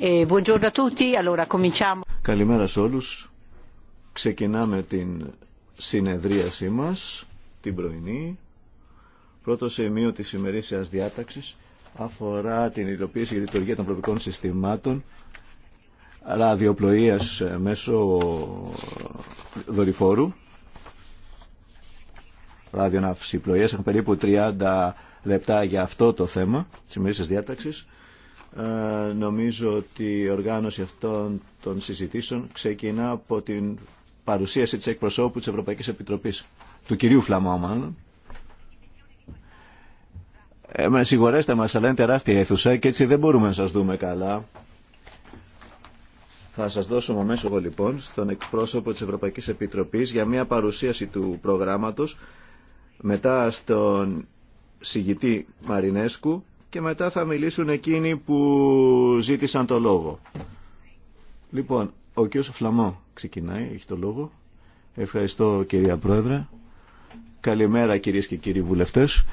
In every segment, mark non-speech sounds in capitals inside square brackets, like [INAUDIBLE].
Ε, Καλημέρα σε όλους. Ξεκινάμε την συνεδρίασή μας, την πρωινή. Πρώτο σημείο της ημερήσιας διάταξης αφορά την υλοποίηση και λειτουργία των προοπτικών συστημάτων ραδιοπλοείας μέσω δορυφόρου. Ραδιοναυσιπλοείας. Έχουμε περίπου 30 λεπτά για αυτό το θέμα της ημερήσιας διάταξης ε, νομίζω ότι η οργάνωση αυτών των συζητήσεων ξεκινά από την παρουσίαση της εκπροσώπου της Ευρωπαϊκής Επιτροπής, του κυρίου Φλαμόμαν. Ε, με συγχωρέστε μας, αλλά είναι τεράστια αίθουσα και έτσι δεν μπορούμε να σας δούμε καλά. Θα σας δώσω αμέσω εγώ λοιπόν στον εκπρόσωπο της Ευρωπαϊκής Επιτροπής για μια παρουσίαση του προγράμματος μετά στον συγητή Μαρινέσκου και μετά θα μιλήσουν εκείνοι που ζήτησαν το λόγο. Λοιπόν, ο κ. Φλαμό ξεκινάει, έχει το λόγο. Ευχαριστώ κυρία Πρόεδρε. Καλημέρα κυρίες και κύριοι βουλευτές.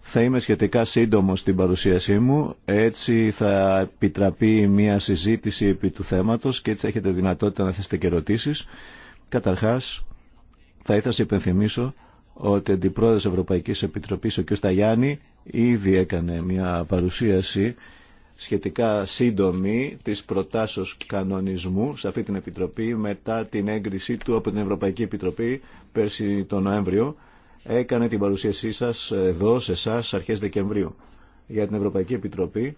Θα είμαι σχετικά σύντομο στην παρουσίασή μου, έτσι θα επιτραπεί μια συζήτηση επί του θέματος και έτσι έχετε δυνατότητα να θέσετε και ερωτήσει. Καταρχάς, θα ήθελα να υπενθυμίσω ότι αντιπρόεδρος Ευρωπαϊκής Επιτροπής, ο κ. Σταγιάννη, ήδη έκανε μια παρουσίαση σχετικά σύντομη της προτάσεως κανονισμού σε αυτή την Επιτροπή μετά την έγκρισή του από την Ευρωπαϊκή Επιτροπή πέρσι τον Νοέμβριο. Έκανε την παρουσίασή σας εδώ σε εσά αρχές Δεκεμβρίου για την Ευρωπαϊκή Επιτροπή.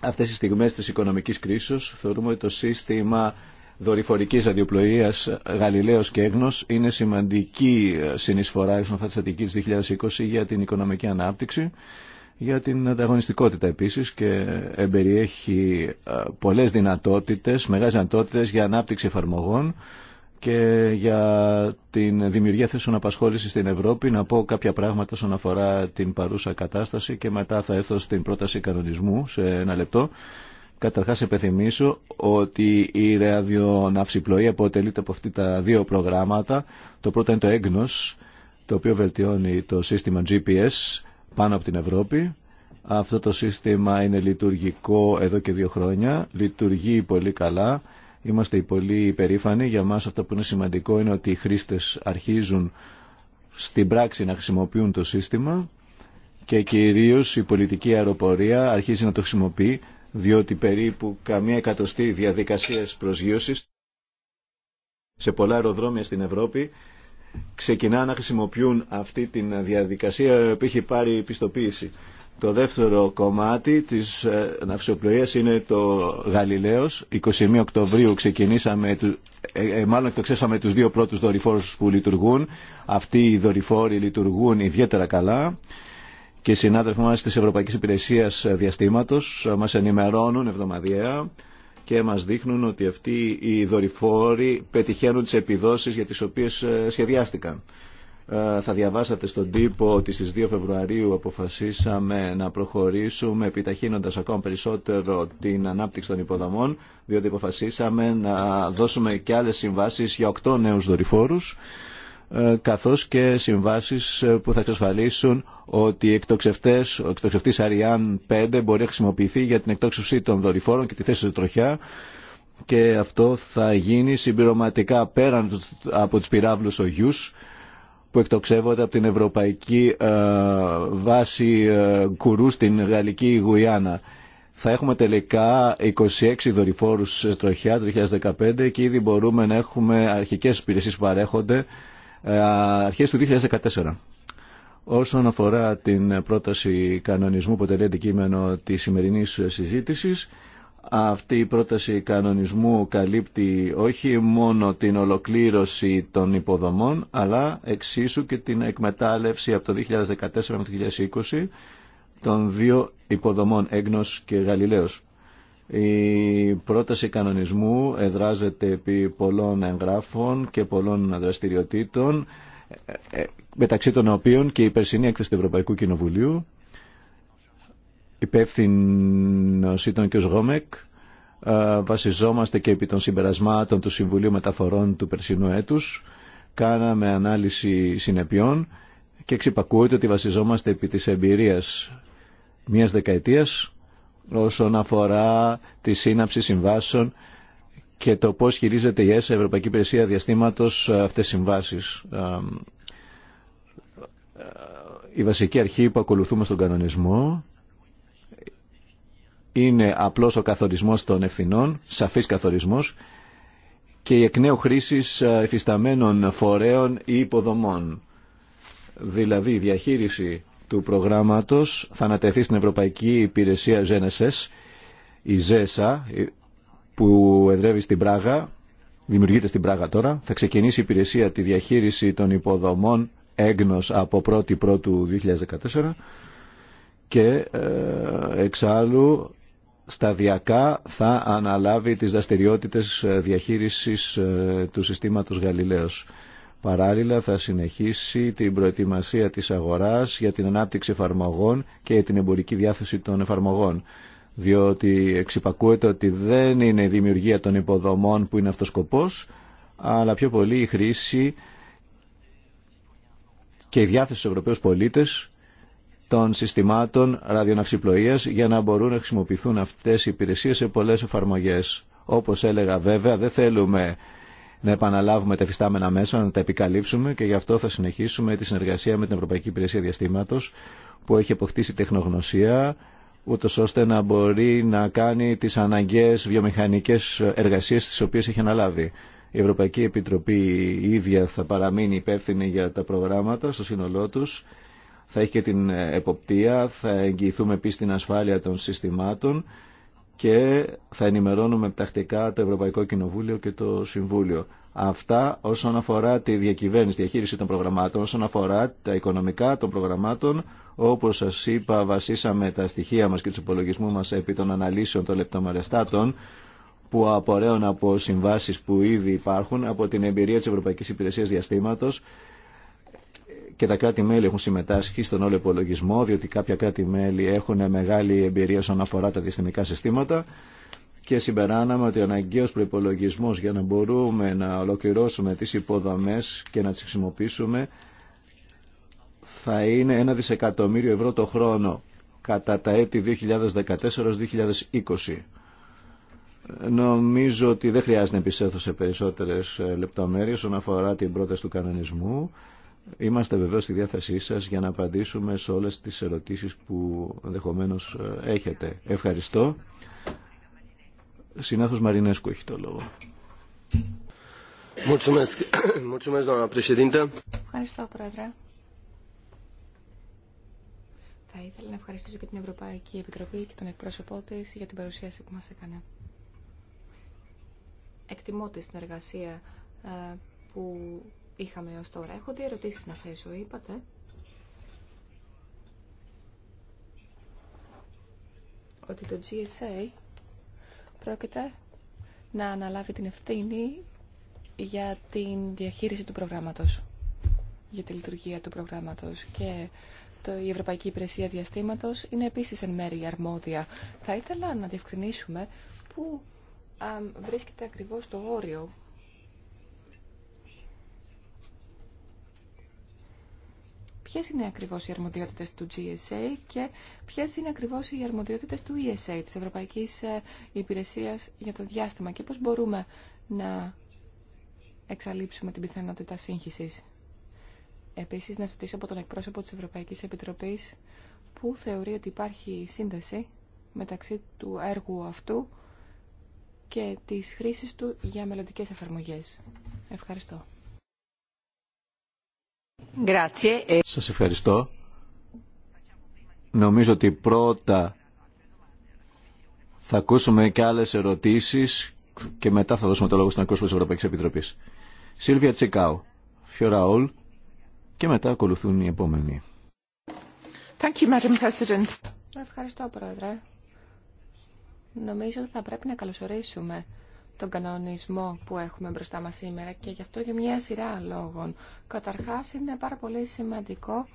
Αυτές οι στιγμές της οικονομικής κρίσης θεωρούμε ότι το σύστημα δορυφορικής αδιοπλοείας Γαλιλαίο και Έγνο είναι σημαντική συνεισφορά εξ 2020 για την οικονομική ανάπτυξη, για την ανταγωνιστικότητα επίσης και εμπεριέχει ε, πολλές δυνατότητες, μεγάλες δυνατότητες για ανάπτυξη εφαρμογών και για την δημιουργία θέσεων απασχόλησης στην Ευρώπη να πω κάποια πράγματα όσον αφορά την παρούσα κατάσταση και μετά θα έρθω στην πρόταση κανονισμού σε ένα λεπτό Καταρχάς επιθυμίσω ότι η ραδιοναυσιπλοή αποτελείται από αυτή τα δύο προγράμματα. Το πρώτο είναι το EGNOS, το οποίο βελτιώνει το σύστημα GPS πάνω από την Ευρώπη. Αυτό το σύστημα είναι λειτουργικό εδώ και δύο χρόνια. Λειτουργεί πολύ καλά. Είμαστε πολύ υπερήφανοι. Για μας αυτό που είναι σημαντικό είναι ότι οι χρήστες αρχίζουν στην πράξη να χρησιμοποιούν το σύστημα και κυρίως η πολιτική αεροπορία αρχίζει να το χρησιμοποιεί διότι περίπου καμία εκατοστή διαδικασίας προσγείωσης σε πολλά αεροδρόμια στην Ευρώπη ξεκινά να χρησιμοποιούν αυτή τη διαδικασία που έχει πάρει πιστοποίηση. Το δεύτερο κομμάτι της ε, ναυσιοπλοείας είναι το Γαλιλαίος. 21 Οκτωβρίου ξεκινήσαμε, ε, ε, μάλλον εκτοξέσαμε τους δύο πρώτους δορυφόρους που λειτουργούν. Αυτοί οι δορυφόροι λειτουργούν ιδιαίτερα καλά και οι συνάδελφοι μας της Ευρωπαϊκής Υπηρεσίας Διαστήματος μας ενημερώνουν εβδομαδιαία και μας δείχνουν ότι αυτοί οι δορυφόροι πετυχαίνουν τις επιδόσεις για τις οποίες ε, σχεδιάστηκαν. Ε, θα διαβάσατε στον τύπο ότι στις 2 Φεβρουαρίου αποφασίσαμε να προχωρήσουμε επιταχύνοντας ακόμα περισσότερο την ανάπτυξη των υποδομών διότι αποφασίσαμε να δώσουμε και άλλες συμβάσεις για 8 νέους δορυφόρους ε, καθώς και συμβάσεις ε, που θα εξασφαλίσουν ότι εκτοξευτές, ο εκτοξευτής Αριάν 5 μπορεί να χρησιμοποιηθεί για την εκτόξευση των δορυφόρων και τη θέση του τροχιά και αυτό θα γίνει συμπληρωματικά πέραν από τις πυράβλους ογιούς που εκτοξεύονται από την Ευρωπαϊκή ε, Βάση Κουρού στην Γαλλική Γουιάννα. Θα έχουμε τελικά 26 δορυφόρους τροχιά το 2015 και ήδη μπορούμε να έχουμε αρχικές υπηρεσίες που παρέχονται ε, αρχές του 2014. Όσον αφορά την πρόταση κανονισμού που τελεί αντικείμενο της σημερινής συζήτησης, αυτή η πρόταση κανονισμού καλύπτει όχι μόνο την ολοκλήρωση των υποδομών, αλλά εξίσου και την εκμετάλλευση από το 2014 με το 2020 των δύο υποδομών Έγνος και Γαλιλαίος. Η πρόταση κανονισμού εδράζεται επί πολλών εγγράφων και πολλών δραστηριοτήτων, ε, ε, μεταξύ των οποίων και η περσινή έκθεση του Ευρωπαϊκού Κοινοβουλίου. Υπεύθυνο ήταν και ο Γόμεκ. Ε, βασιζόμαστε και επί των συμπερασμάτων του Συμβουλίου Μεταφορών του περσινού έτους. Κάναμε ανάλυση συνεπειών και εξυπακούεται ότι βασιζόμαστε επί της εμπειρίας μιας δεκαετίας όσον αφορά τη σύναψη συμβάσεων και το πώς χειρίζεται η ΕΣΑ, Ευρωπαϊκή Υπηρεσία Διαστήματος, αυτές τις συμβάσεις. Η βασική αρχή που ακολουθούμε στον κανονισμό είναι απλώς ο καθορισμός των ευθυνών, σαφής καθορισμός και η εκ νέου χρήση εμφισμένων φορέων ή υποδομών. Δηλαδή η διαχείριση του προγράμματος θα ανατεθεί στην Ευρωπαϊκή Υπηρεσία Genesis, η ΖΕΣΑ, που εδρεύει στην Πράγα, δημιουργείται στην Πράγα τώρα. Θα ξεκινήσει η υπηρεσία τη διαχείριση των υποδομών έγνος από 1η Πρώτου 2014 και ε, εξάλλου σταδιακά θα αναλάβει τις δραστηριότητες ε, διαχείρισης ε, του συστήματος Γαλιλαίος. Παράλληλα θα συνεχίσει την προετοιμασία της αγοράς για την ανάπτυξη εφαρμογών και την εμπορική διάθεση των εφαρμογών. Διότι εξυπακούεται ότι δεν είναι η δημιουργία των υποδομών που είναι αυτός σκοπός, αλλά πιο πολύ η χρήση και η διάθεση στους Ευρωπαίους πολίτες των συστημάτων ραδιοναυσιπλοείας για να μπορούν να χρησιμοποιηθούν αυτές οι υπηρεσίες σε πολλές εφαρμογές. Όπως έλεγα βέβαια δεν θέλουμε να επαναλάβουμε τα εφιστάμενα μέσα, να τα επικαλύψουμε και γι' αυτό θα συνεχίσουμε τη συνεργασία με την Ευρωπαϊκή Υπηρεσία Διαστήματο που έχει αποκτήσει τεχνογνωσία ούτω ώστε να μπορεί να κάνει τι αναγκαίε βιομηχανικέ εργασίε τι οποίε έχει αναλάβει. Η Ευρωπαϊκή Επιτροπή η ίδια θα παραμείνει υπεύθυνη για τα προγράμματα στο σύνολό του. Θα έχει και την εποπτεία, θα εγγυηθούμε επίση την ασφάλεια των συστημάτων και θα ενημερώνουμε τακτικά το Ευρωπαϊκό Κοινοβούλιο και το Συμβούλιο. Αυτά όσον αφορά τη διακυβέρνηση, τη διαχείριση των προγραμμάτων, όσον αφορά τα οικονομικά των προγραμμάτων, όπως σας είπα βασίσαμε τα στοιχεία μας και του υπολογισμού μας επί των αναλύσεων των λεπτομερεστάτων που απορρέουν από συμβάσεις που ήδη υπάρχουν, από την εμπειρία της Ευρωπαϊκής Υπηρεσίας Διαστήματος και τα κράτη-μέλη έχουν συμμετάσχει στον όλο υπολογισμό, διότι κάποια κράτη-μέλη έχουν μεγάλη εμπειρία όσον αφορά τα διαστημικά συστήματα και συμπεράναμε ότι ο αναγκαίος προϋπολογισμός για να μπορούμε να ολοκληρώσουμε τις υποδομές και να τις χρησιμοποιήσουμε θα είναι ένα δισεκατομμύριο ευρώ το χρόνο κατά τα έτη 2014-2020. Νομίζω ότι δεν χρειάζεται να επισέθω σε περισσότερες λεπτομέρειες όσον αφορά την πρόταση του κανονισμού. Είμαστε βεβαίως στη διάθεσή σας για να απαντήσουμε σε όλες τις ερωτήσεις που ενδεχομένω ε, έχετε. Ευχαριστώ. Συνάθος Μαρινέσκου έχει το λόγο. [COUGHS] Ευχαριστώ, Πρόεδρε. Θα ήθελα να ευχαριστήσω και την Ευρωπαϊκή Επιτροπή και τον εκπρόσωπό τη για την παρουσίαση που μα έκανε. Εκτιμώ τη συνεργασία ε, που είχαμε ως τώρα. Έχω δύο ερωτήσεις να θέσω, είπατε. Ότι το GSA πρόκειται να αναλάβει την ευθύνη για την διαχείριση του προγράμματος, για τη λειτουργία του προγράμματος και το, η Ευρωπαϊκή Υπηρεσία Διαστήματος είναι επίσης εν μέρη αρμόδια. Θα ήθελα να διευκρινίσουμε πού βρίσκεται ακριβώς το όριο Ποιε είναι ακριβώς οι αρμοδιότητε του GSA και ποιε είναι ακριβώς οι αρμοδιότητε του ESA, της Ευρωπαϊκής ε, Υπηρεσία για το Διάστημα και πώς μπορούμε να εξαλείψουμε την πιθανότητα σύγχυση. Επίσης, να ζητήσω από τον εκπρόσωπο τη Ευρωπαϊκής Επιτροπής που θεωρεί ότι υπάρχει σύνδεση μεταξύ του έργου αυτού και της χρήσης του για μελλοντικές εφαρμογές. Ευχαριστώ. Ε, Σας ευχαριστώ. Νομίζω ότι πρώτα θα ακούσουμε και άλλες ερωτήσεις και μετά θα δώσουμε το λόγο στον εκπρόσωπο της Ευρωπαϊκής Επιτροπής. Σίλβια Τσικάου, όλ, και μετά ακολουθούν οι επόμενοι. Thank you, Madam Ευχαριστώ, Πρόεδρε. Νομίζω ότι θα πρέπει να καλωσορίσουμε τον κανονισμό που έχουμε μπροστά μας σήμερα και γι' αυτό για μια σειρά λόγων. Καταρχάς είναι πάρα πολύ σημαντικό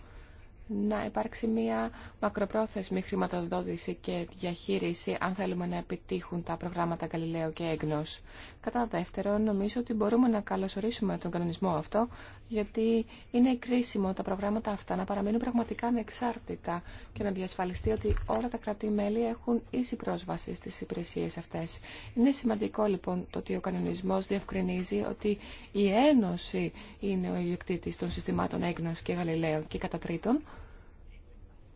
να υπάρξει μια μακροπρόθεσμη χρηματοδότηση και διαχείριση αν θέλουμε να επιτύχουν τα προγράμματα Γαλιλαίο και Έγνος. Κατά δεύτερον, νομίζω ότι μπορούμε να καλωσορίσουμε τον κανονισμό αυτό γιατί είναι κρίσιμο τα προγράμματα αυτά να παραμείνουν πραγματικά ανεξάρτητα και να διασφαλιστεί ότι όλα τα κρατή-μέλη έχουν ίση πρόσβαση στις υπηρεσίες αυτές. Είναι σημαντικό λοιπόν το ότι ο κανονισμός διευκρινίζει ότι η Ένωση είναι ο ιδιοκτήτης των συστημάτων έγνωσης και γαλιλαίων και κατά τρίτον,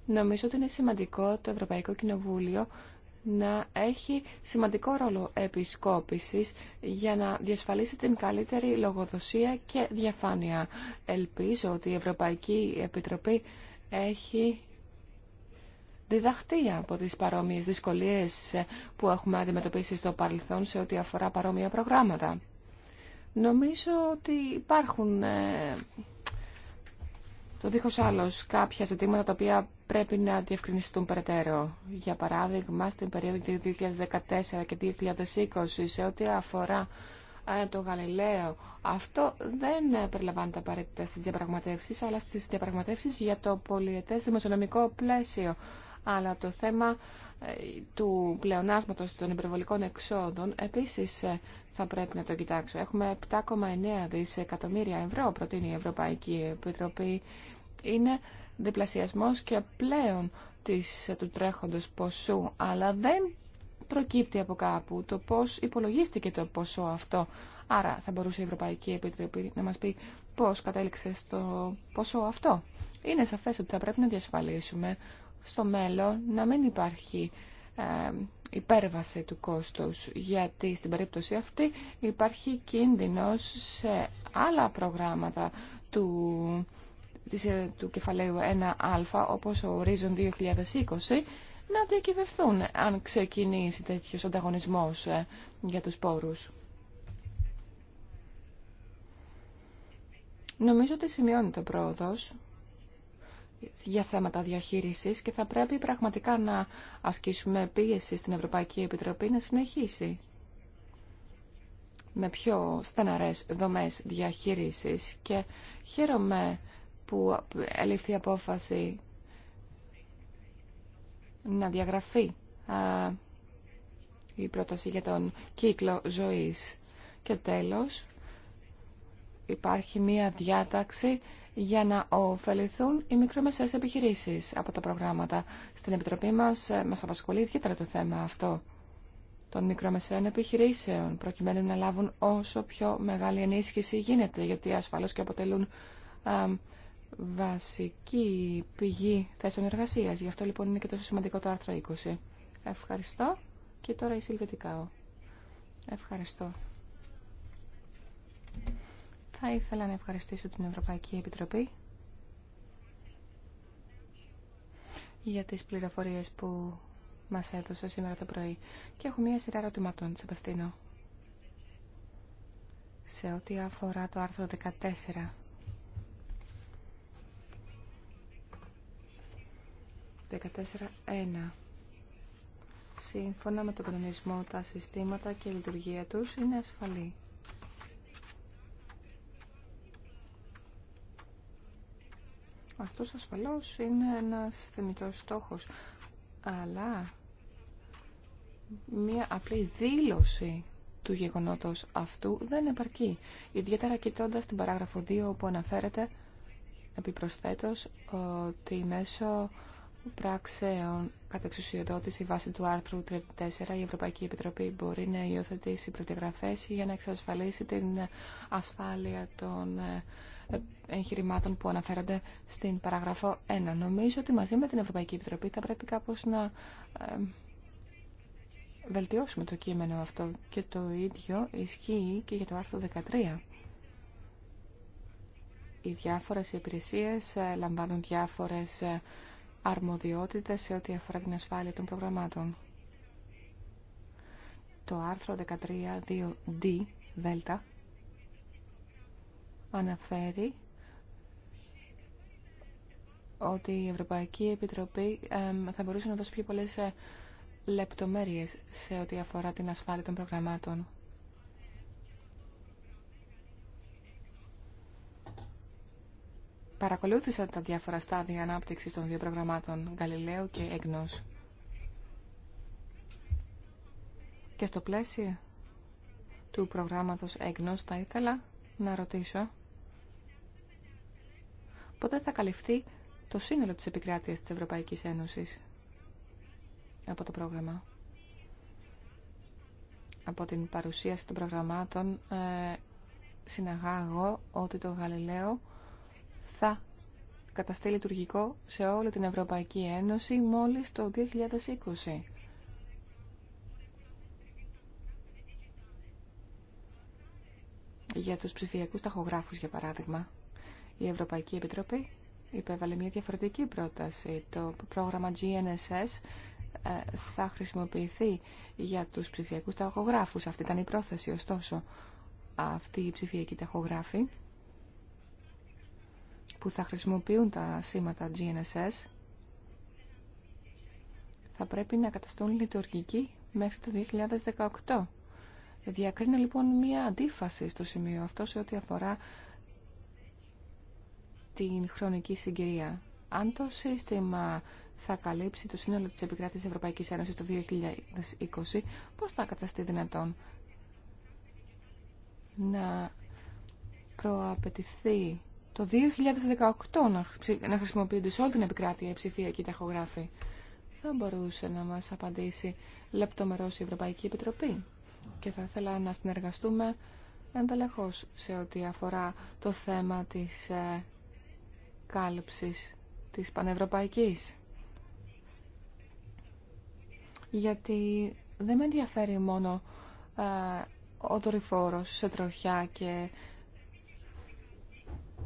Νομίζω ότι είναι σημαντικό το Ευρωπαϊκό Κοινοβούλιο να έχει σημαντικό ρόλο επισκόπησης για να διασφαλίσει την καλύτερη λογοδοσία και διαφάνεια. Ελπίζω ότι η Ευρωπαϊκή Επιτροπή έχει διδαχτεί από τις παρόμοιες δυσκολίες που έχουμε αντιμετωπίσει στο παρελθόν σε ό,τι αφορά παρόμοια προγράμματα. Νομίζω ότι υπάρχουν ε, το δίχως άλλος κάποια ζητήματα τα οποία πρέπει να διευκρινιστούν περαιτέρω. Για παράδειγμα, στην περίοδο 2014 και 2020 σε ό,τι αφορά ε, το Γαλιλαίο. Αυτό δεν περιλαμβάνεται απαραίτητα στις διαπραγματεύσεις, αλλά στις διαπραγματεύσεις για το πολιετές δημοσιονομικό πλαίσιο. Αλλά το θέμα ε, του πλεονάσματος των υπερβολικών εξόδων επίσης ε, θα πρέπει να το κοιτάξω. Έχουμε 7,9 δισεκατομμύρια ευρώ, προτείνει η Ευρωπαϊκή Επιτροπή. Είναι διπλασιασμός και πλέον της, του τρέχοντος ποσού, αλλά δεν προκύπτει από κάπου το πώς υπολογίστηκε το ποσό αυτό. Άρα θα μπορούσε η Ευρωπαϊκή Επιτροπή να μας πει πώς κατέληξε στο ποσό αυτό. Είναι σαφές ότι θα πρέπει να διασφαλίσουμε στο μέλλον να μην υπάρχει ε, υπέρβαση του κόστους, γιατί στην περίπτωση αυτή υπάρχει κίνδυνος σε άλλα προγράμματα του ε, του κεφαλαίου 1α, όπως ο Horizon 2020, να διακυβευθούν αν ξεκινήσει τέτοιος ανταγωνισμός ε, για τους πόρους. Νομίζω ότι σημειώνεται πρόοδος για θέματα διαχείρισης και θα πρέπει πραγματικά να ασκήσουμε πίεση στην Ευρωπαϊκή Επιτροπή να συνεχίσει με πιο στεναρές δομές διαχείρισης και χαίρομαι που ελήφθη η απόφαση να διαγραφεί η πρόταση για τον κύκλο ζωής. Και τέλος, υπάρχει μία διάταξη για να ωφεληθούν οι μικρομεσαίες επιχειρήσεις από τα προγράμματα. Στην Επιτροπή μας ε, μας απασχολεί ιδιαίτερα το θέμα αυτό των μικρομεσαίων επιχειρήσεων, προκειμένου να λάβουν όσο πιο μεγάλη ενίσχυση γίνεται, γιατί ασφαλώς και αποτελούν βασική πηγή θέσεων εργασίας. Γι' αυτό λοιπόν είναι και τόσο σημαντικό το άρθρο 20. Ευχαριστώ. Και τώρα η Σιλβετικάο. Ευχαριστώ. Θα ήθελα να ευχαριστήσω την Ευρωπαϊκή Επιτροπή για τις πληροφορίες που μας έδωσε σήμερα το πρωί. Και έχω μία σειρά ερωτηματών, της απευθύνω. Σε ό,τι αφορά το άρθρο 14 14.1. Σύμφωνα με τον κανονισμό, τα συστήματα και η λειτουργία τους είναι ασφαλή. Αυτός ασφαλώς είναι ένας θεμητός στόχος, αλλά μία απλή δήλωση του γεγονότος αυτού δεν επαρκεί. Ιδιαίτερα κοιτώντα την παράγραφο 2 όπου αναφέρεται επιπροσθέτως ότι μέσω πράξεων κατά εξουσιοδότηση βάσει του άρθρου 34 η Ευρωπαϊκή Επιτροπή μπορεί να υιοθετήσει προδιαγραφές για να εξασφαλίσει την ασφάλεια των ε, εγχειρημάτων που αναφέρονται στην παράγραφο 1. Νομίζω ότι μαζί με την Ευρωπαϊκή Επιτροπή θα πρέπει κάπως να ε, βελτιώσουμε το κείμενο αυτό και το ίδιο ισχύει και για το άρθρο 13 οι διάφορες υπηρεσίες ε, λαμβάνουν διάφορες αρμοδιότητες σε ό,τι αφορά την ασφάλεια των προγραμμάτων. Το άρθρο 13.2d δέλτα αναφέρει ότι η Ευρωπαϊκή Επιτροπή θα μπορούσε να δώσει πιο πολλές ε, λεπτομέρειες σε ό,τι αφορά την ασφάλεια των προγραμμάτων. παρακολούθησα τα διάφορα στάδια ανάπτυξης των δύο προγραμμάτων Γαλιλαίου και Εγνός. Και στο πλαίσιο του προγράμματος Εγνός θα ήθελα να ρωτήσω πότε θα καλυφθεί το σύνολο της επικράτειας της Ευρωπαϊκής Ένωσης από το πρόγραμμα. Από την παρουσίαση των προγραμμάτων ε, συναγάγω ότι το Γαλιλαίο θα καταστεί λειτουργικό σε όλη την Ευρωπαϊκή Ένωση μόλις το 2020. Για τους ψηφιακούς ταχογράφους, για παράδειγμα, η Ευρωπαϊκή Επιτροπή υπέβαλε μια διαφορετική πρόταση. Το πρόγραμμα GNSS ε, θα χρησιμοποιηθεί για τους ψηφιακούς ταχογράφους. Αυτή ήταν η πρόθεση, ωστόσο, αυτή η ψηφιακή ταχογράφη που θα χρησιμοποιούν τα σήματα GNSS θα πρέπει να καταστούν λειτουργικοί μέχρι το 2018. Διακρίνω λοιπόν μία αντίφαση στο σημείο αυτό σε ό,τι αφορά την χρονική συγκυρία. Αν το σύστημα θα καλύψει το σύνολο της επικράτησης Ευρωπαϊκής Ένωσης το 2020, πώς θα καταστεί δυνατόν να προαπαιτηθεί το 2018 να χρησιμοποιούνται σε όλη την επικράτεια η ψηφιακή ταχογράφη. Θα μπορούσε να μας απαντήσει λεπτομερώς η Ευρωπαϊκή Επιτροπή και θα ήθελα να συνεργαστούμε εντελεχώς σε ό,τι αφορά το θέμα της ε, κάλυψης της πανευρωπαϊκής. Γιατί δεν με ενδιαφέρει μόνο ε, ο δορυφόρος σε τροχιά και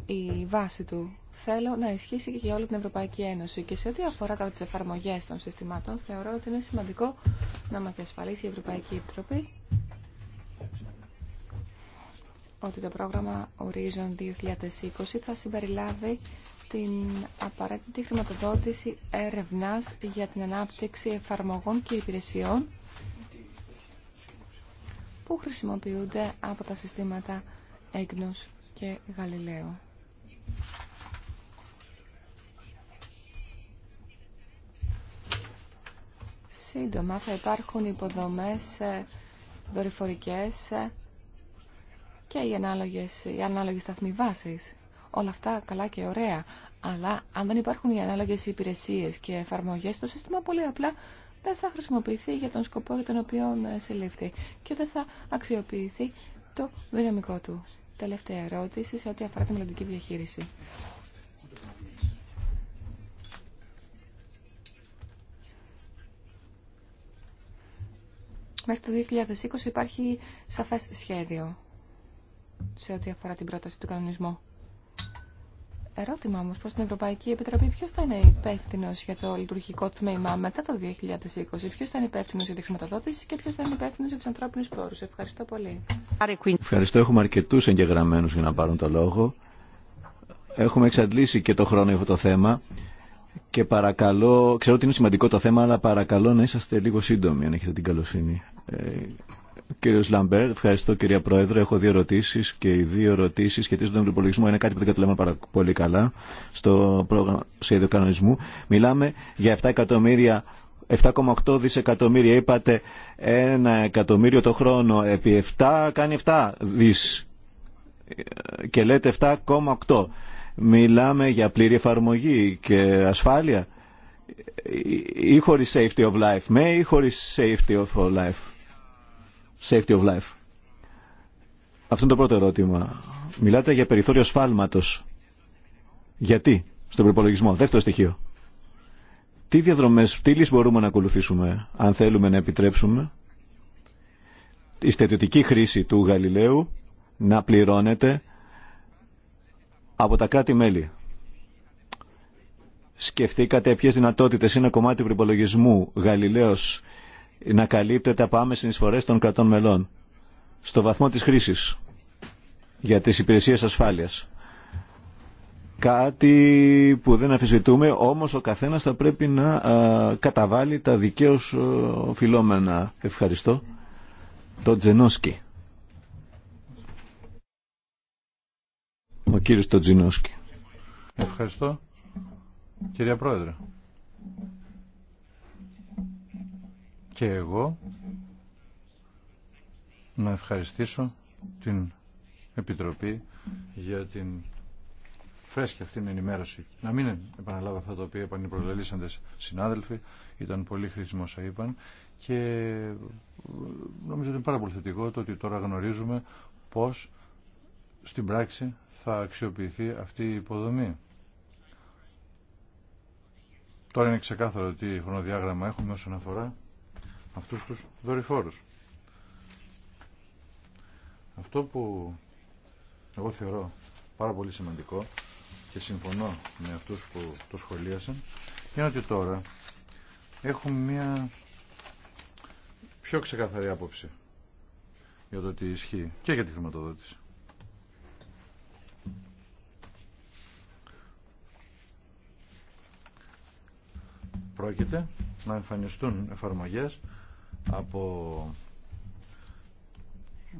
η βάση του θέλω να ισχύσει και για όλη την Ευρωπαϊκή Ένωση. Και σε ό,τι αφορά κατά τι εφαρμογέ των συστημάτων, θεωρώ ότι είναι σημαντικό να μα διασφαλίσει η Ευρωπαϊκή Επιτροπή ότι το πρόγραμμα Horizon 2020 θα συμπεριλάβει την απαραίτητη χρηματοδότηση έρευνας για την ανάπτυξη εφαρμογών και υπηρεσιών που χρησιμοποιούνται από τα συστήματα Έγνος και Γαλιλαίου. Σύντομα θα υπάρχουν υποδομές ε, δορυφορικές ε, και οι ανάλογες, οι σταθμοί βάσης. Όλα αυτά καλά και ωραία, αλλά αν δεν υπάρχουν οι ανάλογες υπηρεσίες και εφαρμογές, το σύστημα πολύ απλά δεν θα χρησιμοποιηθεί για τον σκοπό για τον οποίο ε, συλλήφθη και δεν θα αξιοποιηθεί το δυναμικό του τελευταία ερώτηση σε ό,τι αφορά τη μελλοντική διαχείριση. Μέχρι το 2020 υπάρχει σαφές σχέδιο σε ό,τι αφορά την πρόταση του κανονισμού. Ερώτημα όμως προς την Ευρωπαϊκή Επιτροπή. Ποιος θα είναι υπεύθυνο για το λειτουργικό τμήμα μετά το 2020. Ποιος θα είναι υπεύθυνο για τη χρηματοδότηση και ποιος θα είναι υπεύθυνο για τους ανθρώπινους πόρους. Ευχαριστώ πολύ. Ευχαριστώ. Έχουμε αρκετούς εγγεγραμμένους για να πάρουν το λόγο. Έχουμε εξαντλήσει και το χρόνο για αυτό το θέμα. Και παρακαλώ, ξέρω ότι είναι σημαντικό το θέμα, αλλά παρακαλώ να είσαστε λίγο σύντομοι, αν έχετε την καλοσύνη. Ε, Κύριο Λαμπέρ, ευχαριστώ κυρία Πρόεδρε. Έχω δύο ερωτήσει και οι δύο ερωτήσει σχετίζονται με τον υπολογισμό. Είναι κάτι που δεν καταλαβαίνω πολύ καλά στο πρόγραμμα σχέδιο κανονισμού. Μιλάμε για 7 εκατομμύρια 7,8 δισεκατομμύρια. Είπατε ένα εκατομμύριο το χρόνο επί 7 κάνει 7 δις και λέτε 7,8. Μιλάμε για πλήρη εφαρμογή και ασφάλεια ή χωρίς safety of life με ή χωρίς safety of life safety of life. Αυτό είναι το πρώτο ερώτημα. Μιλάτε για περιθώριο σφάλματος. Γιατί στον προπολογισμό. Δεύτερο στοιχείο. Τι διαδρομές φτύλης μπορούμε να ακολουθήσουμε αν θέλουμε να επιτρέψουμε η στετιωτική χρήση του Γαλιλαίου να πληρώνεται από τα κράτη-μέλη. Σκεφτήκατε ποιες δυνατότητες είναι κομμάτι του προπολογισμού Γαλιλαίος να καλύπτεται από άμεση εισφορέ των κρατών μελών στο βαθμό της χρήση για τι υπηρεσίε ασφάλειας. Κάτι που δεν αφισβητούμε, όμως ο καθένας θα πρέπει να καταβάλει τα δικαίως οφειλόμενα. Ευχαριστώ. Το Τζενόσκι. Ο κύριος Τζενόσκι. Ευχαριστώ. Κυρία Πρόεδρε. και εγώ να ευχαριστήσω την Επιτροπή για την φρέσκια αυτήν ενημέρωση. Να μην επαναλάβω αυτά τα οποία είπαν οι συνάδελφοι, ήταν πολύ χρήσιμο όσα είπαν και νομίζω ότι είναι πάρα πολύ θετικό το ότι τώρα γνωρίζουμε πώς στην πράξη θα αξιοποιηθεί αυτή η υποδομή. Τώρα είναι ξεκάθαρο τι χρονοδιάγραμμα έχουμε όσον αφορά αυτούς τους δορυφόρους. Αυτό που εγώ θεωρώ πάρα πολύ σημαντικό και συμφωνώ με αυτούς που το σχολίασαν είναι ότι τώρα έχουμε μια πιο ξεκαθαρή άποψη για το τι ισχύει και για τη χρηματοδότηση. Πρόκειται να εμφανιστούν εφαρμογές από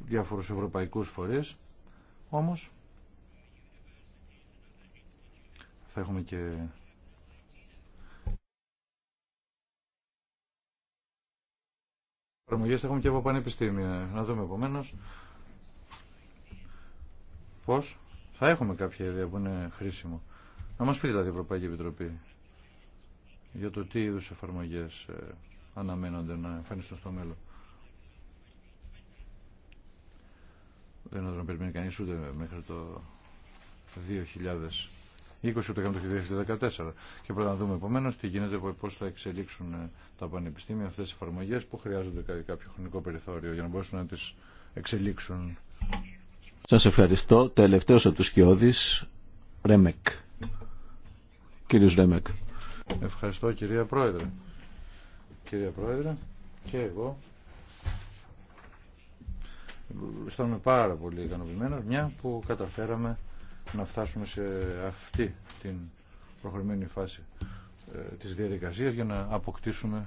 διάφορους ευρωπαϊκούς φορείς όμως θα έχουμε και Παραμογές θα έχουμε και από πανεπιστήμια. Να δούμε επομένω πώς θα έχουμε κάποια ιδέα που είναι χρήσιμο. Να μας πει δηλαδή η Ευρωπαϊκή Επιτροπή για το τι είδους εφαρμογές ε, αναμένονται να εμφανιστούν στο μέλλον. Δεν θα τον περιμένει κανείς ούτε μέχρι το 2020 ούτε καν το 2014. Και πρέπει να δούμε επομένως τι γίνεται, πώ θα εξελίξουν ε, τα πανεπιστήμια αυτές τι εφαρμογέ που χρειάζονται κάποιο χρονικό περιθώριο για να μπορέσουν να τις εξελίξουν. Σας ευχαριστώ. Τελευταίος από του Σκιώδης, Ρέμεκ. Κύριος Ρέμεκ. Ευχαριστώ κυρία Πρόεδρε κυρία Πρόεδρε, και εγώ αισθάνομαι πάρα πολύ ικανοποιημένος μια που καταφέραμε να φτάσουμε σε αυτή την προχωρημένη φάση ε, της διαδικασίας για να αποκτήσουμε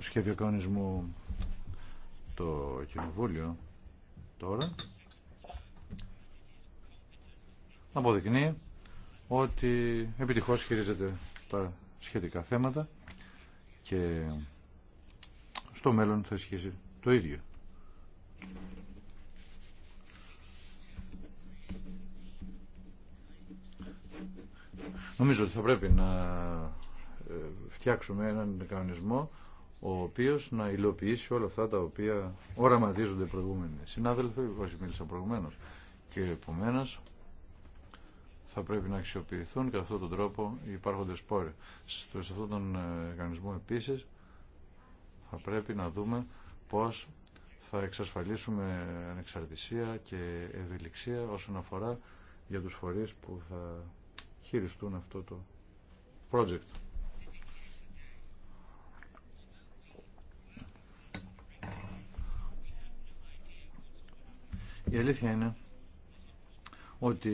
σχέδιο κανονισμού το κοινοβούλιο τώρα αποδεικνύει ότι επιτυχώς χειρίζεται τα σχετικά θέματα και στο μέλλον θα ισχύσει το ίδιο. Νομίζω ότι θα πρέπει να ε, φτιάξουμε έναν κανονισμό ο οποίος να υλοποιήσει όλα αυτά τα οποία οραματίζονται οι προηγούμενοι συνάδελφοι, όσοι μίλησα προηγουμένω. και επομένω θα πρέπει να αξιοποιηθούν κατά αυτόν τον τρόπο οι υπάρχοντες πόροι. Σε αυτόν τον ε, οργανισμό επίσης θα πρέπει να δούμε πώς θα εξασφαλίσουμε ανεξαρτησία και ευελιξία όσον αφορά για τους φορείς που θα χειριστούν αυτό το project. Η αλήθεια είναι ότι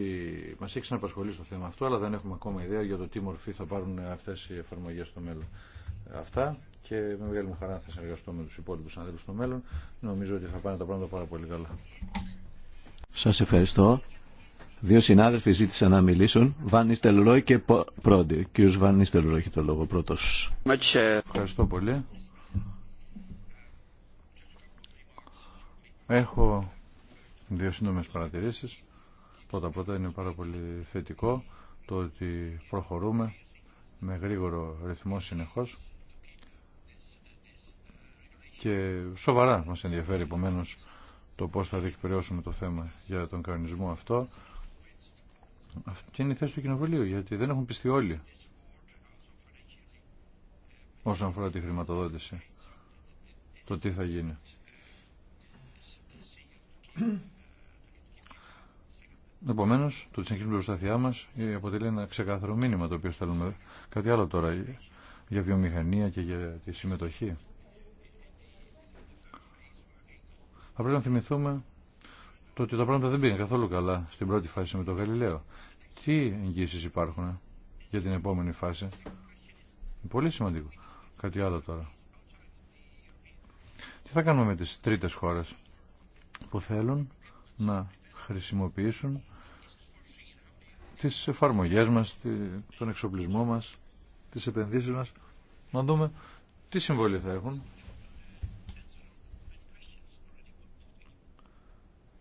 μα έχει ξαναπασχολήσει το θέμα αυτό, αλλά δεν έχουμε ακόμα ιδέα για το τι μορφή θα πάρουν αυτέ οι εφαρμογέ στο μέλλον. Αυτά και με μεγάλη μου χαρά θα συνεργαστώ με του υπόλοιπου συναδέλφου στο μέλλον. Νομίζω ότι θα πάνε τα πράγματα πάρα πολύ καλά. Σα ευχαριστώ. Δύο συνάδελφοι ζήτησαν να μιλήσουν, Βαν Ιστελρόι και Πρόντι. Κύριο κ. Βαν Ιστελρόι έχει το λόγο πρώτο. Ευχαριστώ πολύ. Έχω δύο σύντομε παρατηρήσει. Πρώτα πρώτα είναι πάρα πολύ θετικό το ότι προχωρούμε με γρήγορο ρυθμό συνεχώς και σοβαρά μας ενδιαφέρει επομένω το πώς θα διεκπαιρεώσουμε το θέμα για τον κανονισμό αυτό. Αυτή είναι η θέση του Κοινοβουλίου γιατί δεν έχουν πιστεί όλοι όσον αφορά τη χρηματοδότηση το τι θα γίνει. Επομένω, το ότι συνεχίζουμε την προσταθειά μα ε, αποτελεί ένα ξεκάθαρο μήνυμα το οποίο στέλνουμε. Κάτι άλλο τώρα ε, για βιομηχανία και για τη συμμετοχή. Θα πρέπει να θυμηθούμε το ότι τα πράγματα δεν πήγαν καθόλου καλά στην πρώτη φάση με τον Γαλιλαίο. Τι εγγύσει υπάρχουν ε, για την επόμενη φάση. Πολύ σημαντικό. Κάτι άλλο τώρα. Τι θα κάνουμε με τις τρίτες χώρες που θέλουν να χρησιμοποιήσουν τις εφαρμογές μας, τον εξοπλισμό μας, τις επενδύσεις μας, να δούμε τι συμβόλαια θα έχουν.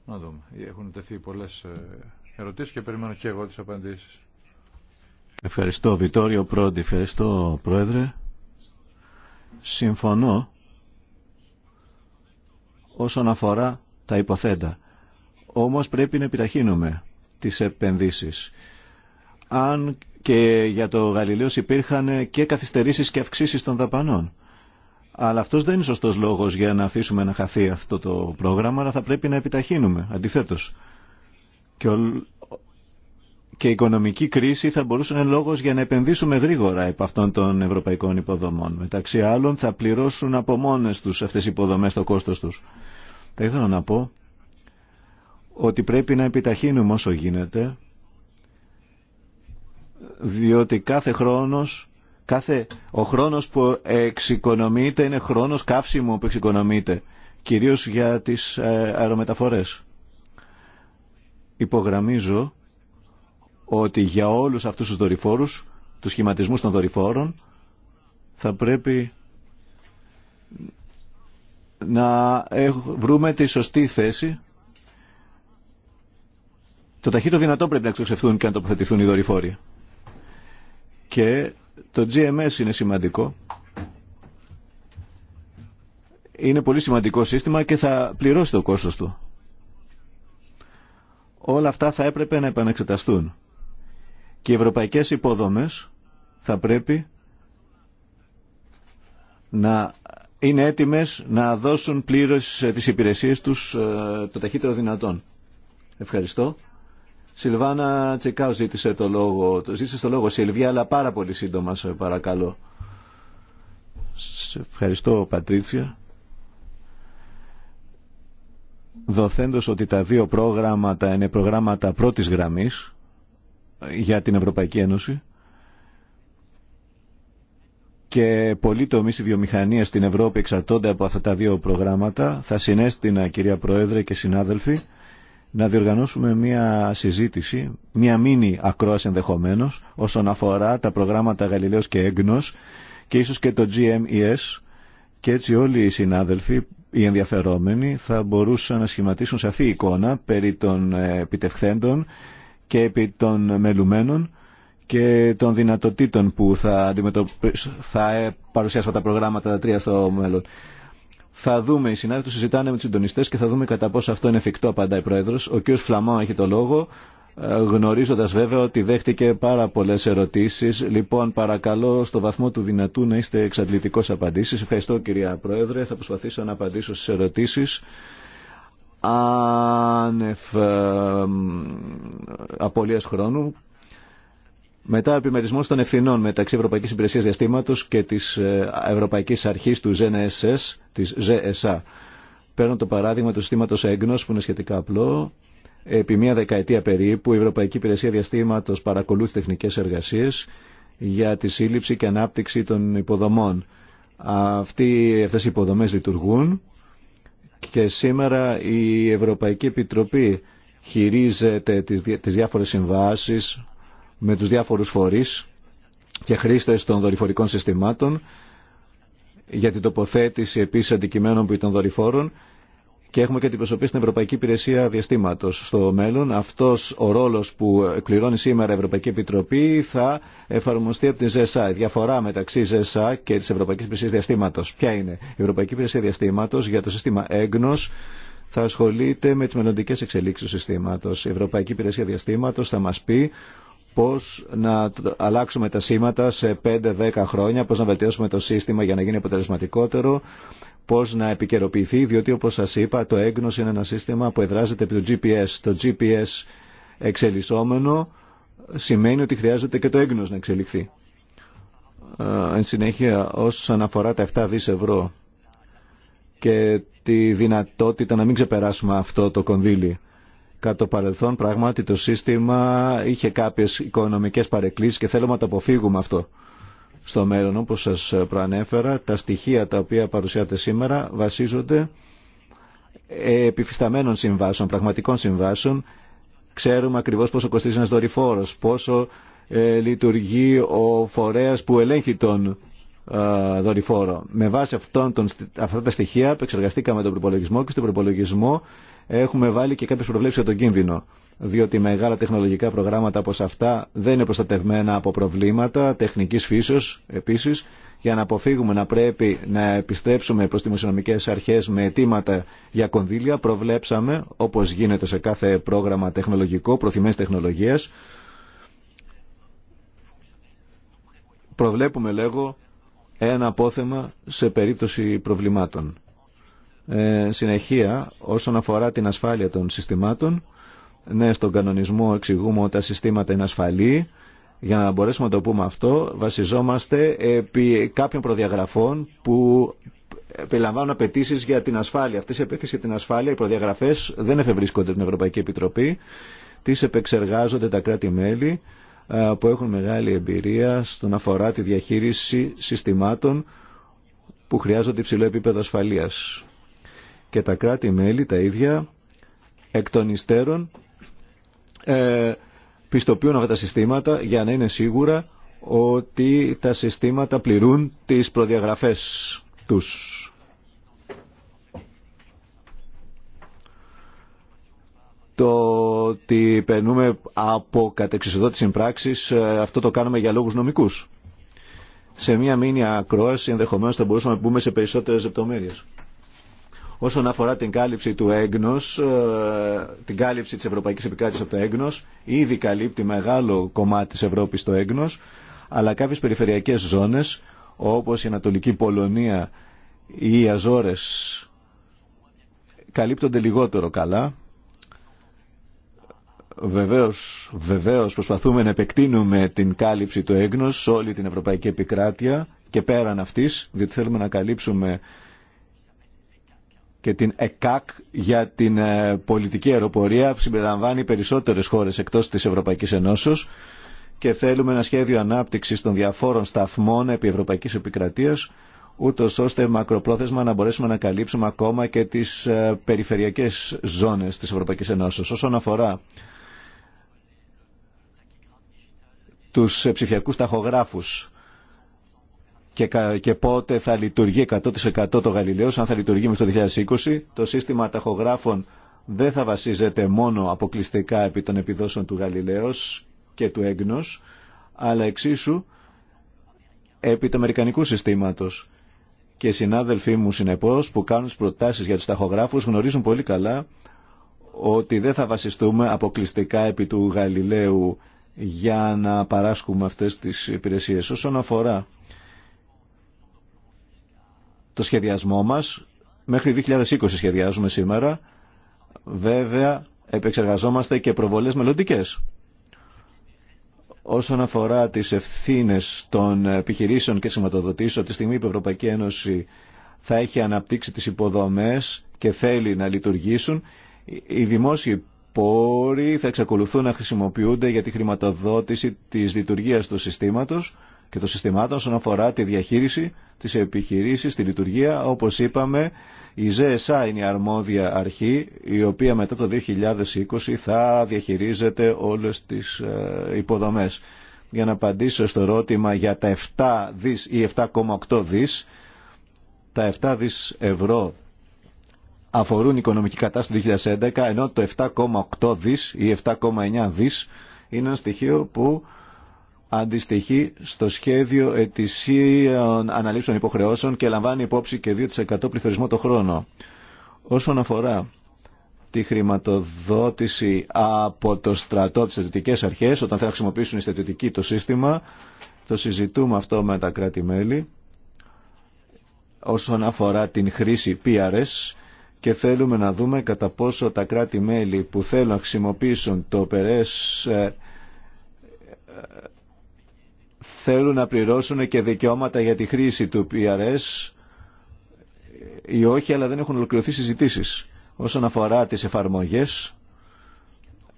Να δούμε. Έχουν τεθεί πολλές ε, ερωτήσεις και περιμένω και εγώ τις απαντήσεις. Ευχαριστώ Βιτόριο Πρόντι, ευχαριστώ Πρόεδρε. Συμφωνώ όσον αφορά τα υποθέτα. Όμως πρέπει να επιταχύνουμε τις επενδύσεις. Αν και για το Γαλιλαίος υπήρχαν και καθυστερήσεις και αυξήσεις των δαπανών. Αλλά αυτός δεν είναι σωστός λόγος για να αφήσουμε να χαθεί αυτό το πρόγραμμα, αλλά θα πρέπει να επιταχύνουμε, αντιθέτως. Και, και η οικονομική κρίση θα μπορούσε να είναι λόγος για να επενδύσουμε γρήγορα επ' αυτών των ευρωπαϊκών υποδομών. Μεταξύ άλλων θα πληρώσουν από μόνε τους αυτές οι υποδομές το κόστος τους. Θα ήθελα να πω ότι πρέπει να επιταχύνουμε όσο γίνεται διότι κάθε χρόνος κάθε, ο χρόνος που εξοικονομείται είναι χρόνος καύσιμο που εξοικονομείται κυρίως για τις ε, αερομεταφορές υπογραμμίζω ότι για όλους αυτούς τους δορυφόρους τους σχηματισμούς των δορυφόρων θα πρέπει να βρούμε τη σωστή θέση το ταχύτερο δυνατό πρέπει να εξοξευθούν και να τοποθετηθούν οι δορυφόροι. Και το GMS είναι σημαντικό. Είναι πολύ σημαντικό σύστημα και θα πληρώσει το κόστος του. Όλα αυτά θα έπρεπε να επαναξεταστούν. Και οι ευρωπαϊκές υποδομές θα πρέπει να είναι έτοιμες να δώσουν πλήρως τις υπηρεσίες τους ε, το ταχύτερο δυνατόν. Ευχαριστώ. Σιλβάνα Τσεκάου ζήτησε το λόγο. Το ζήτησε το λόγο Σιλβία, αλλά πάρα πολύ σύντομα, σε παρακαλώ. Σε ευχαριστώ, Πατρίτσια. Δοθέντος ότι τα δύο πρόγραμματα είναι προγράμματα πρώτης γραμμής για την Ευρωπαϊκή Ένωση και πολλοί τομείς της στην Ευρώπη εξαρτώνται από αυτά τα δύο προγράμματα. Θα συνέστηνα, κυρία Πρόεδρε και συνάδελφοι, να διοργανώσουμε μία συζήτηση, μία μίνι ακρόαση ενδεχομένω όσον αφορά τα προγράμματα Γαλιλαίος και Έγκνος και ίσως και το GMES και έτσι όλοι οι συνάδελφοι, οι ενδιαφερόμενοι θα μπορούσαν να σχηματίσουν σαφή εικόνα περί των ε, επιτευχθέντων και επί των μελουμένων και των δυνατοτήτων που θα, θα ε, παρουσιάσουν τα προγράμματα τα τρία στο μέλλον. Θα δούμε, οι συνάδελφοι του συζητάνε με του συντονιστέ και θα δούμε κατά πόσο αυτό είναι εφικτό, απαντάει η Πρόεδρο. Ο κ. Φλαμό έχει το λόγο, ε, γνωρίζοντα βέβαια ότι δέχτηκε πάρα πολλέ ερωτήσει. Λοιπόν, παρακαλώ στο βαθμό του δυνατού να είστε εξαντλητικό απαντήσει. Ευχαριστώ, κυρία Πρόεδρε. Θα προσπαθήσω να απαντήσω στι ερωτήσει άνευ ε, χρόνου μετά ο επιμερισμό των ευθυνών μεταξύ Ευρωπαϊκή Υπηρεσία Διαστήματο και τη ε, Ευρωπαϊκή Αρχή του ZNSS, τη ZSA. Παίρνω το παράδειγμα του συστήματο EGNOS που είναι σχετικά απλό. Επί μία δεκαετία περίπου η Ευρωπαϊκή Υπηρεσία Διαστήματο παρακολούθησε τεχνικέ εργασίε για τη σύλληψη και ανάπτυξη των υποδομών. Αυτοί, αυτές οι υποδομές λειτουργούν και σήμερα η Ευρωπαϊκή Επιτροπή χειρίζεται τις, τις διάφορες με τους διάφορους φορείς και χρήστες των δορυφορικών συστημάτων για την τοποθέτηση επίσης αντικειμένων που ήταν δορυφόρων και έχουμε και την προσωπή στην Ευρωπαϊκή Υπηρεσία Διαστήματο στο μέλλον. Αυτό ο ρόλο που κληρώνει σήμερα η Ευρωπαϊκή Επιτροπή θα εφαρμοστεί από την ΖΕΣΑ. Η διαφορά μεταξύ ΖΕΣΑ και τη Ευρωπαϊκή Υπηρεσία Διαστήματο. Ποια είναι, η Ευρωπαϊκή Υπηρεσία Διαστήματο για το σύστημα ΕΓΝΟΣ. θα ασχολείται με τι μελλοντικέ εξελίξει του συστήματο. Η Ευρωπαϊκή Υπηρεσία Διαστήματο θα μα πει πώς να αλλάξουμε τα σήματα σε 5-10 χρόνια, πώς να βελτιώσουμε το σύστημα για να γίνει αποτελεσματικότερο, πώς να επικαιροποιηθεί, διότι όπως σας είπα το έγνος είναι ένα σύστημα που εδράζεται επί το GPS. Το GPS εξελισσόμενο σημαίνει ότι χρειάζεται και το έγνος να εξελιχθεί. Ε, εν συνέχεια, όσον αφορά τα 7 δις ευρώ και τη δυνατότητα να μην ξεπεράσουμε αυτό το κονδύλι, Κατά το παρελθόν πράγματι το σύστημα είχε κάποιες οικονομικές παρεκκλήσεις και θέλουμε να το αποφύγουμε αυτό. Στο μέλλον, όπως σας προανέφερα, τα στοιχεία τα οποία παρουσιάζεται σήμερα βασίζονται ε, επιφυσταμένων συμβάσεων, πραγματικών συμβάσεων. Ξέρουμε ακριβώς πόσο κοστίζει ένας δορυφόρο, πόσο ε, λειτουργεί ο φορέας που ελέγχει τον ε, δορυφόρο. Με βάση αυτόν αυτά τα στοιχεία επεξεργαστήκαμε τον προπολογισμό και στον προπολογισμό έχουμε βάλει και κάποιε προβλέψει για τον κίνδυνο διότι μεγάλα τεχνολογικά προγράμματα όπως αυτά δεν είναι προστατευμένα από προβλήματα τεχνικής φύσεω επίσης για να αποφύγουμε να πρέπει να επιστρέψουμε προς δημοσιονομικέ αρχές με αιτήματα για κονδύλια προβλέψαμε όπως γίνεται σε κάθε πρόγραμμα τεχνολογικό προθυμέ τεχνολογίας προβλέπουμε λέγω ένα απόθεμα σε περίπτωση προβλημάτων. Ε, συνεχεία όσον αφορά την ασφάλεια των συστημάτων. Ναι, στον κανονισμό εξηγούμε ότι τα συστήματα είναι ασφαλή. Για να μπορέσουμε να το πούμε αυτό, βασιζόμαστε επί κάποιων προδιαγραφών που περιλαμβάνουν απαιτήσει για την ασφάλεια. Αυτέ οι απαιτήσει για την ασφάλεια, οι προδιαγραφέ δεν εφευρίσκονται από την Ευρωπαϊκή Επιτροπή. Τι επεξεργάζονται τα κράτη-μέλη ε, που έχουν μεγάλη εμπειρία στον αφορά τη διαχείριση συστημάτων που χρειάζονται υψηλό επίπεδο ασφαλείας και τα κράτη-μέλη τα ίδια εκ των υστέρων ε, πιστοποιούν αυτά τα συστήματα για να είναι σίγουρα ότι τα συστήματα πληρούν τις προδιαγραφές τους. Το ότι περνούμε από κατεξισοδότηση πράξης, ε, αυτό το κάνουμε για λόγους νομικούς. Σε μία μήνυα ακρόαση ενδεχομένως θα μπορούσαμε να πούμε σε περισσότερες λεπτομέρειες. Όσον αφορά την κάλυψη του έγνος, ε, την κάλυψη της ευρωπαϊκής επικράτησης από το έγνος, ήδη καλύπτει μεγάλο κομμάτι της Ευρώπης το έγνος, αλλά κάποιες περιφερειακές ζώνες, όπως η Ανατολική Πολωνία ή οι Αζόρες, καλύπτονται λιγότερο καλά. Βεβαίως, βεβαίως προσπαθούμε να επεκτείνουμε την κάλυψη του έγνος σε όλη την Ευρωπαϊκή Επικράτεια και πέραν αυτής, διότι θέλουμε να καλύψουμε και την ΕΚΑΚ για την ε, πολιτική αεροπορία που συμπεριλαμβάνει περισσότερες χώρες εκτός της Ευρωπαϊκής Ενώσεως και θέλουμε ένα σχέδιο ανάπτυξης των διαφόρων σταθμών επί Ευρωπαϊκής Επικρατείας ούτω ώστε μακροπρόθεσμα να μπορέσουμε να καλύψουμε ακόμα και τις ε, περιφερειακές ζώνες της Ευρωπαϊκής Ενώσεως. Όσον αφορά τους ψηφιακούς ταχογράφους, και, και πότε θα λειτουργεί 100% το Γαλιλαίος, αν θα λειτουργεί μέχρι το 2020. Το σύστημα ταχογράφων δεν θα βασίζεται μόνο αποκλειστικά επί των επιδόσεων του Γαλιλαίος και του Έγνος, αλλά εξίσου επί του Αμερικανικού συστήματος. Και οι συνάδελφοί μου, συνεπώς, που κάνουν τις προτάσεις για τους ταχογράφους, γνωρίζουν πολύ καλά ότι δεν θα βασιστούμε αποκλειστικά επί του Γαλιλαίου για να παράσχουμε αυτές τις υπηρεσίες. Όσον αφορά το σχεδιασμό μας. Μέχρι 2020 σχεδιάζουμε σήμερα. Βέβαια, επεξεργαζόμαστε και προβολές μελλοντικέ. Όσον αφορά τις ευθύνες των επιχειρήσεων και σηματοδοτήσεων, τη στιγμή που η Ευρωπαϊκή Ένωση θα έχει αναπτύξει τις υποδομές και θέλει να λειτουργήσουν, οι δημόσιοι πόροι θα εξακολουθούν να χρησιμοποιούνται για τη χρηματοδότηση της λειτουργίας του συστήματος και των συστημάτων όσον αφορά τη διαχείριση τις επιχειρήσεις, τη λειτουργία. Όπως είπαμε, η ΖΕΣΑ είναι η αρμόδια αρχή, η οποία μετά το 2020 θα διαχειρίζεται όλες τις ε, υποδομές. Για να απαντήσω στο ερώτημα για τα 7 δις ή 7,8 δις, τα 7 δις ευρώ αφορούν οικονομική κατάσταση του 2011, ενώ το 7,8 δις ή 7,9 δις είναι ένα στοιχείο που αντιστοιχεί στο σχέδιο ετησίων αναλήψεων υποχρεώσεων και λαμβάνει υπόψη και 2% πληθωρισμό το χρόνο. Όσον αφορά τη χρηματοδότηση από το στρατό τις στρατιωτικές αρχές, όταν θα χρησιμοποιήσουν οι στρατιωτικοί το σύστημα, το συζητούμε αυτό με τα κράτη-μέλη, όσον αφορά την χρήση PRS, και θέλουμε να δούμε κατά πόσο τα κράτη-μέλη που θέλουν να χρησιμοποιήσουν το PRS ε, θέλουν να πληρώσουν και δικαιώματα για τη χρήση του PRS ή όχι, αλλά δεν έχουν ολοκληρωθεί συζητήσει. Όσον αφορά τις εφαρμογές,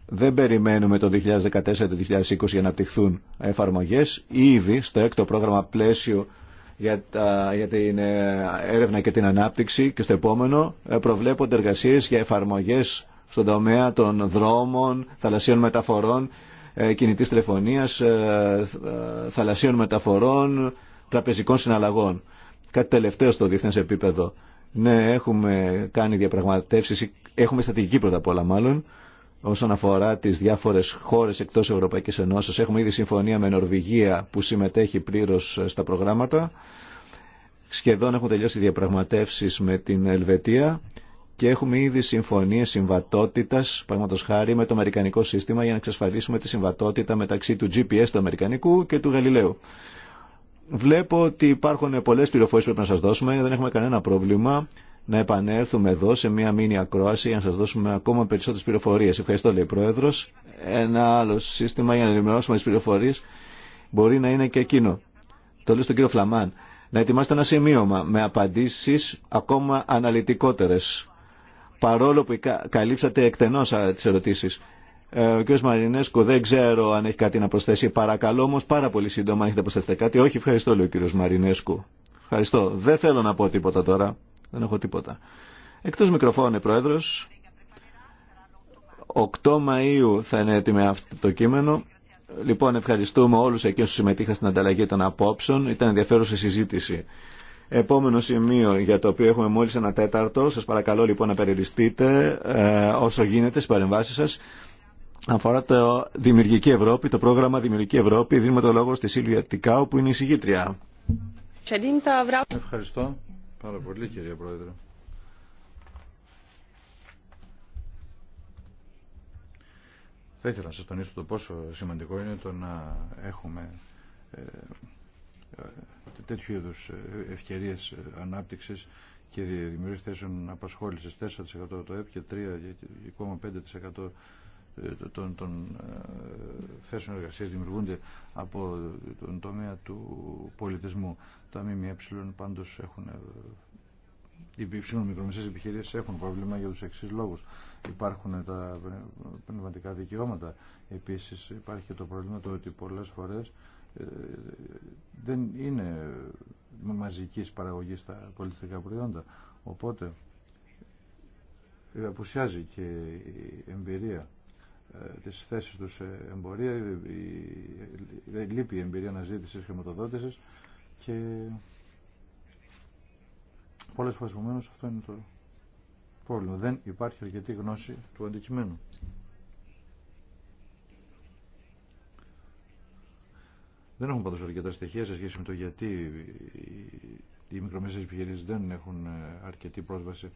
δεν περιμένουμε το 2014-2020 για να απτυχθούν εφαρμογές. Ήδη στο έκτο πρόγραμμα πλαίσιο για, για την ε, έρευνα και την ανάπτυξη και στο επόμενο ε, προβλέπονται εργασίες για εφαρμογές στον τομέα των δρόμων, θαλασσίων μεταφορών ε, κινητής τηλεφωνίας, ε, ε, θαλασσίων μεταφορών, τραπεζικών συναλλαγών. Κάτι τελευταίο στο διεθνές επίπεδο. Ναι, έχουμε κάνει διαπραγματεύσεις, έχουμε στατική πρώτα απ' όλα μάλλον, όσον αφορά τις διάφορες χώρες εκτός Ευρωπαϊκής Ενώσης. Έχουμε ήδη συμφωνία με Νορβηγία που συμμετέχει πλήρως στα προγράμματα. Σχεδόν έχουν τελειώσει διαπραγματεύσεις με την Ελβετία και έχουμε ήδη συμφωνίες συμβατότητας, παραδείγματος χάρη, με το Αμερικανικό σύστημα για να εξασφαλίσουμε τη συμβατότητα μεταξύ του GPS του Αμερικανικού και του Γαλιλαίου. Βλέπω ότι υπάρχουν πολλές πληροφορίες που πρέπει να σας δώσουμε, δεν έχουμε κανένα πρόβλημα να επανέλθουμε εδώ σε μία μήνυα ακρόαση για να σας δώσουμε ακόμα περισσότερες πληροφορίες. Ευχαριστώ, λέει Πρόεδρος. Ένα άλλο σύστημα για να ενημερώσουμε τις πληροφορίες μπορεί να είναι και εκείνο. Το λέω στον κύριο Φλαμάν. Να ετοιμάσετε ένα σημείωμα με απαντήσεις ακόμα αναλυτικότερες παρόλο που καλύψατε εκτενώς τις ερωτήσεις. Ε, ο κ. Μαρινέσκο δεν ξέρω αν έχει κάτι να προσθέσει. Παρακαλώ όμω πάρα πολύ σύντομα αν έχετε προσθέσει κάτι. Όχι, ευχαριστώ, λέει ο κ. Μαρινέσκο. Ευχαριστώ. Δεν θέλω να πω τίποτα τώρα. Δεν έχω τίποτα. Εκτό μικροφώνου, Πρόεδρο. 8 Μαου θα είναι έτοιμο αυτό το κείμενο. Λοιπόν, ευχαριστούμε όλου εκείνου που συμμετείχαν στην ανταλλαγή των απόψεων. Ήταν ενδιαφέρουσα συζήτηση. Επόμενο σημείο για το οποίο έχουμε μόλις ένα τέταρτο, σας παρακαλώ λοιπόν να περιοριστείτε ε, όσο γίνεται στις παρεμβάσεις σας. Αφορά το Δημιουργική Ευρώπη, το πρόγραμμα Δημιουργική Ευρώπη, δίνουμε το λόγο στη Σίλβια Τικάου που είναι η συγγήτρια. Ευχαριστώ πάρα πολύ κύριε Πρόεδρε. Θα ήθελα να σας τονίσω το πόσο σημαντικό είναι το να έχουμε ε, ε, τέτοιου είδου ε, ευκαιρίε ανάπτυξη και δημιουργία θέσεων απασχόληση 4% το ΕΠ και 3,5% των, των θέσεων εργασία δημιουργούνται από τον τομέα του πολιτισμού. Τα ΜΜΕ πάντω έχουν ε, οι μικρομεσαίες επιχειρήσεις έχουν πρόβλημα για τους εξής λόγους. Υπάρχουν τα πνευματικά δικαιώματα. Επίσης υπάρχει και το πρόβλημα το ότι πολλές φορές ε, δεν είναι μαζικής παραγωγής τα πολιτικά προϊόντα. Οπότε ε, απουσιάζει και η εμπειρία ε, της θέσης τους σε εμπορία, λείπει η εμπειρία αναζήτησης χρηματοδότηση και πολλές φορές επομένως αυτό είναι το πρόβλημα. Δεν υπάρχει αρκετή γνώση του αντικειμένου. Δεν έχουμε πάντως αρκετά στοιχεία σε σχέση με το γιατί οι μικρομεσαίες επιχειρήσεις δεν έχουν ε, αρκετή πρόσβαση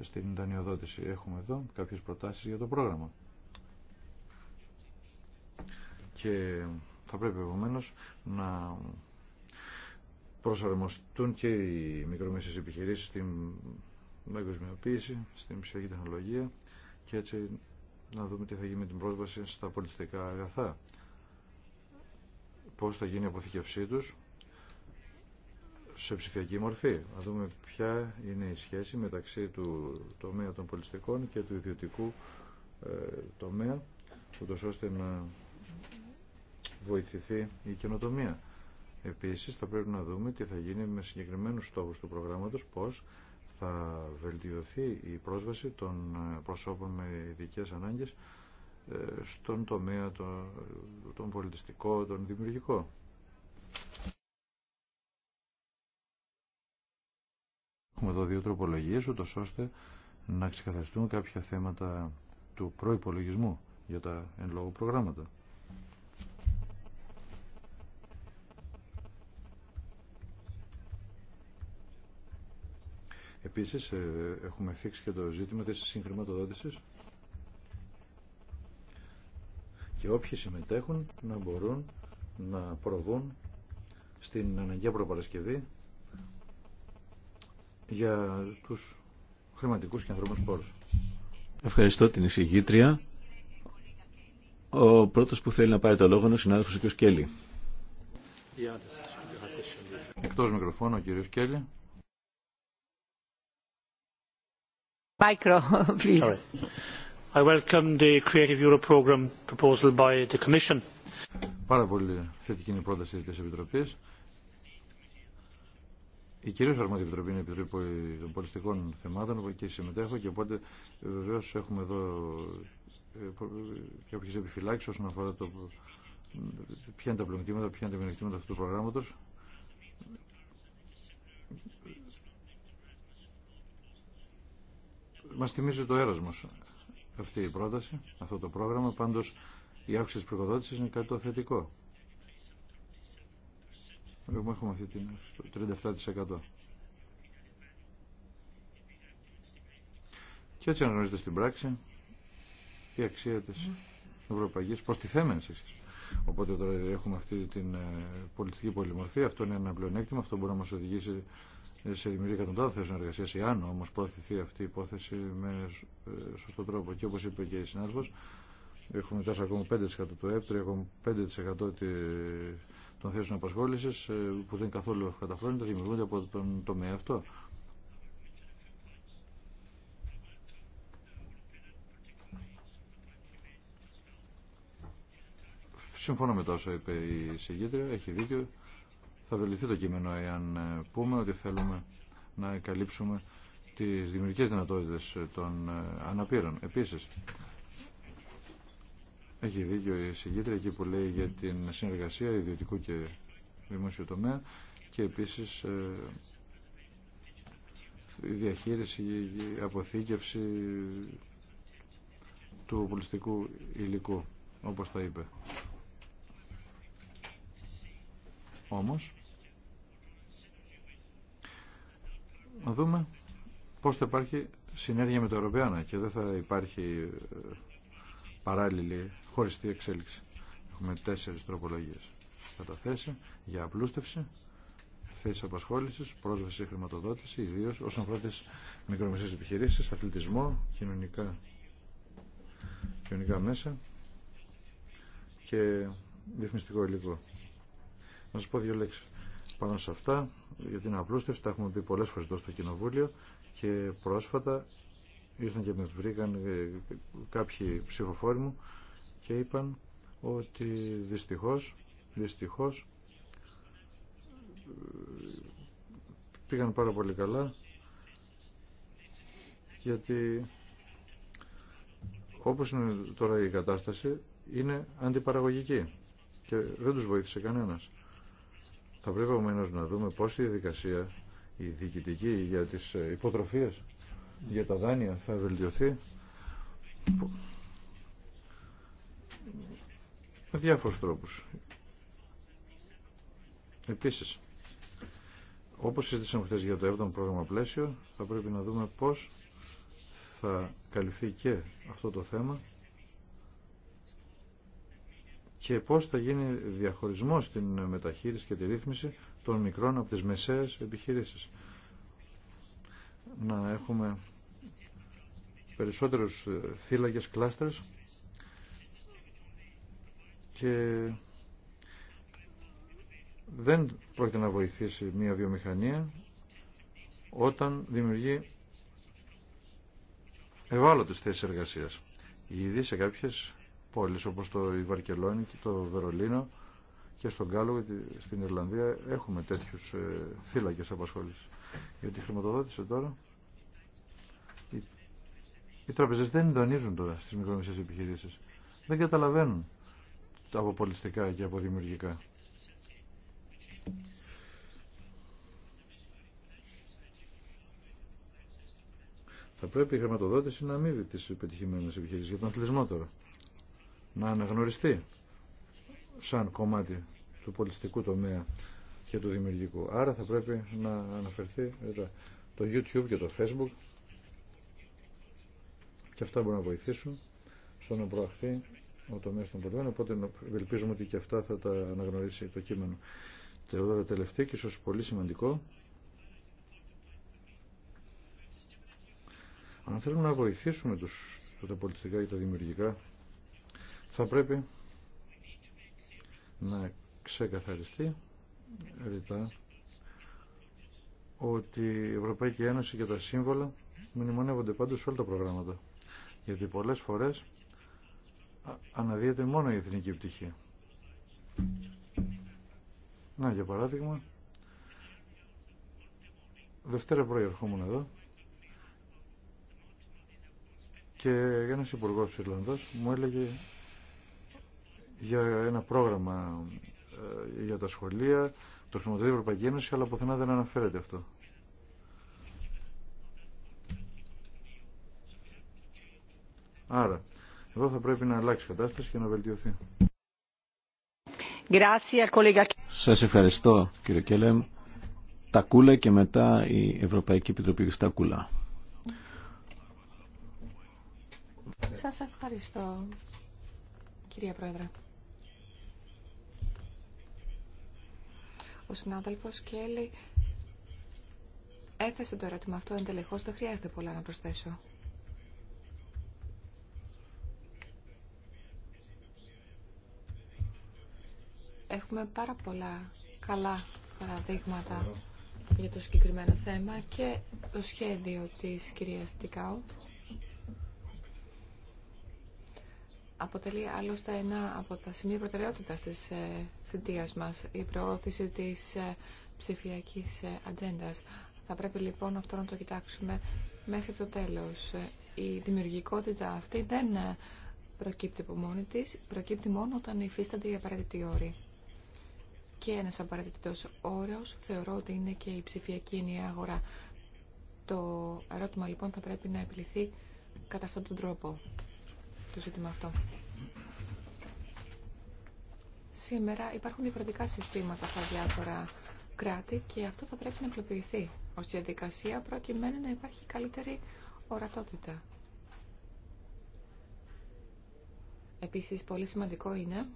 στην δανειοδότηση. Έχουμε εδώ κάποιες προτάσεις για το πρόγραμμα. Και θα πρέπει επομένω να προσαρμοστούν και οι μικρομεσαίες επιχειρήσεις στην παγκοσμιοποίηση, στην ψηφιακή τεχνολογία και έτσι να δούμε τι θα γίνει με την πρόσβαση στα πολιτιστικά αγαθά πώς θα γίνει η αποθηκευσή τους σε ψηφιακή μορφή. Να δούμε ποια είναι η σχέση μεταξύ του τομέα των πολιστικών και του ιδιωτικού ε, τομέα, ούτως ώστε να βοηθηθεί η καινοτομία. Επίσης θα πρέπει να δούμε τι θα γίνει με συγκεκριμένους στόχους του προγράμματος, πώς θα βελτιωθεί η πρόσβαση των προσώπων με ειδικέ ανάγκες ε, στον τομέα τον, πολιτιστικό, τον δημιουργικό. Έχουμε εδώ δύο τροπολογίες, ούτως ώστε να ξεκαθαριστούν κάποια θέματα του προϋπολογισμού για τα εν λόγω προγράμματα. Επίσης, ε, έχουμε θίξει και το ζήτημα της συγχρηματοδότησης και όποιοι συμμετέχουν να μπορούν να προβούν στην αναγκαία προπαρασκευή για τους χρηματικούς και ανθρώπους πόρους. Ευχαριστώ την εισηγήτρια. Ο πρώτος που θέλει να πάρει το λόγο είναι ο συνάδελφος ο κ. Κέλλη. Εκτός μικροφώνου ο κ. Κέλλη. Micro, [LAUGHS] I welcome the Creative Europe Programme proposal by the Commission. Πάρα πολύ θετική είναι η πρόταση της Επιτροπής. Η κυρίως αρμόδια Επιτροπή είναι η Επιτροπή των πολιτικών Θεμάτων που εκεί συμμετέχω και οπότε ε, βεβαίω έχουμε εδώ ε, κάποιε επιφυλάξει όσον αφορά το ποια είναι τα πλεονεκτήματα, ποια είναι τα μειονεκτήματα αυτού του προγράμματο. Μα θυμίζει το έρασμό αυτή η πρόταση, αυτό το πρόγραμμα. Πάντω, η αύξηση τη προκοδότησης είναι κάτι το θετικό. Έχουμε αυτή την 37%. Και έτσι αναγνωρίζεται στην πράξη η αξία της ευρωπαϊκής προστιθέμενης αξίας. Οπότε τώρα έχουμε αυτή την ε, πολιτική πολυμορφία. Αυτό είναι ένα πλεονέκτημα. Αυτό μπορεί να μα οδηγήσει σε δημιουργία εκατοντάδων θέσεων εργασία. Εάν όμω προωθηθεί αυτή η υπόθεση με ε, σωστό τρόπο και όπω είπε και η συνάδελφο, έχουμε 5% του ΕΠ, 5% των θέσεων απασχόληση ε, που δεν καθόλου καταφρόνεται, δημιουργούνται από τον τομέα αυτό. Συμφωνώ με τόσο είπε η συγγήτρια, έχει δίκιο. Θα βελτιθεί το κείμενο εάν ε, πούμε ότι θέλουμε να καλύψουμε τις δημιουργικέ δυνατότητες των ε, αναπήρων. Επίσης, έχει δίκιο η συγκίτρια εκεί που λέει για την συνεργασία ιδιωτικού και δημόσιου τομέα και επίσης ε, η διαχείριση, η αποθήκευση του πολιτικού υλικού, όπως τα είπε. Όμως, να δούμε πώς θα υπάρχει συνέργεια με το Ευρωπαϊκό και δεν θα υπάρχει ε, παράλληλη χωριστή εξέλιξη. Έχουμε τέσσερις τροπολογίες. Καταθέσει για απλούστευση, θέσει απασχόλησης, πρόσβαση σε χρηματοδότηση, ιδίω όσον αφορά τις μικρομεσαίες επιχειρήσεις, αθλητισμό, κοινωνικά, κοινωνικά μέσα και διεθνιστικό υλικό. Να σας πω δύο λέξει πάνω σε αυτά, γιατί είναι απλούστευση, τα έχουμε πει πολλέ φορέ εδώ στο Κοινοβούλιο και πρόσφατα ήρθαν και με βρήκαν ε, κάποιοι ψηφοφόροι μου και είπαν ότι δυστυχώ, δυστυχώς ε, πήγαν πάρα πολύ καλά γιατί όπως είναι τώρα η κατάσταση είναι αντιπαραγωγική και δεν τους βοήθησε κανένας. Θα πρέπει επομένω να δούμε πώ η διαδικασία, η διοικητική για τι ε, υποτροφίε για τα δάνεια θα βελτιωθεί. Με διάφορους τρόπους. Επίσης, όπως συζητήσαμε χθε για το 7ο πρόγραμμα πλαίσιο, θα πρέπει να δούμε πώς θα καλυφθεί και αυτό το θέμα και πώς θα γίνει διαχωρισμός στην μεταχείριση και τη ρύθμιση των μικρών από τις μεσαίες επιχειρήσεις. Να έχουμε περισσότερους θύλακες, ε, κλάστερς και δεν πρόκειται να βοηθήσει μια βιομηχανία όταν δημιουργεί ευάλωτες θέσεις εργασίας. Ήδη σε κάποιες πόλεις όπως το Βαρκελόνη και το Βερολίνο και στον Κάλο στην Ιρλανδία έχουμε τέτοιους ε, θύλακες απασχόλησης. Γιατί χρηματοδότησε χρηματοδότηση τώρα οι, οι τραπεζές δεν εντονίζουν τώρα στις μικρομεσαίες επιχειρήσεις. Δεν καταλαβαίνουν από πολιστικά και από δημιουργικά. Θα πρέπει η χρηματοδότηση να αμείβει τι πετυχημένες επιχειρήσει για τον αθλησμό τώρα να αναγνωριστεί σαν κομμάτι του πολιτιστικού τομέα και του δημιουργικού. Άρα θα πρέπει να αναφερθεί το YouTube και το Facebook και αυτά μπορούν να βοηθήσουν στο να προαχθεί ο τομέας των πολιτών, οπότε ελπίζουμε ότι και αυτά θα τα αναγνωρίσει το κείμενο. Τώρα τελευταίο και ίσως πολύ σημαντικό, αν θέλουμε να βοηθήσουμε τους, τα πολιτιστικά και τα δημιουργικά θα πρέπει να ξεκαθαριστεί ρητά ότι η Ευρωπαϊκή Ένωση και τα σύμβολα μνημονεύονται πάντως σε όλα τα προγράμματα. Γιατί πολλές φορές αναδύεται μόνο η εθνική πτυχή. Να, για παράδειγμα, Δευτέρα πρωί ερχόμουν εδώ και ένας υπουργός Ιρλανδός μου έλεγε για ένα πρόγραμμα ε, για τα σχολεία, το χρηματοδοτεί η Ευρωπαϊκή Ένωση, αλλά πουθενά δεν αναφέρεται αυτό. Άρα, εδώ θα πρέπει να αλλάξει η κατάσταση και να βελτιωθεί. Σα ευχαριστώ κύριε Κέλεμ. Τακούλα και μετά η Ευρωπαϊκή Επιτροπή κουλά. Σας ευχαριστώ κυρία Πρόεδρε. Ο συνάδελφος Κέλλη έθεσε το ερώτημα αυτό εντελεχώς, δεν χρειάζεται πολλά να προσθέσω. Έχουμε πάρα πολλά καλά παραδείγματα για το συγκεκριμένο θέμα και το σχέδιο της κυρίας Τικάου αποτελεί άλλωστε ένα από τα σημεία προτεραιότητας της ε, θητείας μας, η προώθηση της ε, ψηφιακής ε, ατζέντα. Θα πρέπει λοιπόν αυτό να το κοιτάξουμε μέχρι το τέλος. Η δημιουργικότητα αυτή δεν προκύπτει από μόνη της, προκύπτει μόνο όταν υφίστανται οι απαραίτητοι όροι. Και ένας απαραίτητος όρος θεωρώ ότι είναι και η ψηφιακή ενιαία αγορά. Το ερώτημα λοιπόν θα πρέπει να επιληθεί κατά αυτόν τον τρόπο το αυτό. Σήμερα υπάρχουν διαφορετικά συστήματα στα διάφορα κράτη και αυτό θα πρέπει να απλοποιηθεί ως διαδικασία προκειμένου να υπάρχει καλύτερη ορατότητα. Επίσης, πολύ σημαντικό είναι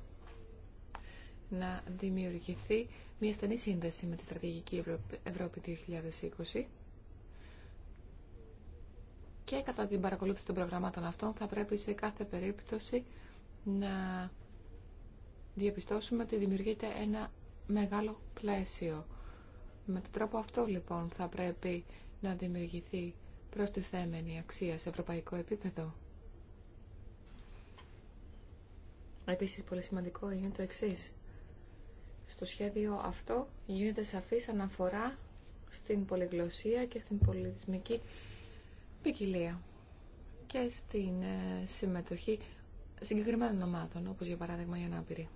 να δημιουργηθεί μια στενή σύνδεση με τη Στρατηγική Ευρώπη 2020 και κατά την παρακολούθηση των προγραμμάτων αυτών θα πρέπει σε κάθε περίπτωση να διαπιστώσουμε ότι δημιουργείται ένα μεγάλο πλαίσιο. Με τον τρόπο αυτό λοιπόν θα πρέπει να δημιουργηθεί προστιθέμενη αξία σε ευρωπαϊκό επίπεδο. Επίσης πολύ σημαντικό είναι το εξής. Στο σχέδιο αυτό γίνεται σαφής αναφορά στην πολυγλωσία και στην πολιτισμική ποικιλία και στην ε, συμμετοχή συγκεκριμένων ομάδων, όπως για παράδειγμα η ανάπηροι.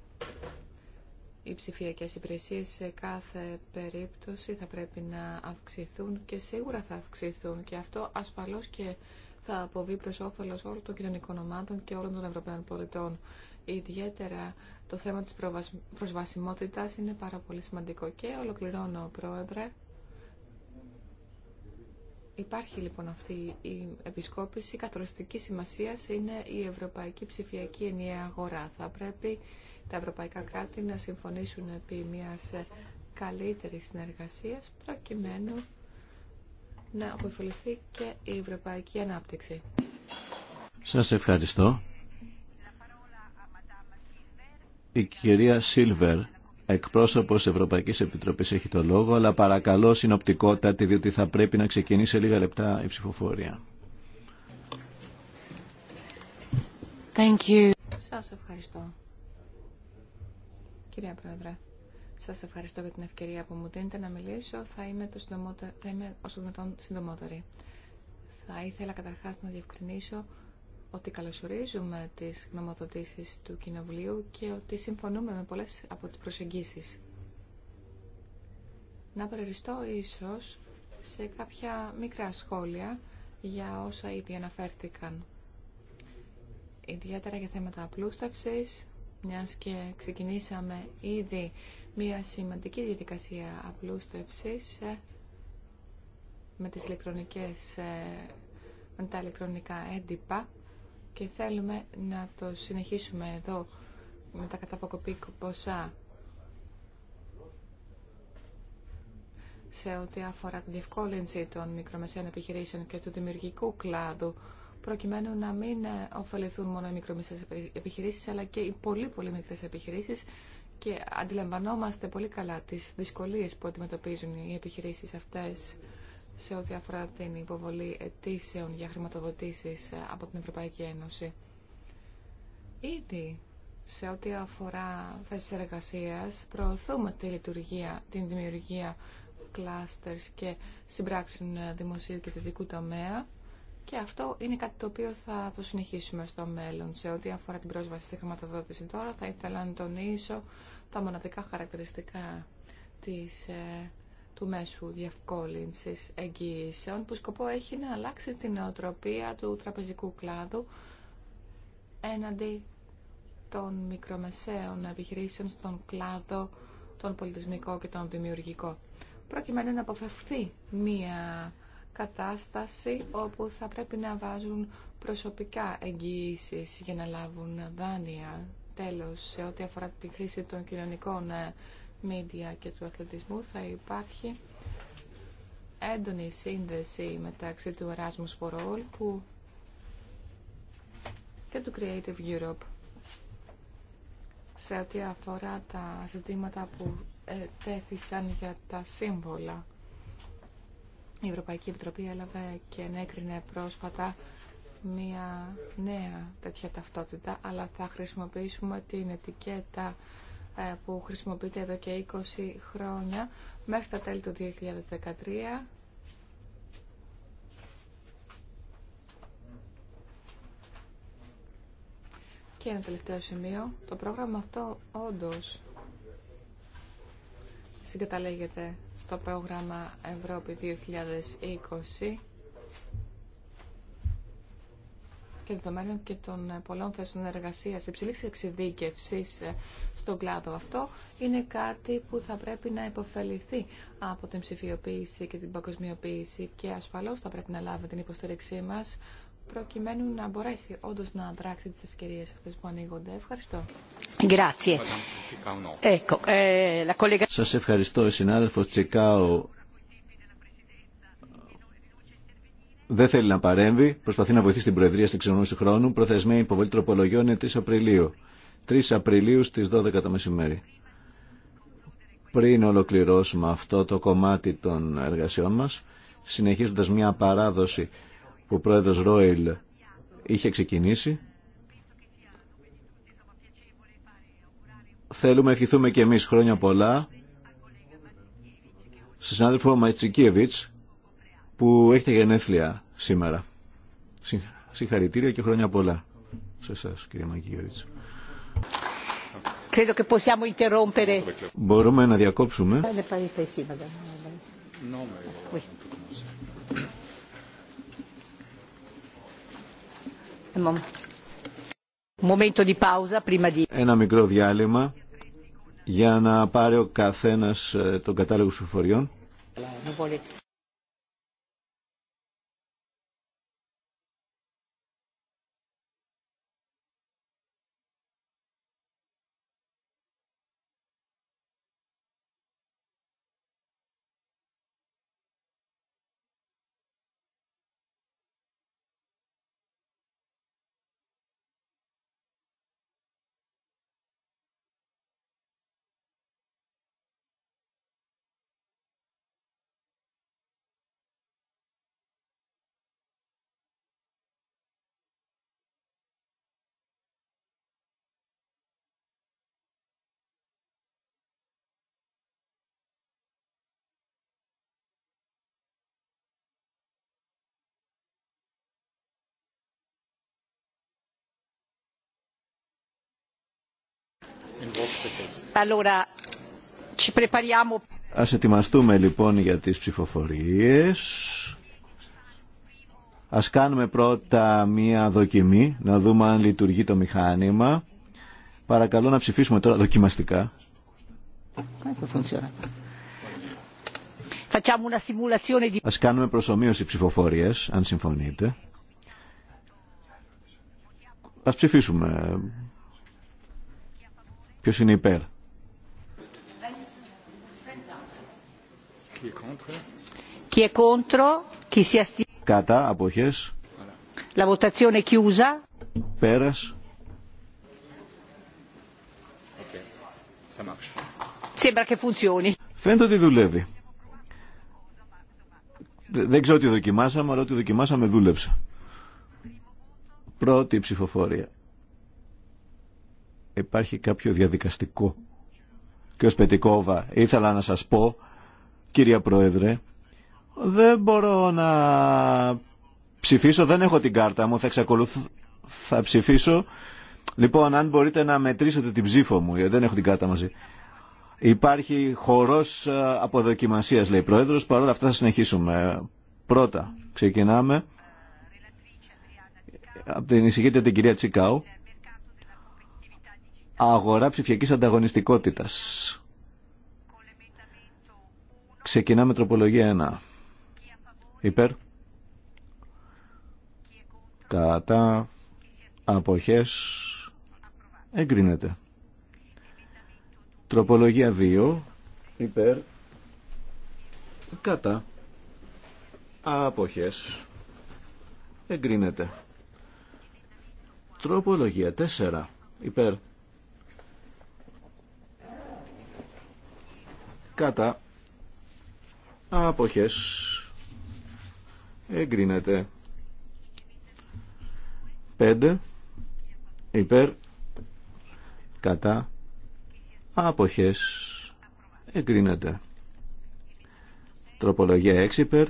Οι ψηφιακές υπηρεσίες σε κάθε περίπτωση θα πρέπει να αυξηθούν και σίγουρα θα αυξηθούν και αυτό ασφαλώς και θα αποβεί προς όφελος όλων των κοινωνικών ομάδων και όλων των Ευρωπαίων πολιτών. Ιδιαίτερα το θέμα της προσβασιμότητας είναι πάρα πολύ σημαντικό και ολοκληρώνω, Πρόεδρε, Υπάρχει λοιπόν αυτή η επισκόπηση. Καθοριστική σημασία είναι η Ευρωπαϊκή Ψηφιακή Ενιαία Αγορά. Θα πρέπει τα ευρωπαϊκά κράτη να συμφωνήσουν επί μια καλύτερης συνεργασία προκειμένου να αποφεληθεί και η ευρωπαϊκή ανάπτυξη. Σας ευχαριστώ. Η κυρία Σίλβερ εκπρόσωπος Ευρωπαϊκής Επιτροπής έχει το λόγο, αλλά παρακαλώ συνοπτικότατη, διότι θα πρέπει να ξεκινήσει λίγα λεπτά η ψηφοφορία. Thank you. Σας ευχαριστώ. Κυρία Πρόεδρε, σας ευχαριστώ για την ευκαιρία που μου δίνετε να μιλήσω. Θα είμαι, το συντομότερο, θα είμαι όσο δυνατόν συντομότερη. Θα ήθελα καταρχάς να διευκρινίσω ότι καλωσορίζουμε τις γνωμοδοτήσεις του Κοινοβουλίου και ότι συμφωνούμε με πολλές από τις προσεγγίσεις. Να περιοριστώ ίσως σε κάποια μικρά σχόλια για όσα ήδη αναφέρθηκαν. Ιδιαίτερα για θέματα απλούστευσης, μιας και ξεκινήσαμε ήδη μια σημαντική διαδικασία απλούστευσης ε, με τις ηλεκτρονικές ε, με τα ηλεκτρονικά έντυπα και θέλουμε να το συνεχίσουμε εδώ με τα καταποκοπή ποσά σε ό,τι αφορά τη διευκόλυνση των μικρομεσαίων επιχειρήσεων και του δημιουργικού κλάδου προκειμένου να μην ε, ωφεληθούν μόνο οι μικρομεσαίες επιχειρήσεις αλλά και οι πολύ πολύ μικρές επιχειρήσεις και αντιλαμβανόμαστε πολύ καλά τις δυσκολίες που αντιμετωπίζουν οι επιχειρήσεις αυτές σε ό,τι αφορά την υποβολή αιτήσεων για χρηματοδοτήσεις ε, από την Ευρωπαϊκή Ένωση. Ήδη σε ό,τι αφορά θέσει εργασία, προωθούμε τη λειτουργία, την δημιουργία κλάστερ και συμπράξεων ε, δημοσίου και δυτικού τομέα και αυτό είναι κάτι το οποίο θα το συνεχίσουμε στο μέλλον. Σε ό,τι αφορά την πρόσβαση στη χρηματοδότηση τώρα, θα ήθελα να τονίσω τα μοναδικά χαρακτηριστικά της ε, του μέσου διευκόλυνσης εγγυήσεων που σκοπό έχει να αλλάξει την νοοτροπία του τραπεζικού κλάδου έναντι των μικρομεσαίων επιχειρήσεων στον κλάδο τον πολιτισμικό και τον δημιουργικό προκειμένου να αποφευθεί μία κατάσταση όπου θα πρέπει να βάζουν προσωπικά εγγυήσει για να λάβουν δάνεια τέλος σε ό,τι αφορά τη χρήση των κοινωνικών ε, media και του αθλητισμού θα υπάρχει έντονη σύνδεση μεταξύ του Erasmus for All που και του Creative Europe σε ό,τι αφορά τα ζητήματα που ε, τέθησαν για τα σύμβολα. Η Ευρωπαϊκή Επιτροπή έλαβε και ενέκρινε πρόσφατα μία νέα τέτοια ταυτότητα, αλλά θα χρησιμοποιήσουμε την ετικέτα ε, που χρησιμοποιείται εδώ και 20 χρόνια μέχρι τα τέλη του 2013. Και ένα τελευταίο σημείο. Το πρόγραμμα αυτό όντως συγκαταλέγεται στο πρόγραμμα Ευρώπη 2020 και δεδομένων και των ε, πολλών θέσεων εργασία υψηλή εξειδίκευση ε, στον κλάδο αυτό, είναι κάτι που θα πρέπει να υποφεληθεί από την ψηφιοποίηση και την παγκοσμιοποίηση και ασφαλώ θα πρέπει να λάβει την υποστήριξή μα προκειμένου να μπορέσει όντω να αντράξει τι ευκαιρίε αυτέ που ανοίγονται. Ευχαριστώ. Eh, Σα ευχαριστώ, συνάδελφο δεν θέλει να παρέμβει, προσπαθεί να βοηθήσει την Προεδρία στην ξενονόηση του χρόνου. Προθεσμένη υποβολή τροπολογιών είναι 3 Απριλίου. 3 Απριλίου στι 12 το μεσημέρι. Πριν ολοκληρώσουμε αυτό το κομμάτι των εργασιών μα, συνεχίζοντα μια παράδοση που ο πρόεδρο Ρόιλ είχε ξεκινήσει, θέλουμε ευχηθούμε και εμείς χρόνια πολλά, στον συνάδελφο Ματσικίεβιτς, που έχετε γενέθλια σήμερα. Συγχαρητήρια και χρόνια πολλά σε εσά, κύριε interrompere. Μπορούμε να διακόψουμε. Ένα μικρό διάλειμμα για να πάρει ο καθένας ε, τον κατάλογο συμφοριών. Ε, Ας ετοιμαστούμε λοιπόν για τις ψηφοφορίες. Ας κάνουμε πρώτα μία δοκιμή, να δούμε αν λειτουργεί το μηχάνημα. Παρακαλώ να ψηφίσουμε τώρα δοκιμαστικά. Ας κάνουμε προσωμείωση ψηφοφορίες, αν συμφωνείτε. Ας ψηφίσουμε Ποιος είναι υπέρ. Κατά, αποχές. La votazione chiusa. Πέρας. Φαίνεται ότι δουλεύει. Δεν ξέρω τι δοκιμάσαμε, αλλά ό,τι δοκιμάσαμε δούλεψε. Πρώτη ψηφοφορία υπάρχει κάποιο διαδικαστικό. Και ως Πετικόβα ήθελα να σας πω, κυρία Πρόεδρε, δεν μπορώ να ψηφίσω, δεν έχω την κάρτα μου, θα εξακολουθώ, θα ψηφίσω. Λοιπόν, αν μπορείτε να μετρήσετε την ψήφο μου, γιατί ε, δεν έχω την κάρτα μαζί. Υπάρχει χορός ε, αποδοκιμασίας, λέει Πρόεδρος, Πρόεδρος, παρόλα αυτά θα συνεχίσουμε. Πρώτα ξεκινάμε από την εισηγήτρια την κυρία Τσικάου αγορά ψηφιακής ανταγωνιστικότητας. Ξεκινάμε τροπολογία 1. Υπέρ. Κατά. Αποχές. Εγκρίνεται. Τροπολογία 2. Υπέρ. Κατά. Αποχές. Εγκρίνεται. Τροπολογία 4. Υπέρ. κατά αποχές εγκρίνεται 5 υπέρ κατά αποχές εγκρίνεται τροπολογία 6 υπέρ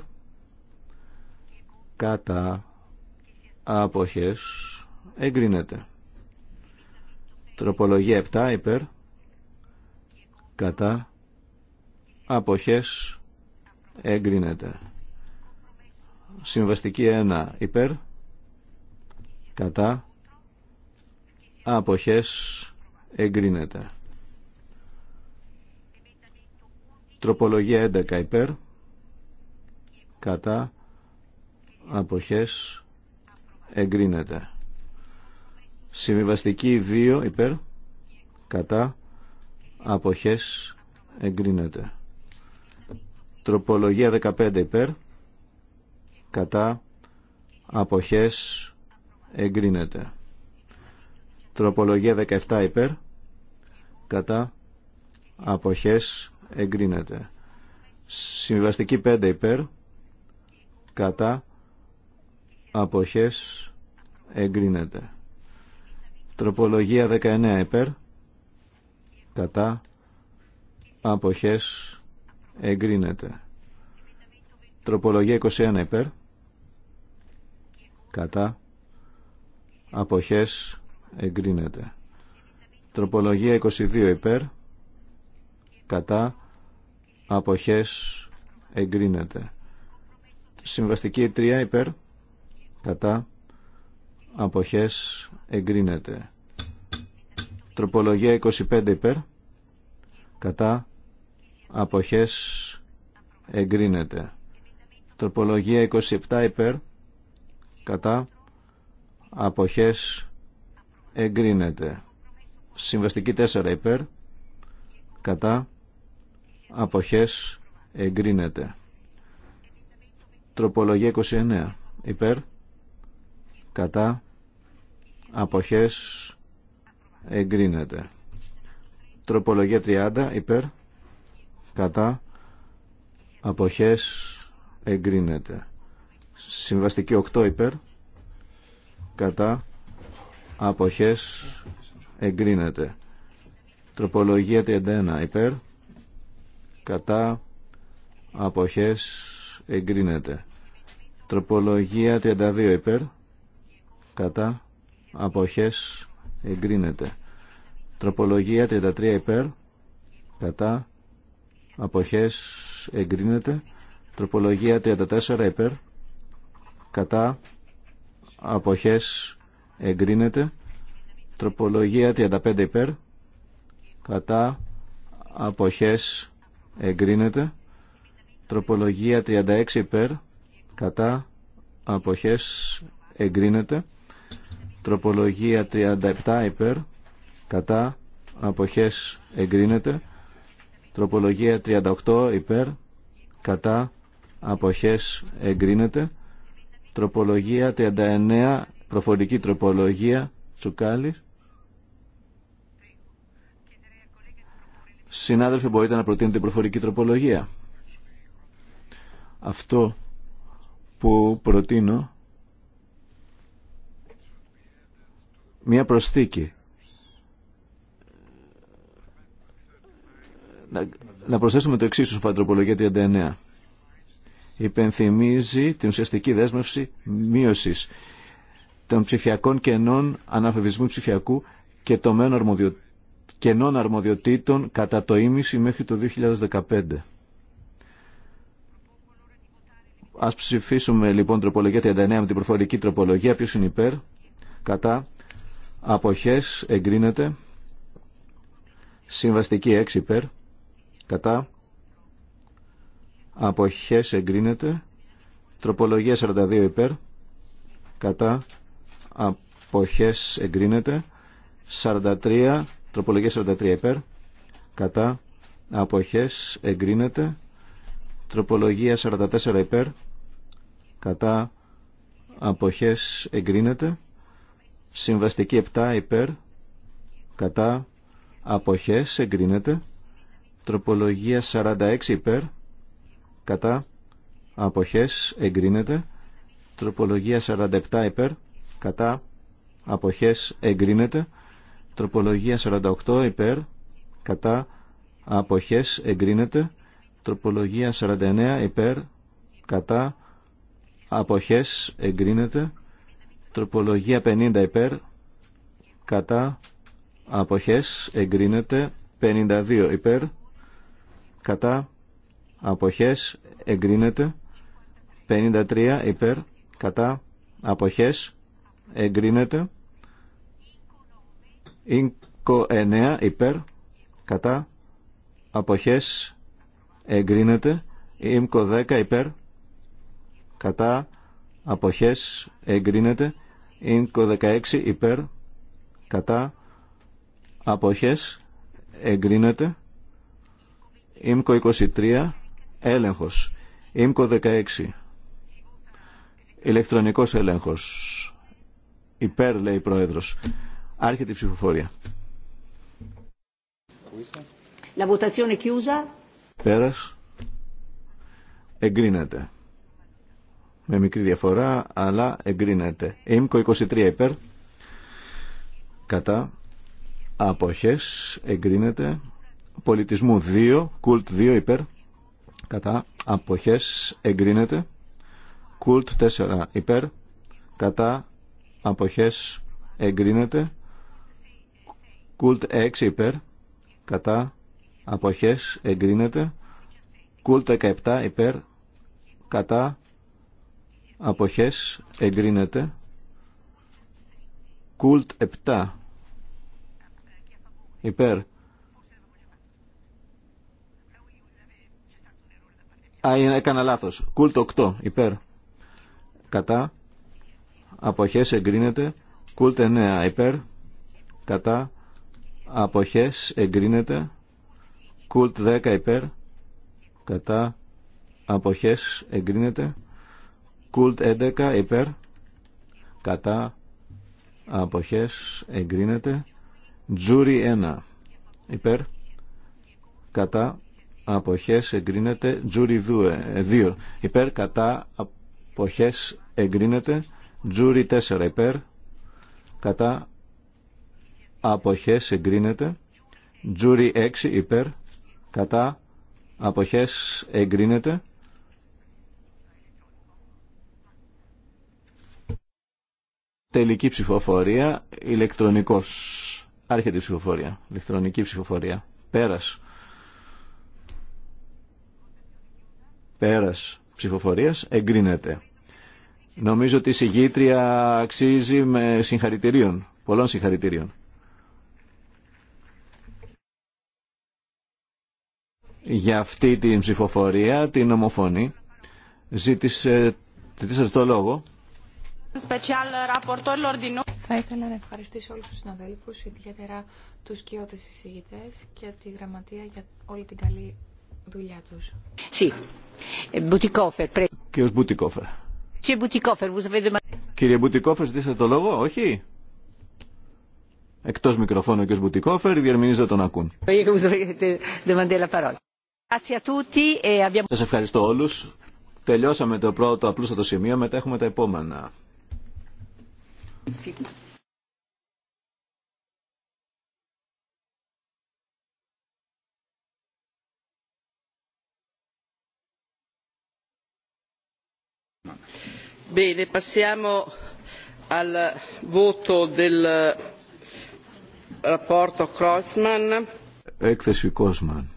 κατά αποχές εγκρίνεται τροπολογία 7 υπέρ κατά αποχές εγκρίνεται. Συμβαστική 1 υπέρ, κατά, αποχές εγκρίνεται. Τροπολογία 11 υπέρ, κατά, αποχές εγκρίνεται. Συμβαστική 2 υπέρ, κατά, αποχές εγκρίνεται. Τροπολογία 15 υπέρ. Κατά. Αποχές. Εγκρίνεται. Τροπολογία 17 υπέρ. Κατά. Αποχές. Εγκρίνεται. Συμβαστική 5 υπέρ. Κατά. Αποχές. Εγκρίνεται. Τροπολογία 19 υπέρ. Κατά. Αποχές εγκρίνεται. Τροπολογία 21 υπέρ. Κατά. Αποχές εγκρίνεται. Τροπολογία 22 υπέρ. Κατά. Αποχές εγκρίνεται. Συμβαστική 3 υπέρ. Κατά. Αποχές εγκρίνεται. Τροπολογία 25 υπέρ. Κατά αποχές εγκρίνεται. Τροπολογία 27 υπέρ κατά αποχές εγκρίνεται. Συμβαστική 4 υπέρ κατά αποχές εγκρίνεται. Τροπολογία 29 υπέρ κατά αποχές εγκρίνεται. Τροπολογία 30 υπέρ κατά αποχές εγκρίνεται. Συμβαστική 8 υπέρ κατά αποχές εγκρίνεται. Τροπολογία 31 υπέρ κατά αποχές εγκρίνεται. Τροπολογία 32 υπέρ κατά αποχές εγκρίνεται. Τροπολογία 33 υπέρ κατά αποχές εγκρίνεται τροπολογία 34 υπέρ κατά αποχές εγκρίνεται τροπολογία 35 υπέρ κατά αποχές εγκρίνεται τροπολογία 36 υπέρ κατά αποχές εγκρίνεται τροπολογία 37 υπέρ κατά αποχές εγκρίνεται Τροπολογία 38 υπέρ, κατά, αποχές εγκρίνεται. Τροπολογία 39, προφορική τροπολογία, τσουκάλι. Συνάδελφοι, μπορείτε να προτείνετε προφορική τροπολογία. Αυτό που προτείνω, μία προσθήκη να προσθέσουμε το εξή στην Αντροπολογία 39. Υπενθυμίζει την ουσιαστική δέσμευση μείωση των ψηφιακών κενών αναφευρισμού ψηφιακού και τομένων κενών αρμοδιοτήτων κατά το ίμιση μέχρι το 2015. Ας ψηφίσουμε λοιπόν τροπολογία 39 με την προφορική τροπολογία. Ποιος είναι υπέρ, κατά, αποχές, εγκρίνεται, συμβαστική 6 υπέρ, κατά αποχές εγκρίνεται τροπολογία 42 υπέρ κατά αποχές εγκρίνεται 43 τροπολογία 43 υπέρ κατά αποχές εγκρίνεται τροπολογία 44 υπέρ κατά αποχές εγκρίνεται συμβαστική 7 υπέρ κατά αποχές εγκρίνεται Τροπολογία 46 υπέρ. Κατά. Αποχές. Εγκρίνεται. Τροπολογία 47 υπέρ. Κατά. Αποχές. Εγκρίνεται. Τροπολογία 48 υπέρ. Κατά. Αποχές. Εγκρίνεται. Τροπολογία 49 υπέρ. Κατά. Αποχές. Εγκρίνεται. Τροπολογία 50 υπέρ. Κατά. Αποχές. Εγκρίνεται. 52 υπέρ κατά αποχές εγκρίνεται 53 υπέρ κατά αποχές εγκρίνεται 29 9 υπέρ κατά αποχές εγκρίνεται 10 υπέρ κατά αποχές εγκρίνεται 16 υπέρ κατά αποχές εγκρίνεται Μκο 23 έλεγχος μκο 16 ηλεκτρονικός έλεγχος υπέρ λέει η πρόεδρος άρχεται η ψηφοφορία La votazione chiusa. Πέρας. Εγκρίνεται. Με μικρή διαφορά, αλλά εγκρίνεται. ΕΜΚΟ 23 υπέρ. Κατά. Αποχές. Εγκρίνεται πολιτισμού 2, κουλτ 2 υπέρ, κατά αποχές εγκρίνεται, κουλτ 4 υπέρ, κατά αποχές εγκρίνεται, κουλτ 6 υπέρ, κατά αποχές εγκρίνεται, κουλτ 17 υπέρ, κατά αποχές εγκρίνεται, κουλτ 7 υπέρ, Α, έκανα λάθο. Κουλτ 8, υπέρ. Κατά. Αποχέ, εγκρίνεται. Κουλτ 9, υπέρ. Κατά. Αποχέ, εγκρίνεται. Κουλτ 10, υπέρ. Κατά. Αποχέ, εγκρίνεται. Κουλτ 11, υπέρ. Κατά. Αποχέ, εγκρίνεται. Τζούρι 1, υπέρ. Κατά αποχές εγκρίνεται τζούρι 2 ε, υπέρ κατά αποχές εγκρίνεται τζούρι 4 υπέρ κατά αποχές εγκρίνεται τζούρι 6 υπέρ κατά αποχές εγκρίνεται τελική ψηφοφορία ηλεκτρονικός άρχεται ψηφοφορία ηλεκτρονική ψηφοφορία πέρας Πέρας ψηφοφορίας εγκρίνεται. Νομίζω ότι η συγγήτρια αξίζει με συγχαρητηρίων, πολλών συγχαρητηρίων. Για αυτή την ψηφοφορία, την ομοφωνή, ζήτησε, ζήτησε το λόγο. Θα ήθελα να ευχαριστήσω όλους τους συναδέλφους, ιδιαίτερα τους κοιότες εισηγητές και τη γραμματεία για όλη την καλή δουλειά του. Ε, Μπουτικόφερ. Κύριε Μπουτικόφερ, ζητήσατε το λόγο, όχι. Εκτό μικροφώνου και Μπουτικόφερ, οι διερμηνεί δεν τον ακούν. E Σα ευχαριστώ όλου. Τελειώσαμε το πρώτο απλούστατο σημείο, μετά έχουμε τα επόμενα. passiamo al voto del rapporto Crossman. Έκθεση Κόσμαν.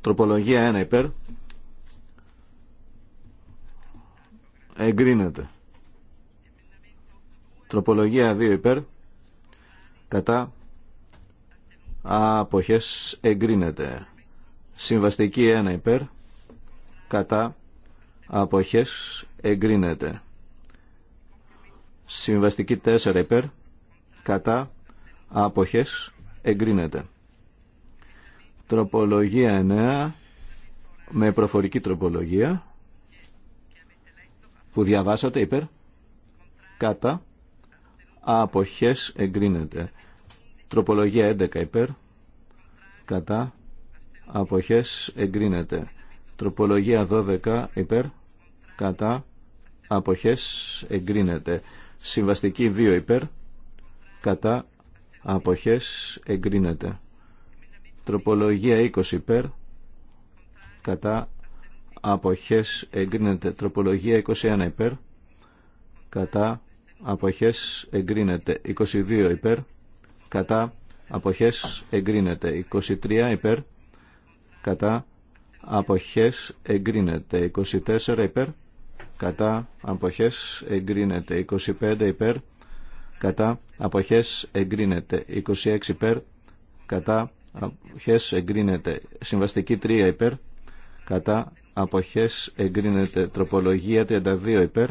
Τροπολογία 1 υπέρ. Εγκρίνεται. Τροπολογία 2 υπέρ. Κατά. Αποχές εγκρίνεται. Συμβαστική 1 υπέρ, κατά, αποχές, εγκρίνεται. Συμβαστική 4 υπέρ, κατά, αποχές, εγκρίνεται. Τροπολογία 9 με προφορική τροπολογία που διαβάσατε υπέρ κατά αποχές εγκρίνεται τροπολογία 11 υπέρ κατά αποχές εγκρίνεται. Τροπολογία 12 υπέρ κατά αποχές εγκρίνεται. Συμβαστική 2 υπέρ κατά αποχές εγκρίνεται. Τροπολογία 20 υπέρ κατά αποχές εγκρίνεται. Τροπολογία 21 υπέρ κατά αποχές εγκρίνεται. 22 υπέρ κατά αποχές εγκρίνεται. 23 υπέρ κατά αποχές εγκρίνεται 24 υπέρ κατά αποχές εγκρίνεται 25 υπέρ κατά αποχές εγκρίνεται 26 υπέρ κατά αποχές εγκρίνεται συμβαστική 3 υπέρ κατά αποχές εγκρίνεται τροπολογία 32 υπέρ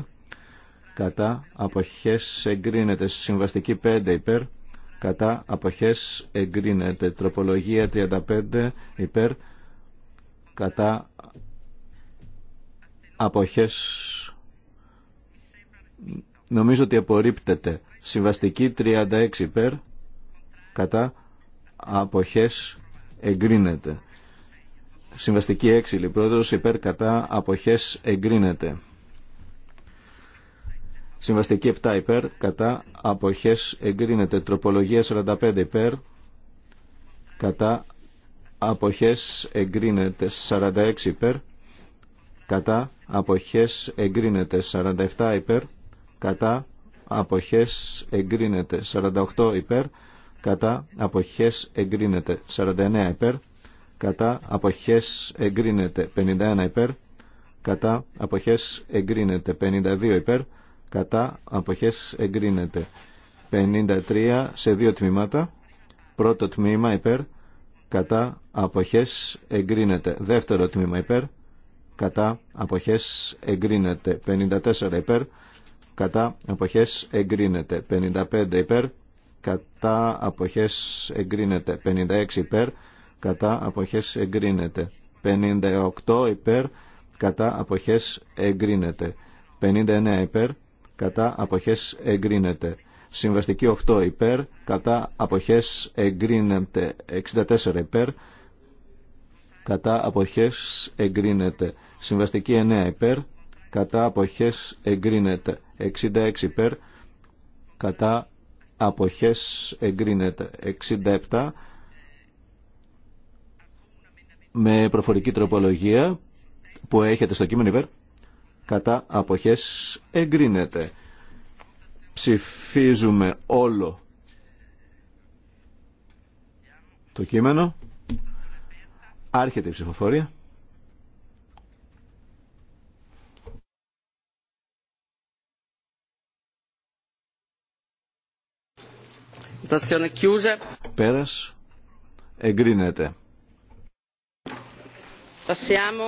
κατά αποχές εγκρίνεται συμβαστική 5 υπέρ κατά αποχές εγκρίνεται τροπολογία 35 υπέρ κατά αποχές νομίζω ότι απορρίπτεται συμβαστική 36 υπέρ κατά αποχές εγκρίνεται συμβαστική 6 λιπρόδρος υπέρ κατά αποχές εγκρίνεται συμβαστική 7 υπέρ κατά αποχές εγκρίνεται τροπολογία 45 υπέρ κατά αποχές εγκρίνεται 46 υπέρ κατά αποχές εγκρίνεται 47 υπέρ κατά αποχές εγκρίνεται 48 υπέρ κατά αποχές εγκρίνεται 49 υπέρ κατά αποχές εγκρίνεται 51 υπέρ κατά αποχές εγκρίνεται 52 υπέρ κατά αποχές εγκρίνεται 53 σε δύο τμήματα πρώτο τμήμα υπέρ κατά αποχές εγκρίνεται. Δεύτερο τμήμα υπέρ, κατά αποχές εγκρίνεται. 54 υπέρ, κατά αποχές εγκρίνεται. 55 υπέρ, κατά αποχές εγκρίνεται. 56 υπέρ, κατά αποχές εγκρίνεται. 58 υπέρ, κατά αποχές εγκρίνεται. 59 υπέρ, κατά αποχές εγκρίνεται. Συμβαστική 8 υπέρ, κατά αποχές εγκρίνεται 64 υπέρ, κατά αποχές εγκρίνεται. Συμβαστική 9 υπέρ, κατά αποχές εγκρίνεται. 66 υπέρ, κατά αποχές εγκρίνεται. 67 με προφορική τροπολογία που έχετε στο κείμενο υπέρ, κατά αποχές εγκρίνεται. Ψηφίζουμε όλο το κείμενο. Άρχεται η ψηφοφορία. Πέρας εγκρίνεται. Passiamo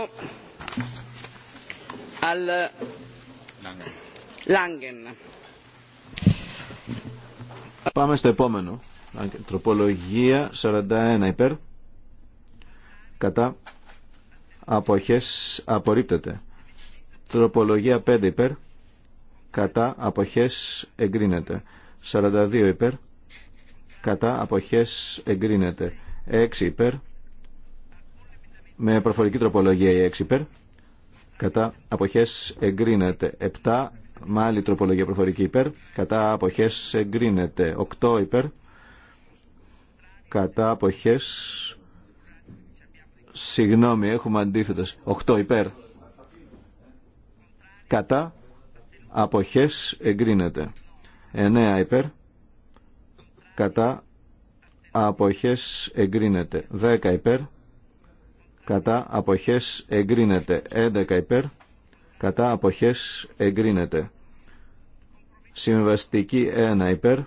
al Λάγκεν. Πάμε στο επόμενο. Τροπολογία 41 υπέρ. Κατά. Αποχές απορρίπτεται. Τροπολογία 5 υπέρ. Κατά. Αποχές εγκρίνεται. 42 υπέρ. Κατά. Αποχές εγκρίνεται. 6 υπέρ. Με προφορική τροπολογία η 6 υπέρ. Κατά. Αποχές εγκρίνεται. 7 με τροπολογία προφορική υπέρ, κατά αποχές εγκρίνεται. 8 υπέρ, κατά αποχές, συγγνώμη έχουμε αντίθετες, 8 υπέρ, κατά αποχές εγκρίνεται. 9 υπέρ, κατά αποχές εγκρίνεται. 10 υπέρ, κατά αποχές εγκρίνεται. 11 υπέρ, κατά αποχές εγκρίνεται. Συμβαστική 1 υπέρ,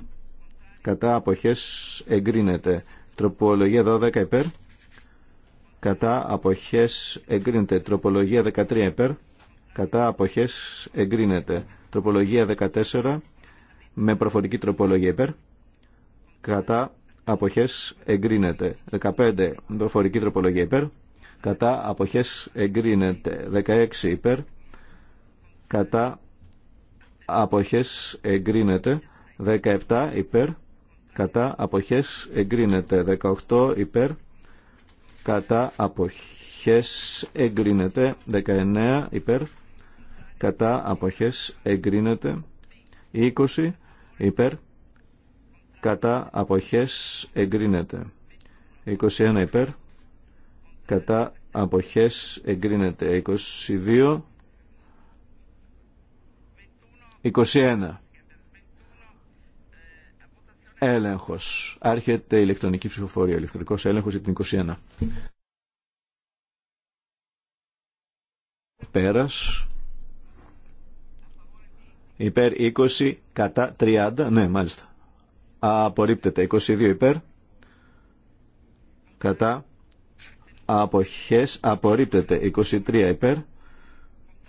κατά αποχές εγκρίνεται. Τροπολογία 12 υπέρ, κατά αποχές εγκρίνεται. Τροπολογία 13 υπέρ, κατά αποχές εγκρίνεται. Τροπολογία 14 με προφορική τροπολογία υπέρ, κατά αποχές εγκρίνεται. 15 με προφορική τροπολογία υπέρ, κατά αποχές εγκρίνεται. 16 υπέρ, κατά αποχές εγκρίνεται 17 υπέρ κατά αποχές εγκρίνεται 18 υπέρ κατά αποχές εγκρίνεται 19 υπέρ κατά αποχές εγκρίνεται 20 υπέρ κατά αποχές εγκρίνεται 21 υπέρ κατά αποχές εγκρίνεται 22 21. Έλεγχος. Άρχεται η ηλεκτρονική ψηφοφορία. Ηλεκτρονικός έλεγχο για την 21. Πέρα. Υπέρ 20 κατά 30. Ναι, μάλιστα. Απορρίπτεται. 22 υπέρ. Κατά. Αποχές. Απορρίπτεται. 23 υπέρ.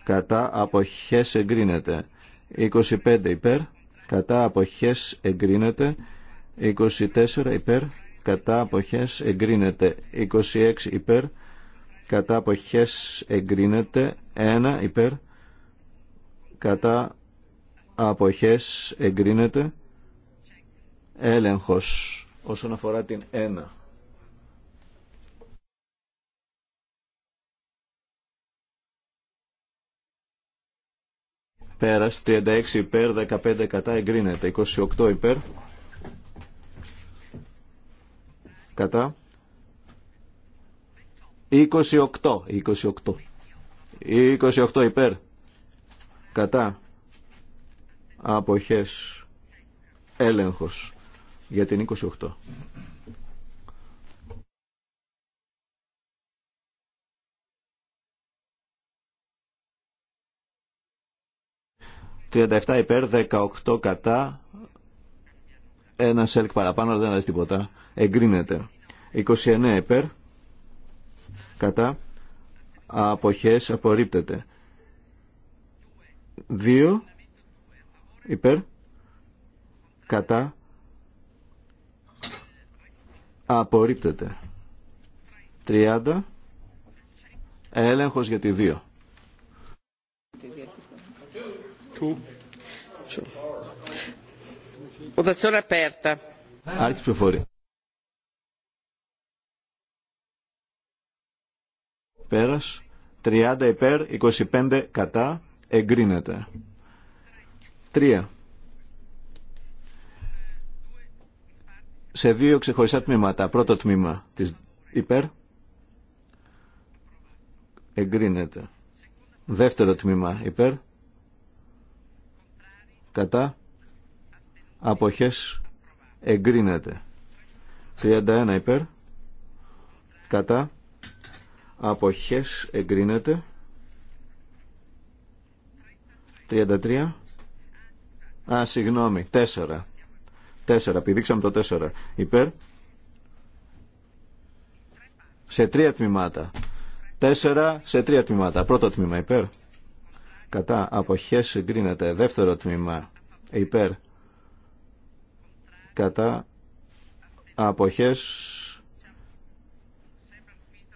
Κατά. Αποχές εγκρίνεται. 25 υπέρ, κατά αποχές εγκρίνεται. 24 υπέρ, κατά αποχές εγκρίνεται. 26 υπέρ, κατά αποχές εγκρίνεται. 1 υπέρ, κατά αποχές εγκρίνεται. Έλεγχος όσον αφορά την 1. Πέρας 36 υπέρ, 15 κατά εγκρίνεται. 28 υπέρ. Κατά. 28. 28. 28 υπέρ. Κατά. Αποχές. Έλεγχος για την 28. 37 υπέρ, 18 κατά. Ένα σελκ παραπάνω, δεν αρέσει τίποτα. Εγκρίνεται. 29 υπέρ, κατά. Αποχές απορρίπτεται. 2 υπέρ, κατά. Απορρίπτεται. 30. Έλεγχος για τη 2. Votazione aperta. Πέρας. 30 υπέρ, 25 κατά. Εγκρίνεται. 3. Σε δύο ξεχωριστά τμήματα. Πρώτο τμήμα της υπέρ. Εγκρίνεται. Δεύτερο τμήμα υπέρ κατά αποχές εγκρίνεται 31 υπέρ κατά αποχές εγκρίνεται 33 α συγγνώμη 4 4 πηδήξαμε το 4 υπέρ σε τρία τμήματα 4 σε τρία τμήματα πρώτο τμήμα υπέρ κατά αποχές συγκρίνεται. δεύτερο τμήμα υπέρ κατά αποχές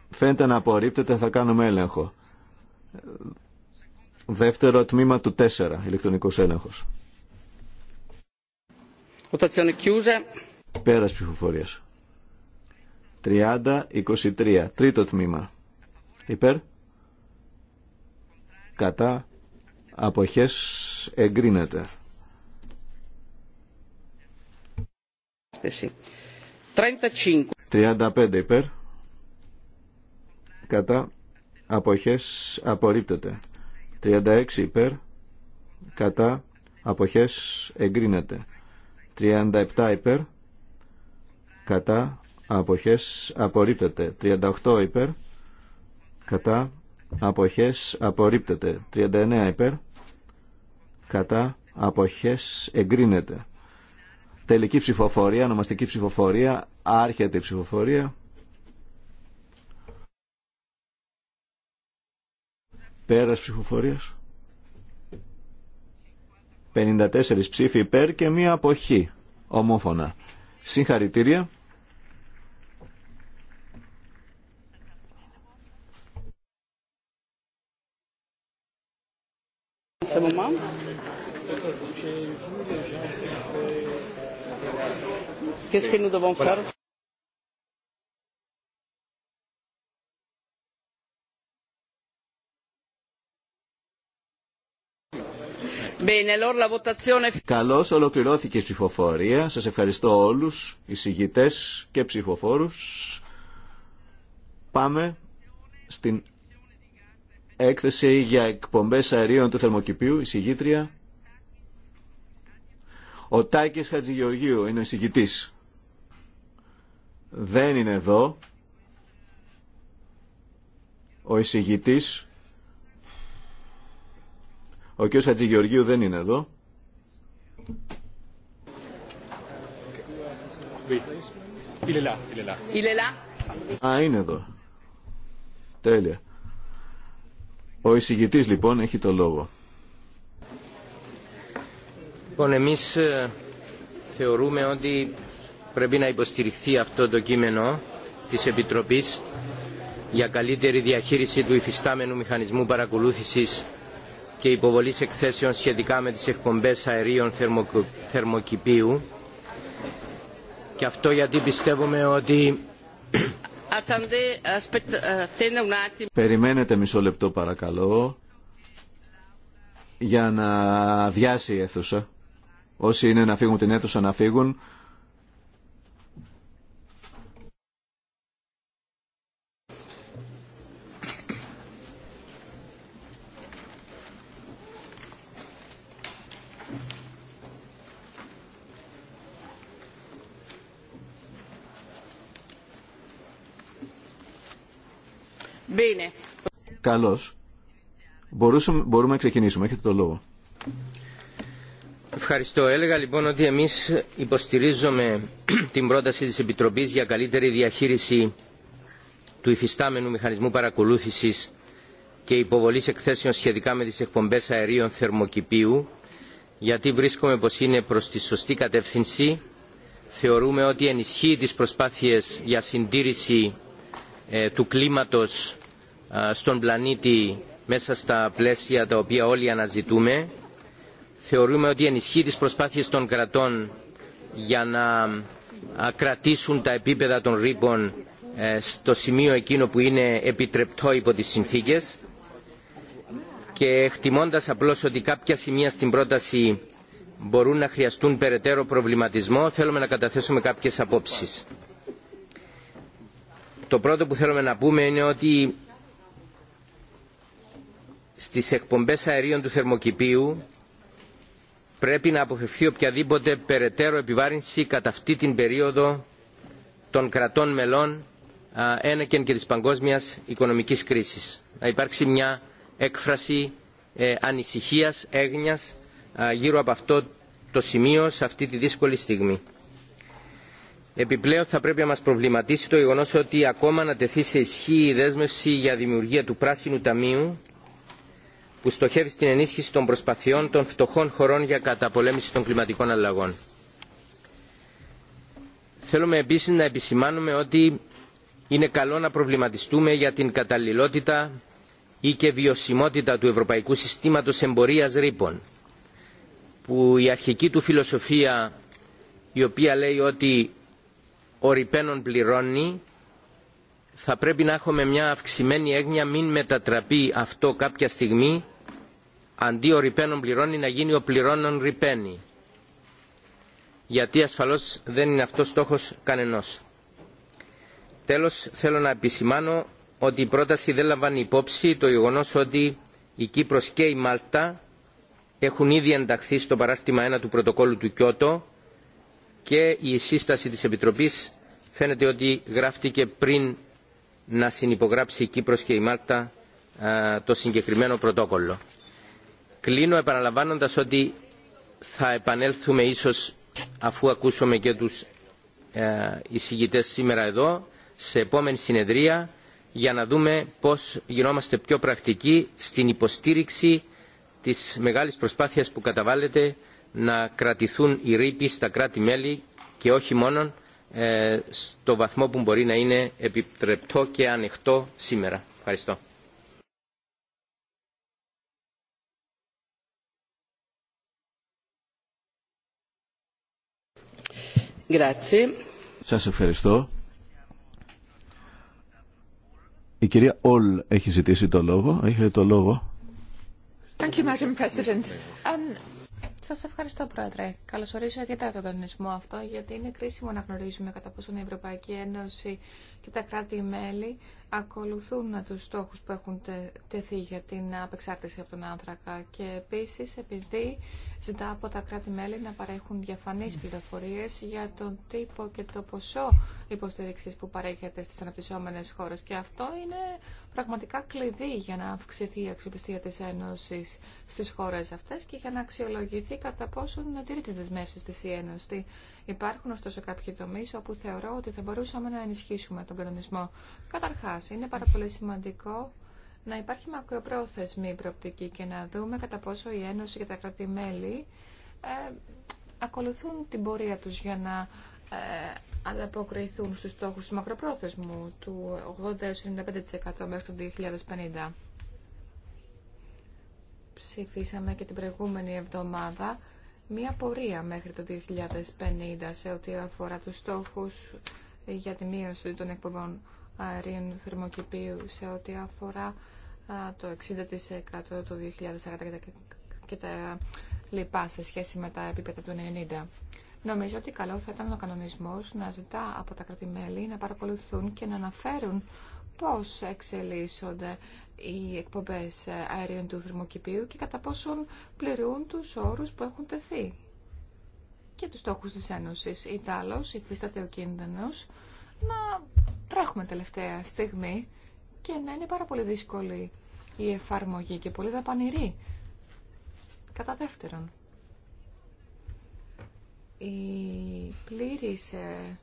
φαίνεται να απορρίπτεται θα κάνουμε έλεγχο δεύτερο τμήμα του 4 ηλεκτρονικός έλεγχος πέρας ψηφοφορίας 30-23 τρίτο τμήμα υπέρ κατά Αποχές εγκρίνεται. 35. 35 υπέρ. Κατά. Αποχές απορρίπτεται. 36 υπέρ. Κατά. Αποχές εγκρίνεται. 37 υπέρ. Κατά. Αποχές απορρίπτεται. 38 υπέρ. Κατά. Αποχές απορρίπτεται. 39 υπέρ κατά αποχές εγκρίνεται. Τελική ψηφοφορία, ονομαστική ψηφοφορία, άρχεται η ψηφοφορία. Πέρας ψηφοφορίας. 54 ψήφοι υπέρ και μία αποχή. Ομόφωνα. Συγχαρητήρια. quest Καλώς ολοκληρώθηκε η ψηφοφορία. Σας ευχαριστώ όλους, εισηγητές και ψηφοφόρους. Πάμε στην έκθεση για εκπομπές αερίων του θερμοκηπίου, εισηγήτρια. Ο Τάκης Χατζηγεωργίου είναι ο εισηγητής δεν είναι εδώ ο εισηγητής ο κ. Χατζηγεωργίου δεν είναι εδώ Α, είναι εδώ Τέλεια Ο εισηγητής λοιπόν έχει το λόγο Λοιπόν, εμείς ε, θεωρούμε ότι πρέπει να υποστηριχθεί αυτό το κείμενο της Επιτροπής για καλύτερη διαχείριση του υφιστάμενου μηχανισμού παρακολούθησης και υποβολής εκθέσεων σχετικά με τις εκπομπές αερίων θερμοκηπίου και αυτό γιατί πιστεύουμε ότι [COUGHS] ε, Περιμένετε μισό λεπτό παρακαλώ για να διάσει η αίθουσα. Όσοι είναι να φύγουν την αίθουσα να φύγουν. Bene. Καλώς. μπορούμε να ξεκινήσουμε. Έχετε το λόγο. Ευχαριστώ. Έλεγα λοιπόν ότι εμείς υποστηρίζουμε [CLEARS THROAT] την πρόταση της Επιτροπής για καλύτερη διαχείριση του υφιστάμενου μηχανισμού παρακολούθησης και υποβολής εκθέσεων σχετικά με τις εκπομπές αερίων θερμοκηπίου γιατί βρίσκομαι πως είναι προς τη σωστή κατεύθυνση. Θεωρούμε ότι ενισχύει τις προσπάθειες για συντήρηση ε, του κλίματος στον πλανήτη μέσα στα πλαίσια τα οποία όλοι αναζητούμε. Θεωρούμε ότι ενισχύει τις προσπάθειες των κρατών για να κρατήσουν τα επίπεδα των ρήπων ε, στο σημείο εκείνο που είναι επιτρεπτό υπό τις συνθήκες και εκτιμώντας απλώς ότι κάποια σημεία στην πρόταση μπορούν να χρειαστούν περαιτέρω προβληματισμό θέλουμε να καταθέσουμε κάποιες απόψεις. Το πρώτο που θέλουμε να πούμε είναι ότι στις εκπομπές αερίων του θερμοκηπίου πρέπει να αποφευθεί οποιαδήποτε περαιτέρω επιβάρυνση κατά αυτή την περίοδο των κρατών μελών ένα και της παγκόσμιας οικονομικής κρίσης. Να υπάρξει μια έκφραση ε, ανησυχίας, έγνοιας γύρω από αυτό το σημείο σε αυτή τη δύσκολη στιγμή. Επιπλέον θα πρέπει να μας προβληματίσει το γεγονός ότι ακόμα να τεθεί σε ισχύ η δέσμευση για δημιουργία του Πράσινου Ταμείου που στοχεύει στην ενίσχυση των προσπαθειών των φτωχών χωρών για καταπολέμηση των κλιματικών αλλαγών. Θέλουμε επίσης να επισημάνουμε ότι είναι καλό να προβληματιστούμε για την καταλληλότητα ή και βιωσιμότητα του Ευρωπαϊκού Συστήματος Εμπορίας Ρήπων, που η αρχική του φιλοσοφία η οποία λέει ότι ο ρηπαίνων πληρώνει, θα πρέπει να έχουμε μια αυξημένη έγνοια μην μετατραπεί αυτό κάποια στιγμή αντί ο ρηπαίνων πληρώνει να γίνει ο πληρώνων ρηπαίνει. Γιατί ασφαλώς δεν είναι αυτό στόχος κανενός. Τέλος θέλω να επισημάνω ότι η πρόταση δεν λαμβάνει υπόψη το γεγονό ότι η Κύπρος και η Μάλτα έχουν ήδη ενταχθεί στο παράρτημα 1 του πρωτοκόλλου του Κιώτο και η σύσταση της Επιτροπής φαίνεται ότι γράφτηκε πριν να συνυπογράψει η Κύπρος και η Μάλτα το συγκεκριμένο πρωτόκολλο. Κλείνω επαναλαμβάνοντας ότι θα επανέλθουμε ίσως αφού ακούσουμε και τους ε, εισηγητές σήμερα εδώ σε επόμενη συνεδρία για να δούμε πώς γινόμαστε πιο πρακτικοί στην υποστήριξη της μεγάλης προσπάθειας που καταβάλλεται να κρατηθούν οι ρήποι στα κράτη-μέλη και όχι μόνο ε, στο βαθμό που μπορεί να είναι επιτρεπτό και ανοιχτό σήμερα. Ευχαριστώ. Σας ευχαριστώ. Η κυρία Όλ έχει ζητήσει το λόγο. Έχετε το λόγο. Thank you, Madam President. Um... Σας ευχαριστώ, Πρόεδρε. Καλωσορίζω ιδιαίτερα τον κανονισμό αυτό, γιατί είναι κρίσιμο να γνωρίζουμε κατά πόσο η Ευρωπαϊκή Ένωση και τα κράτη-μέλη ακολουθούν τους στόχους που έχουν τεθεί για την απεξάρτηση από τον άνθρακα και επίσης επειδή ζητά από τα κράτη-μέλη να παρέχουν διαφανείς πληροφορίες για τον τύπο και το ποσό υποστήριξης που παρέχεται στις αναπτυσσόμενες χώρες και αυτό είναι πραγματικά κλειδί για να αυξηθεί η αξιοπιστία της Ένωσης στις χώρες αυτές και για να αξιολογηθεί κατά πόσον τηρεί τις δεσμεύσεις της η Ένωση Υπάρχουν ωστόσο κάποιοι τομεί όπου θεωρώ ότι θα μπορούσαμε να ενισχύσουμε τον κανονισμό. Καταρχά. είναι πάρα πολύ σημαντικό να υπάρχει μακροπρόθεσμη προοπτική και να δούμε κατά πόσο η Ένωση και τα κρατημέλη ε, ακολουθούν την πορεία τους για να ε, ανταποκριθούν στους στόχους του μακροπρόθεσμου του 80-95% μέχρι το 2050. Ψηφίσαμε και την προηγούμενη εβδομάδα μία πορεία μέχρι το 2050 σε ό,τι αφορά τους στόχους για τη μείωση των εκπομπών αερίων θερμοκηπίου σε ό,τι αφορά το 60% το 2040 και τα λοιπά σε σχέση με τα επίπεδα του 90. Νομίζω ότι καλό θα ήταν ο κανονισμός να ζητά από τα κρατημέλη να παρακολουθούν και να αναφέρουν πώς εξελίσσονται οι εκπομπές αερίων του θερμοκηπίου και κατά πόσον πληρούν τους όρους που έχουν τεθεί και τους στόχους της Ένωσης. Ιτάλος υφίσταται ο κίνδυνο, να τρέχουμε τελευταία στιγμή και να είναι πάρα πολύ δύσκολη η εφαρμογή και πολύ δαπανηρή. Κατά δεύτερον, η πλήρης ε,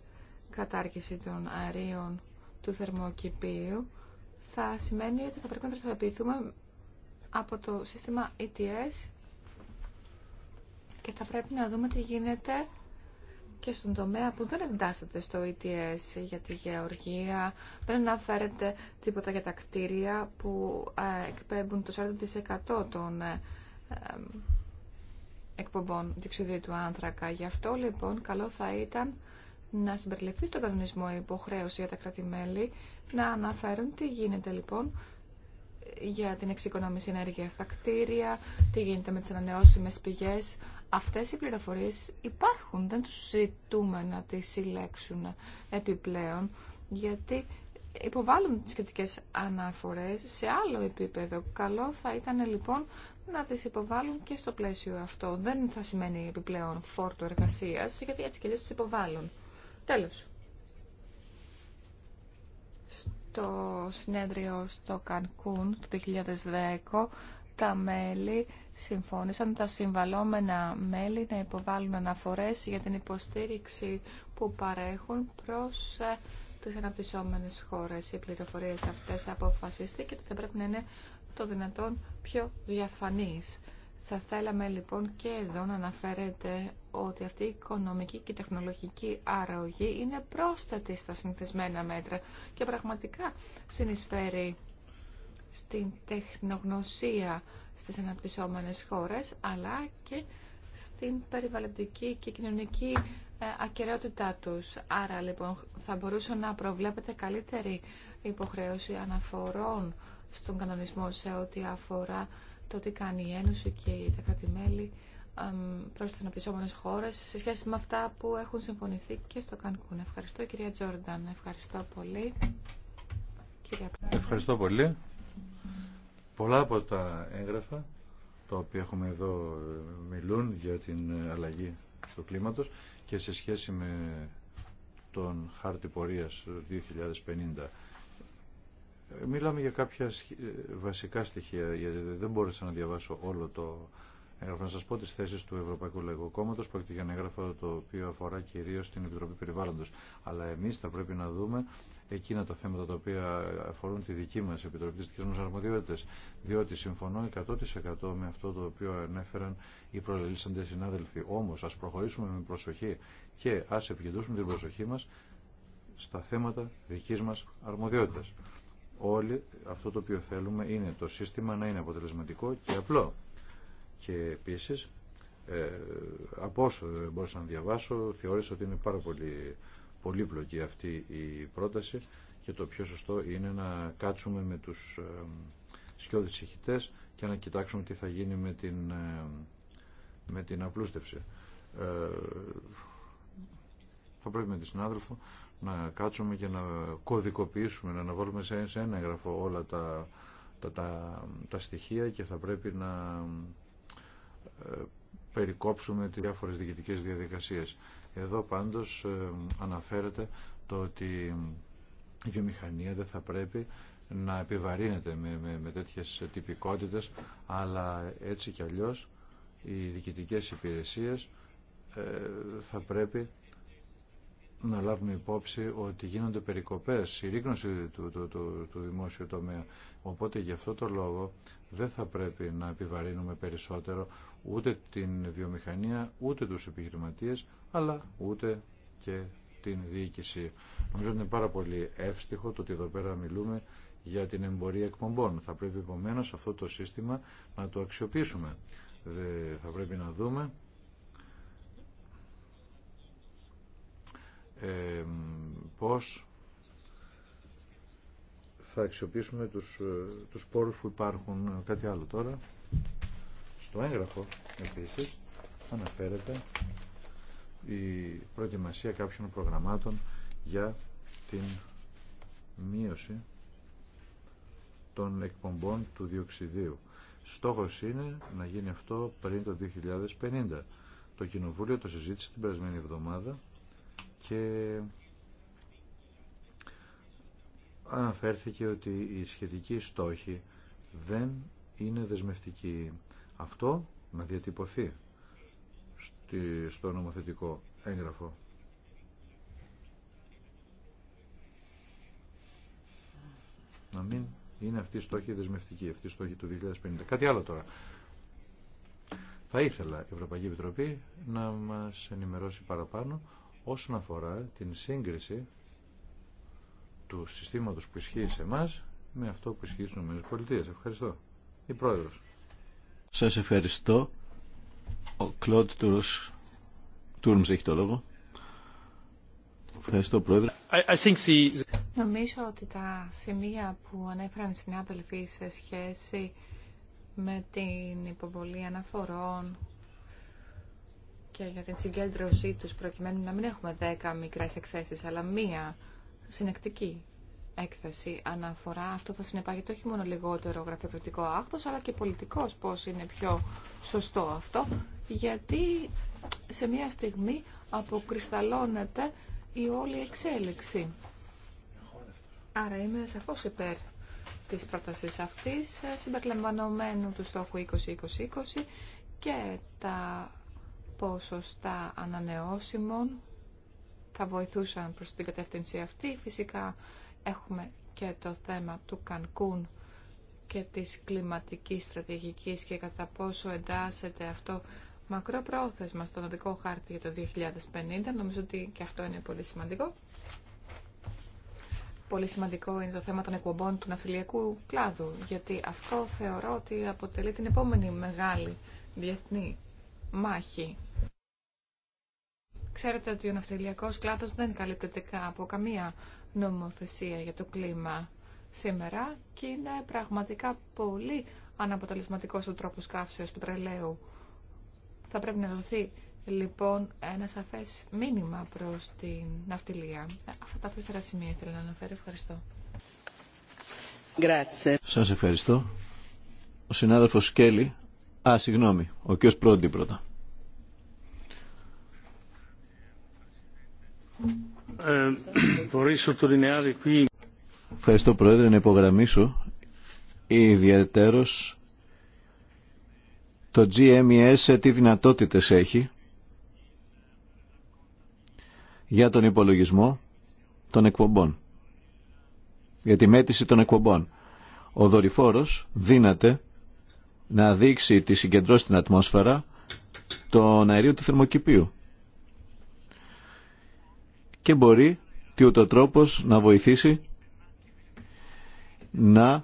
κατάργηση των αερίων του θερμοκηπίου θα σημαίνει ότι θα πρέπει να δραστηριοποιηθούμε από το σύστημα ETS και θα πρέπει να δούμε τι γίνεται και στον τομέα που δεν εντάσσεται στο ETS για τη γεωργία, δεν αναφέρεται τίποτα για τα κτίρια που ε, εκπέμπουν το 40% των ε, εκπομπών διοξιδίου του άνθρακα. Γι' αυτό λοιπόν καλό θα ήταν να συμπεριληφθεί στον κανονισμό η υποχρέωση για τα κράτη-μέλη να αναφέρουν τι γίνεται λοιπόν για την εξοικονόμηση ενέργεια στα κτίρια, τι γίνεται με τι ανανεώσιμε πηγέ. Αυτές οι πληροφορίε υπάρχουν, δεν του ζητούμε να τις συλλέξουν επιπλέον, γιατί υποβάλλουν τις σχετικές αναφορές σε άλλο επίπεδο. Καλό θα ήταν λοιπόν να τις υποβάλλουν και στο πλαίσιο αυτό. Δεν θα σημαίνει επιπλέον φόρτο εργασίας, γιατί έτσι και αλλιώς τις υποβάλλουν. Τέλος το συνέδριο στο Κανκούν το 2010 τα μέλη συμφώνησαν τα συμβαλόμενα μέλη να υποβάλουν αναφορές για την υποστήριξη που παρέχουν προς ε, τις αναπτυσσόμενες χώρες. Οι πληροφορίες αυτές αποφασίστηκε ότι θα πρέπει να είναι το δυνατόν πιο διαφανής. Θα θέλαμε λοιπόν και εδώ να αναφέρεται ότι αυτή η οικονομική και τεχνολογική αρρωγή είναι πρόσθετη στα συνηθισμένα μέτρα και πραγματικά συνεισφέρει στην τεχνογνωσία στις αναπτυσσόμενες χώρες, αλλά και στην περιβαλλοντική και κοινωνική ε, ακαιρεότητά τους. Άρα, λοιπόν, θα μπορούσε να προβλέπετε καλύτερη υποχρέωση αναφορών στον κανονισμό σε ό,τι αφορά το τι κάνει η Ένωση και τα κράτη-μέλη προ τι αναπτυσσόμενε χώρες σε σχέση με αυτά που έχουν συμφωνηθεί και στο Κανκούν. Ευχαριστώ κυρία Τζόρνταν. Ευχαριστώ πολύ. Ευχαριστώ πολύ. Πολλά από τα έγγραφα τα οποία έχουμε εδώ μιλούν για την αλλαγή του κλίματος και σε σχέση με τον χάρτη πορείας 2050 μιλάμε για κάποια βασικά στοιχεία γιατί δεν μπόρεσα να διαβάσω όλο το Έγραφα Να σα πω τι θέσει του Ευρωπαϊκού Λαϊκού Κόμματο. Πρόκειται για ένα έγγραφο το οποίο αφορά κυρίω την Επιτροπή Περιβάλλοντο. Αλλά εμεί θα πρέπει να δούμε εκείνα τα θέματα τα οποία αφορούν τη δική μα Επιτροπή, τι δικέ μα αρμοδιότητε. Διότι συμφωνώ 100% με αυτό το οποίο ανέφεραν οι προλελήσαντε συνάδελφοι. Όμω α προχωρήσουμε με προσοχή και α επικεντρώσουμε την προσοχή μα στα θέματα δική μα αρμοδιότητα. Όλοι αυτό το οποίο θέλουμε είναι το σύστημα να είναι αποτελεσματικό και απλό. Και επίση, ε, από όσο μπορούσα να διαβάσω, θεώρησα ότι είναι πάρα πολύ πολύπλοκη αυτή η πρόταση και το πιο σωστό είναι να κάτσουμε με τους ε, σκιώδεις ηχητές και να κοιτάξουμε τι θα γίνει με την, ε, με την απλούστευση. Ε, θα πρέπει με τη συνάδελφο να κάτσουμε και να κωδικοποιήσουμε, να αναβάλουμε σε, ένα εγγραφό όλα τα, τα, τα, τα στοιχεία και θα πρέπει να περικόψουμε τις διάφορες διοικητικές διαδικασίες. Εδώ πάντως ε, αναφέρεται το ότι η βιομηχανία δεν θα πρέπει να επιβαρύνεται με, με, με τέτοιες τυπικότητες, αλλά έτσι κι αλλιώς οι διοικητικές υπηρεσίες ε, θα πρέπει να λάβουμε υπόψη ότι γίνονται περικοπές, η ρίγνωση του, του, του, του δημόσιου τομέα. Οπότε γι' αυτό το λόγο δεν θα πρέπει να επιβαρύνουμε περισσότερο ούτε την βιομηχανία, ούτε τους επιχειρηματίες, αλλά ούτε και την διοίκηση. Νομίζω ότι είναι πάρα πολύ εύστοιχο το ότι εδώ πέρα μιλούμε για την εμπορία εκπομπών. Θα πρέπει επομένως αυτό το σύστημα να το αξιοποιήσουμε. θα πρέπει να δούμε ε, πώς θα αξιοποιήσουμε τους, ε, τους πόρους που υπάρχουν κάτι άλλο τώρα στο έγγραφο επίσης αναφέρεται η προετοιμασία κάποιων προγραμμάτων για την μείωση των εκπομπών του διοξιδίου. Στόχος είναι να γίνει αυτό πριν το 2050. Το Κοινοβούλιο το συζήτησε την περασμένη εβδομάδα και αναφέρθηκε ότι η σχετική στόχοι δεν είναι δεσμευτική Αυτό να διατυπωθεί στο νομοθετικό έγγραφο. Να μην είναι αυτή η στόχη δεσμευτική, αυτή η στόχη του 2050. Κάτι άλλο τώρα. Θα ήθελα η Ευρωπαϊκή Επιτροπή να μας ενημερώσει παραπάνω όσον αφορά την σύγκριση του συστήματος που ισχύει σε εμά με αυτό που ισχύει στις πολιτείες. Ευχαριστώ. Η Πρόεδρος. Σας ευχαριστώ. Ο Κλοντ Τούρμς έχει το λόγο. Ευχαριστώ, Πρόεδρε. I, Νομίζω ότι τα σημεία που ανέφεραν οι συνάδελφοι σε σχέση με την υποβολή αναφορών και για την συγκέντρωσή τους προκειμένου να μην έχουμε δέκα μικρές εκθέσεις αλλά μία συνεκτική έκθεση αναφορά. Αυτό θα συνεπάγεται όχι μόνο λιγότερο γραφειοκρατικό άχθος αλλά και πολιτικός πώς είναι πιο σωστό αυτό γιατί σε μία στιγμή αποκρισταλώνεται η όλη εξέλιξη. Άρα είμαι σαφώς υπέρ της πρότασης αυτής συμπεριλαμβανομένου του στοχου 2020 20 και τα ποσοστά ανανεώσιμων θα βοηθούσαν προς την κατεύθυνση αυτή. Φυσικά έχουμε και το θέμα του Κανκούν και της κλιματικής στρατηγικής και κατά πόσο εντάσσεται αυτό μακροπρόθεσμα στον οδικό χάρτη για το 2050. Νομίζω ότι και αυτό είναι πολύ σημαντικό. Πολύ σημαντικό είναι το θέμα των εκπομπών του ναυτιλιακού κλάδου, γιατί αυτό θεωρώ ότι αποτελεί την επόμενη μεγάλη διεθνή μάχη Ξέρετε ότι ο ναυτιλιακός κλάδος δεν καλύπτεται από καμία νομοθεσία για το κλίμα σήμερα και είναι πραγματικά πολύ αναποτελεσματικός ο τρόπος καύσεως πετρελαίου. Θα πρέπει να δοθεί λοιπόν ένα σαφές μήνυμα προς την ναυτιλία. Αυτά τα τέσσερα σημεία ήθελα να αναφέρω. Ευχαριστώ. Σας ευχαριστώ. Ο συνάδελφος Σκέλη. Α, συγγνώμη. Ο κ. Πρόντι πρώτα. Ευχαριστώ Πρόεδρε να υπογραμμίσω ιδιαίτερος το GMES ε, τι δυνατότητες έχει για τον υπολογισμό των εκπομπών για τη μέτρηση των εκπομπών. Ο δορυφόρος δύναται να δείξει τη συγκεντρώση στην ατμόσφαιρα των αερίων του θερμοκηπίου και μπορεί τι το τρόπος να βοηθήσει να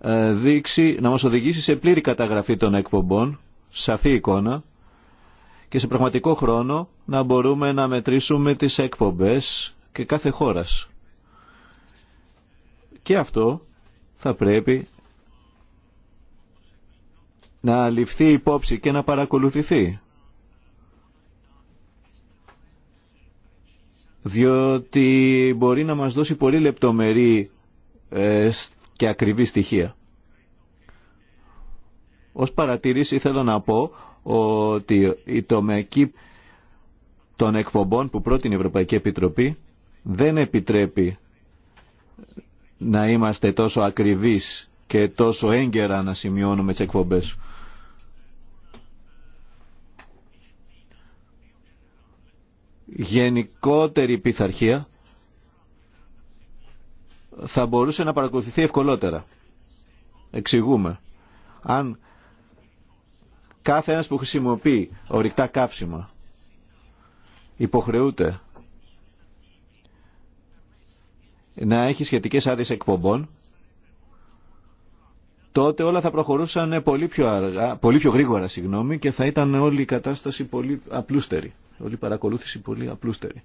ε, δείξει, να μας οδηγήσει σε πλήρη καταγραφή των εκπομπών, σαφή εικόνα και σε πραγματικό χρόνο να μπορούμε να μετρήσουμε τις εκπομπές και κάθε χώρας. Και αυτό θα πρέπει να ληφθεί υπόψη και να παρακολουθηθεί διότι μπορεί να μας δώσει πολύ λεπτομερή ε, και ακριβή στοιχεία. Ως παρατηρήση θέλω να πω ότι η τομεκή των εκπομπών που πρότεινε η Ευρωπαϊκή Επιτροπή δεν επιτρέπει να είμαστε τόσο ακριβείς και τόσο έγκαιρα να σημειώνουμε τις εκπομπές. γενικότερη πειθαρχία θα μπορούσε να παρακολουθηθεί ευκολότερα. Εξηγούμε. Αν κάθε ένας που χρησιμοποιεί ορυκτά κάψιμα υποχρεούται να έχει σχετικές άδειες εκπομπών, τότε όλα θα προχωρούσαν πολύ πιο, αργά, πολύ γρήγορα συγγνώμη, και θα ήταν όλη η κατάσταση πολύ απλούστερη όλη η παρακολούθηση πολύ απλούστερη.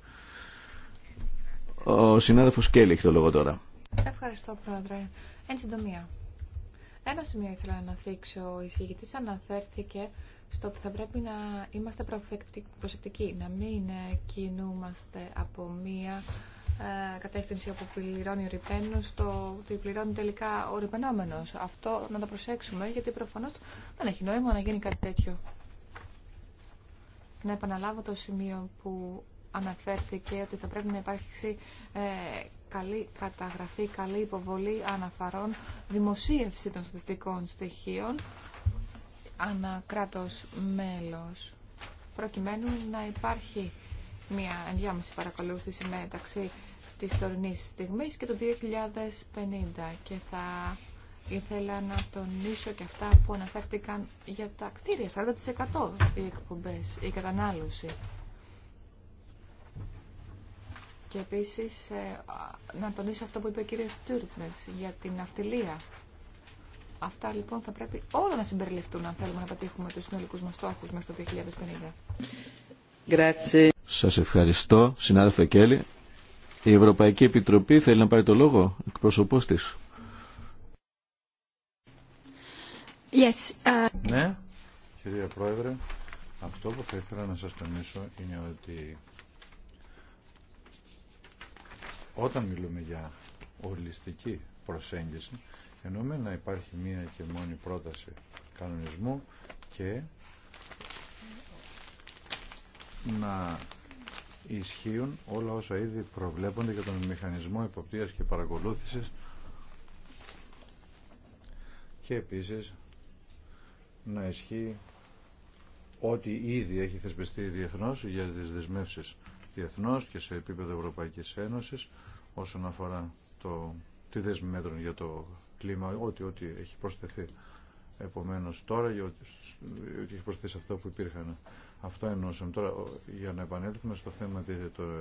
Ο συνάδελφος Κέλλη έχει το λόγο τώρα. Ευχαριστώ πρόεδρε. Εν συντομία. Ένα σημείο ήθελα να θίξω. Ο εισηγητής αναφέρθηκε στο ότι θα πρέπει να είμαστε προσεκτικοί, να μην ε, κινούμαστε από μία ε, κατεύθυνση όπου πληρώνει ο ρηπαίνο στο ότι πληρώνει τελικά ο Αυτό να το προσέξουμε γιατί προφανώ δεν έχει νόημα να γίνει κάτι τέτοιο να επαναλάβω το σημείο που αναφέρθηκε ότι θα πρέπει να υπάρξει ε, καλή καταγραφή, καλή υποβολή αναφαρών, δημοσίευση των στατιστικών στοιχείων ανά κράτος μέλος, προκειμένου να υπάρχει μια ενδιάμεση παρακολούθηση μεταξύ της τωρινής στιγμής και του 2050 και θα Ήθελα να τονίσω και αυτά που αναφέρθηκαν για τα κτίρια, 40% οι εκπομπές, η κατανάλωση. Και επίσης ε, να τονίσω αυτό που είπε ο κύριος Τούρκμες για την αυτιλία. Αυτά λοιπόν θα πρέπει όλα να συμπεριληφθούν αν θέλουμε να πετύχουμε τους συνολικούς μας στόχους μέχρι το 2050. Σας ευχαριστώ, συνάδελφε Κέλλη. Η Ευρωπαϊκή Επιτροπή θέλει να πάρει το λόγο εκπροσωπός της. Uh, ναι, κυρία Πρόεδρε, αυτό που θα ήθελα να σας τονίσω είναι ότι όταν μιλούμε για ολιστική προσέγγιση, εννοούμε να υπάρχει μία και μόνη πρόταση κανονισμού και να ισχύουν όλα όσα ήδη προβλέπονται για τον μηχανισμό υποπτίας και παρακολούθησης και επίσης να ισχύει ό,τι ήδη έχει θεσπιστεί διεθνώς για τις δεσμεύσεις διεθνώς και σε επίπεδο Ευρωπαϊκής Ένωσης όσον αφορά το, τη δέσμη μέτρων για το κλίμα, ό,τι, ό,τι έχει προσθεθεί επομένως τώρα για ό,τι, ό,τι έχει προσθέσει αυτό που υπήρχαν. Αυτό εννοούσαμε τώρα για να επανέλθουμε στο θέμα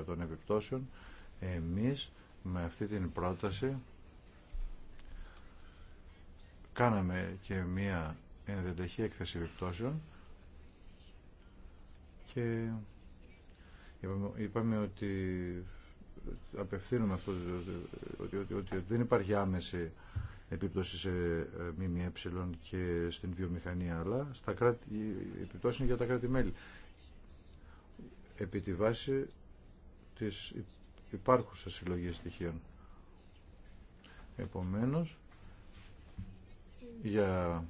των επιπτώσεων. Εμείς με αυτή την πρόταση κάναμε και μία είναι εντελεχή έκθεση επιπτώσεων και είπαμε ότι απευθύνουμε αυτό ότι, ότι, ότι δεν υπάρχει άμεση επίπτωση σε ε, ΜΜΕ και στην βιομηχανία αλλά στα κράτη, η επιπτώση είναι για τα κράτη-μέλη επί τη βάση της υπάρχουσας συλλογής στοιχείων. Επομένως, για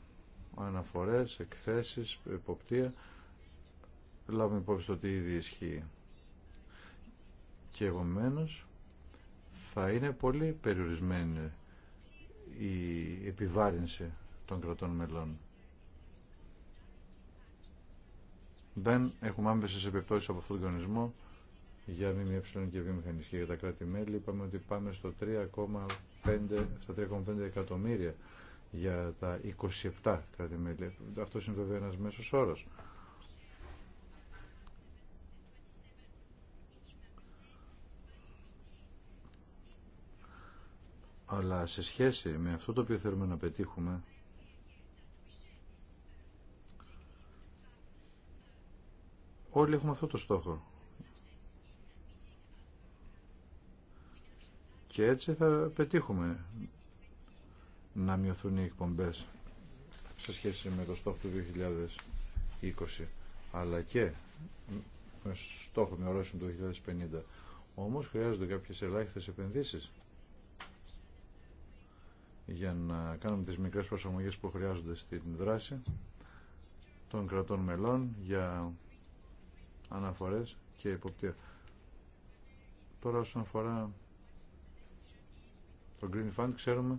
αναφορές, εκθέσεις, εποπτεία. Λάβουμε υπόψη το τι ήδη ισχύει. Και επομένω θα είναι πολύ περιορισμένη η επιβάρυνση των κρατών μελών. Δεν έχουμε άμεσε επιπτώσει από αυτόν τον κανονισμό για ΜΜΕ και βιομηχανική Και για τα κράτη-μέλη είπαμε ότι πάμε στο 3,5, στα 3,5 εκατομμύρια για τα 27 κράτη-μέλη. Αυτό είναι βέβαια ένας μέσος όρο. Αλλά σε σχέση με αυτό το οποίο θέλουμε να πετύχουμε, όλοι έχουμε αυτό το στόχο. Και έτσι θα πετύχουμε να μειωθούν οι εκπομπές σε σχέση με το στόχο του 2020 αλλά και με στόχο με ορόσημο του 2050 όμως χρειάζονται κάποιες ελάχιστες επενδύσεις για να κάνουμε τις μικρές προσαρμογές που χρειάζονται στην δράση των κρατών μελών για αναφορές και υποπτία. Τώρα όσον αφορά το Green Fund ξέρουμε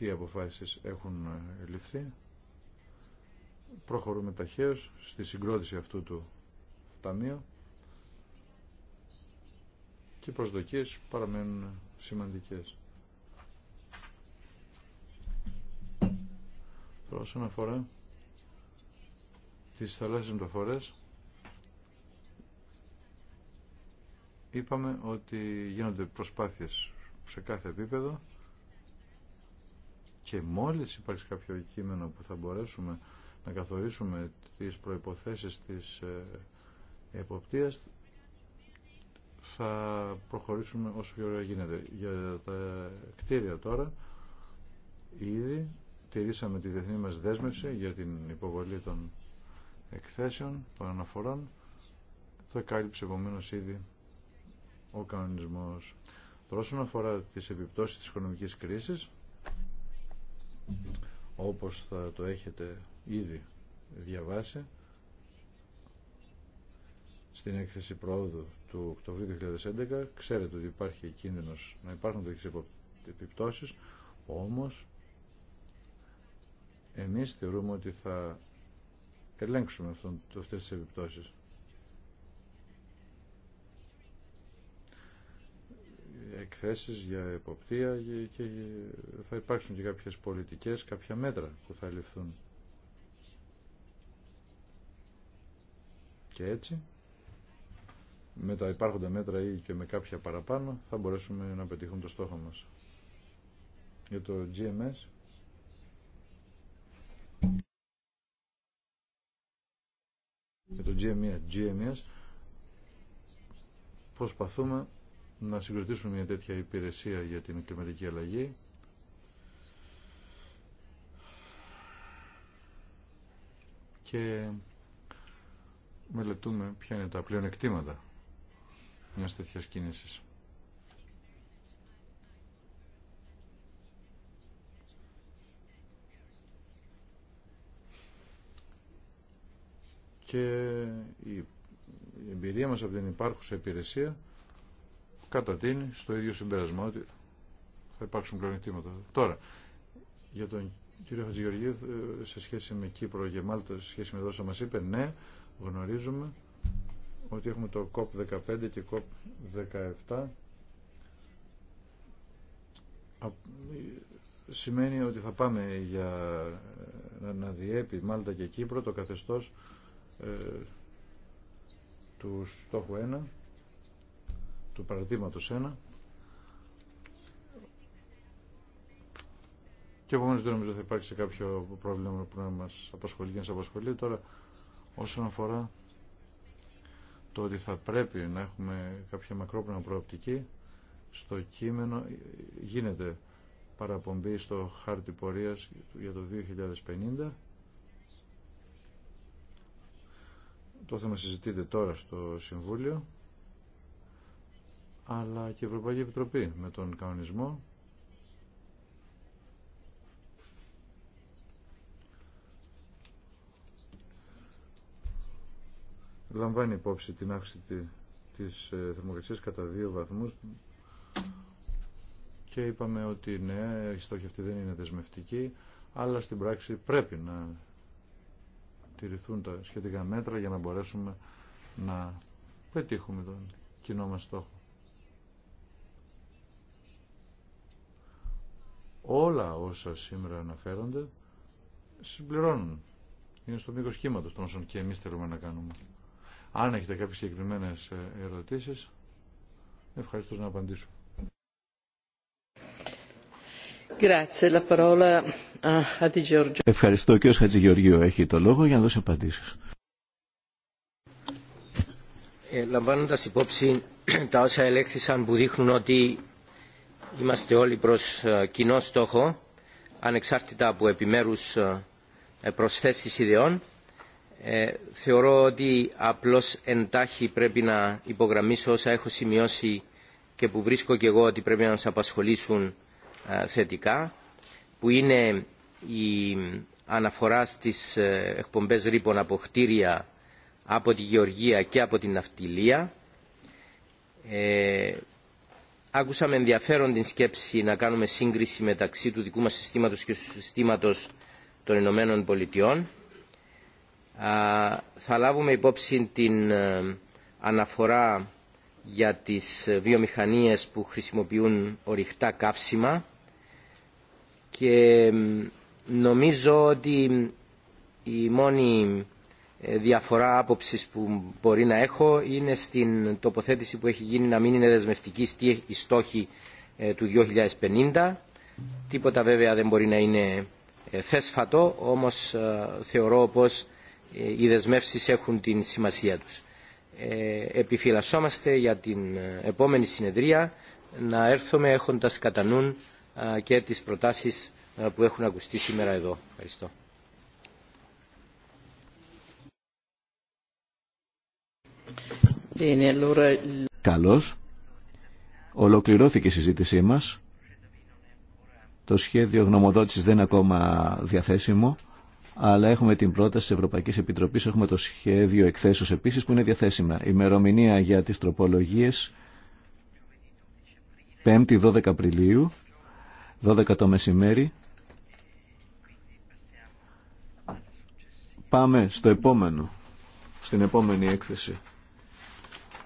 τι αποφάσεις έχουν ληφθεί. Προχωρούμε ταχαίως στη συγκρότηση αυτού του ταμείου και οι προσδοκίες παραμένουν σημαντικές. Τώρα όσον αφορά τις θαλάσσιες μεταφορές είπαμε ότι γίνονται προσπάθειες σε κάθε επίπεδο και μόλις υπάρξει κάποιο κείμενο που θα μπορέσουμε να καθορίσουμε τις προϋποθέσεις της ε, εποπτείας θα προχωρήσουμε όσο πιο ωραία γίνεται. Για τα κτίρια τώρα ήδη τηρήσαμε τη διεθνή μας δέσμευση για την υποβολή των εκθέσεων, των αναφορών. Θα κάλυψε επομένως ήδη ο κανονισμός. Τώρα όσον αφορά τις επιπτώσεις της οικονομικής κρίσης, όπως θα το έχετε ήδη διαβάσει στην έκθεση πρόοδου του Οκτωβρίου 2011 ξέρετε ότι υπάρχει κίνδυνος να υπάρχουν τέτοιες επιπτώσεις όμως εμείς θεωρούμε ότι θα ελέγξουμε αυτές τις επιπτώσεις εκθέσεις για εποπτεία και θα υπάρξουν και κάποιες πολιτικές, κάποια μέτρα που θα ληφθούν. Και έτσι, με τα υπάρχοντα μέτρα ή και με κάποια παραπάνω, θα μπορέσουμε να πετύχουμε το στόχο μας. Για το GMS, για το GMS, GMS προσπαθούμε να συγκροτήσουμε μια τέτοια υπηρεσία για την κλιματική αλλαγή. Και μελετούμε ποια είναι τα πλεονεκτήματα μιας τέτοιας κίνησης. Και η εμπειρία μας από την υπάρχουσα υπηρεσία κατατείνει στο ίδιο συμπέρασμα ότι θα υπάρξουν πλεονεκτήματα. Τώρα, για τον κύριο Χατζηγεωργίου, ε, σε σχέση με Κύπρο και Μάλτα, σε σχέση με όσα μα είπε, ναι, γνωρίζουμε ότι έχουμε το COP15 και COP17. Σημαίνει ότι θα πάμε για ε, να διέπει Μάλτα και Κύπρο το καθεστώς ε, του στόχου 1 του παραδείγματος 1 και επομένως δεν νομίζω θα υπάρξει κάποιο πρόβλημα που να μας απασχολεί και να σας απασχολεί τώρα όσον αφορά το ότι θα πρέπει να έχουμε κάποια μακρόπνευμα προοπτική στο κείμενο γίνεται παραπομπή στο χάρτη πορείας για το 2050 το θέμα συζητείται τώρα στο Συμβούλιο αλλά και η Ευρωπαϊκή Επιτροπή με τον κανονισμό λαμβάνει υπόψη την αύξηση της ε, θερμοκρασίας κατά δύο βαθμούς και είπαμε ότι ναι, η στόχη αυτή δεν είναι δεσμευτική, αλλά στην πράξη πρέπει να τηρηθούν τα σχετικά μέτρα για να μπορέσουμε να πετύχουμε τον κοινό μας στόχο. όλα όσα σήμερα αναφέρονται συμπληρώνουν. Είναι στο μήκο κύματο των όσων και εμεί θέλουμε να κάνουμε. Αν έχετε κάποιε συγκεκριμένε ε, ερωτήσει, ευχαριστώ να απαντήσω. Ευχαριστώ. Ο Χατζηγεωργίου έχει το λόγο για να δώσει απαντήσει. Ε, υπόψη τα όσα ελέγχθησαν που δείχνουν ότι είμαστε όλοι προς ε, κοινό στόχο, ανεξάρτητα από επιμέρους ε, προσθέσεις ιδεών. Ε, θεωρώ ότι απλώς εντάχει πρέπει να υπογραμμίσω όσα έχω σημειώσει και που βρίσκω και εγώ ότι πρέπει να μας απασχολήσουν θετικά, που είναι η αναφορά στις εκπομπές ρήπων από κτίρια από τη Γεωργία και από την Ναυτιλία, Άκουσα με ενδιαφέρον την σκέψη να κάνουμε σύγκριση μεταξύ του δικού μας συστήματος και του συστήματος των Ηνωμένων Πολιτειών. Θα λάβουμε υπόψη την ε, αναφορά για τις βιομηχανίες που χρησιμοποιούν οριχτά καύσιμα και νομίζω ότι η μόνη ε, διαφορά άποψη που μπορεί να έχω είναι στην τοποθέτηση που έχει γίνει να μην είναι δεσμευτική η στόχη ε, του 2050. Τίποτα βέβαια δεν μπορεί να είναι ε, θέσφατο, όμως θεωρώ πως οι δεσμεύσεις έχουν την σημασία τους. Επιφυλασσόμαστε για την επόμενη συνεδρία να έρθουμε έχοντας κατά νου και τις προτάσεις που έχουν ακουστεί σήμερα εδώ. Ευχαριστώ. Καλώς. Ολοκληρώθηκε η συζήτησή μας. Το σχέδιο γνωμοδότησης δεν είναι ακόμα διαθέσιμο, αλλά έχουμε την πρόταση της Ευρωπαϊκής Επιτροπής, έχουμε το σχέδιο εκθέσεως επίσης που είναι διαθέσιμα. Η ημερομηνία για τις τροπολογίες 5η 12 Απριλίου, 12 το μεσημέρι. Πάμε στο επόμενο, στην επόμενη έκθεση.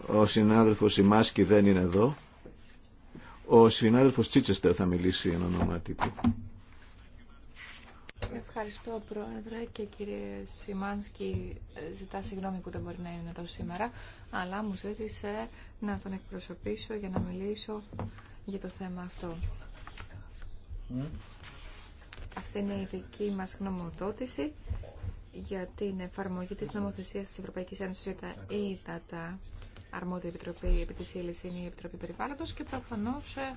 Ο συνάδελφος Σιμάσκι δεν είναι εδώ. Ο συνάδελφος Τσίτσεστερ θα μιλήσει εν ονόματι του. Ευχαριστώ Πρόεδρε και κύριε Σιμάνσκι. Ζητά συγγνώμη που δεν μπορεί να είναι εδώ σήμερα, αλλά μου ζήτησε να τον εκπροσωπήσω για να μιλήσω για το θέμα αυτό. Αυτή είναι η δική μας γνωμοδότηση για την εφαρμογή της νομοθεσίας της Ευρωπαϊκής Ένωσης για τα αρμόδια επιτροπή επί της ύλης είναι η Επιτροπή Περιβάλλοντος και προφανώς ε,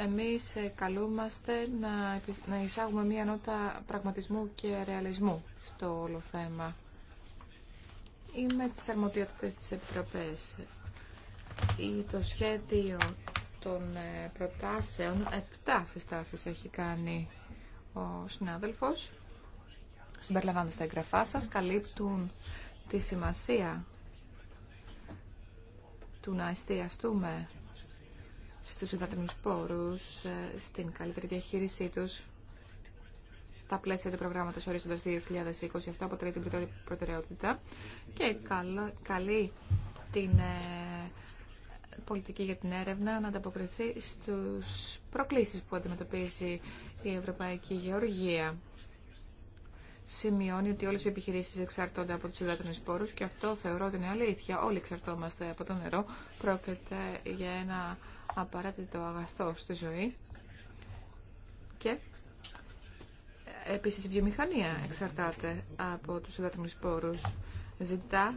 εμείς ε, καλούμαστε να, να εισάγουμε μία νότα πραγματισμού και ρεαλισμού στο όλο θέμα. Είμαι τις αρμοδιότητες της Επιτροπής. Το σχέδιο των ε, προτάσεων, επτά συστάσεις έχει κάνει ο συνάδελφος, συμπεριλαμβάνοντας τα εγγραφά σας, καλύπτουν τη σημασία του να εστιαστούμε στους υδατρινούς πόρους, ε, στην καλύτερη διαχείρισή τους, στα πλαίσια του προγράμματος ορίζοντας 2020, αυτό αποτελεί την προτεραιότητα και καλεί την ε, πολιτική για την έρευνα να ανταποκριθεί στους προκλήσεις που αντιμετωπίζει η Ευρωπαϊκή Γεωργία σημειώνει ότι όλες οι επιχειρήσεις εξαρτώνται από τους υδάτινους πόρους και αυτό θεωρώ ότι είναι αλήθεια. Όλοι εξαρτώμαστε από το νερό. Πρόκειται για ένα απαραίτητο αγαθό στη ζωή και επίσης η βιομηχανία εξαρτάται από τους υδάτινους πόρους. Ζητά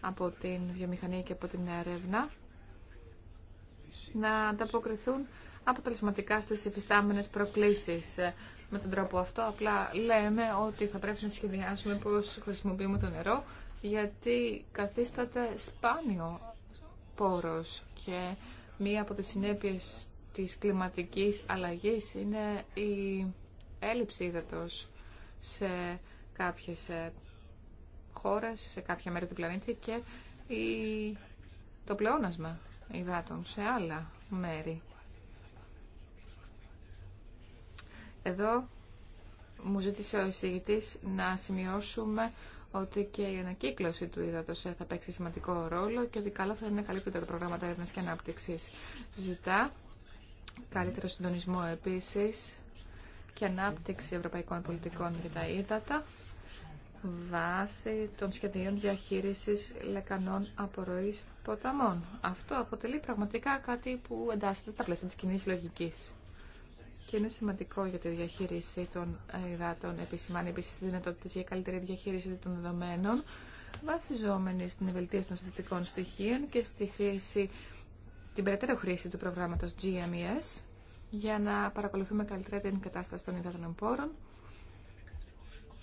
από την βιομηχανία και από την έρευνα να ανταποκριθούν αποτελεσματικά στις υφιστάμενες προκλήσεις με τον τρόπο αυτό. Απλά λέμε ότι θα πρέπει να σχεδιάσουμε πώ χρησιμοποιούμε το νερό, γιατί καθίσταται σπάνιο πόρος και μία από τις συνέπειες της κλιματική αλλαγής είναι η έλλειψη ύδατος σε κάποιες ε, χώρες, σε κάποια μέρη του πλανήτη και η... το πλεόνασμα υδάτων σε άλλα μέρη. Εδώ μου ζήτησε ο εισηγητής να σημειώσουμε ότι και η ανακύκλωση του ύδατος ε, θα παίξει σημαντικό ρόλο και ότι καλό θα είναι να καλύπτονται τα προγράμματα και ανάπτυξης. Ζητά καλύτερο συντονισμό επίσης και ανάπτυξη ευρωπαϊκών πολιτικών για τα ύδατα βάσει των σχεδίων διαχείρισης λεκανών απορροής ποταμών. Αυτό αποτελεί πραγματικά κάτι που εντάσσεται στα πλαίσια της κοινή λογικής και είναι σημαντικό για τη διαχείριση των υδάτων. Επισημάνει επίση τι δυνατότητε για καλύτερη διαχείριση των δεδομένων, βασιζόμενη στην ευελτίωση των συντηρητικών στοιχείων και στη χρήση, την περαιτέρω χρήση του προγράμματο GMES για να παρακολουθούμε καλύτερα την κατάσταση των υδάτων εμπόρων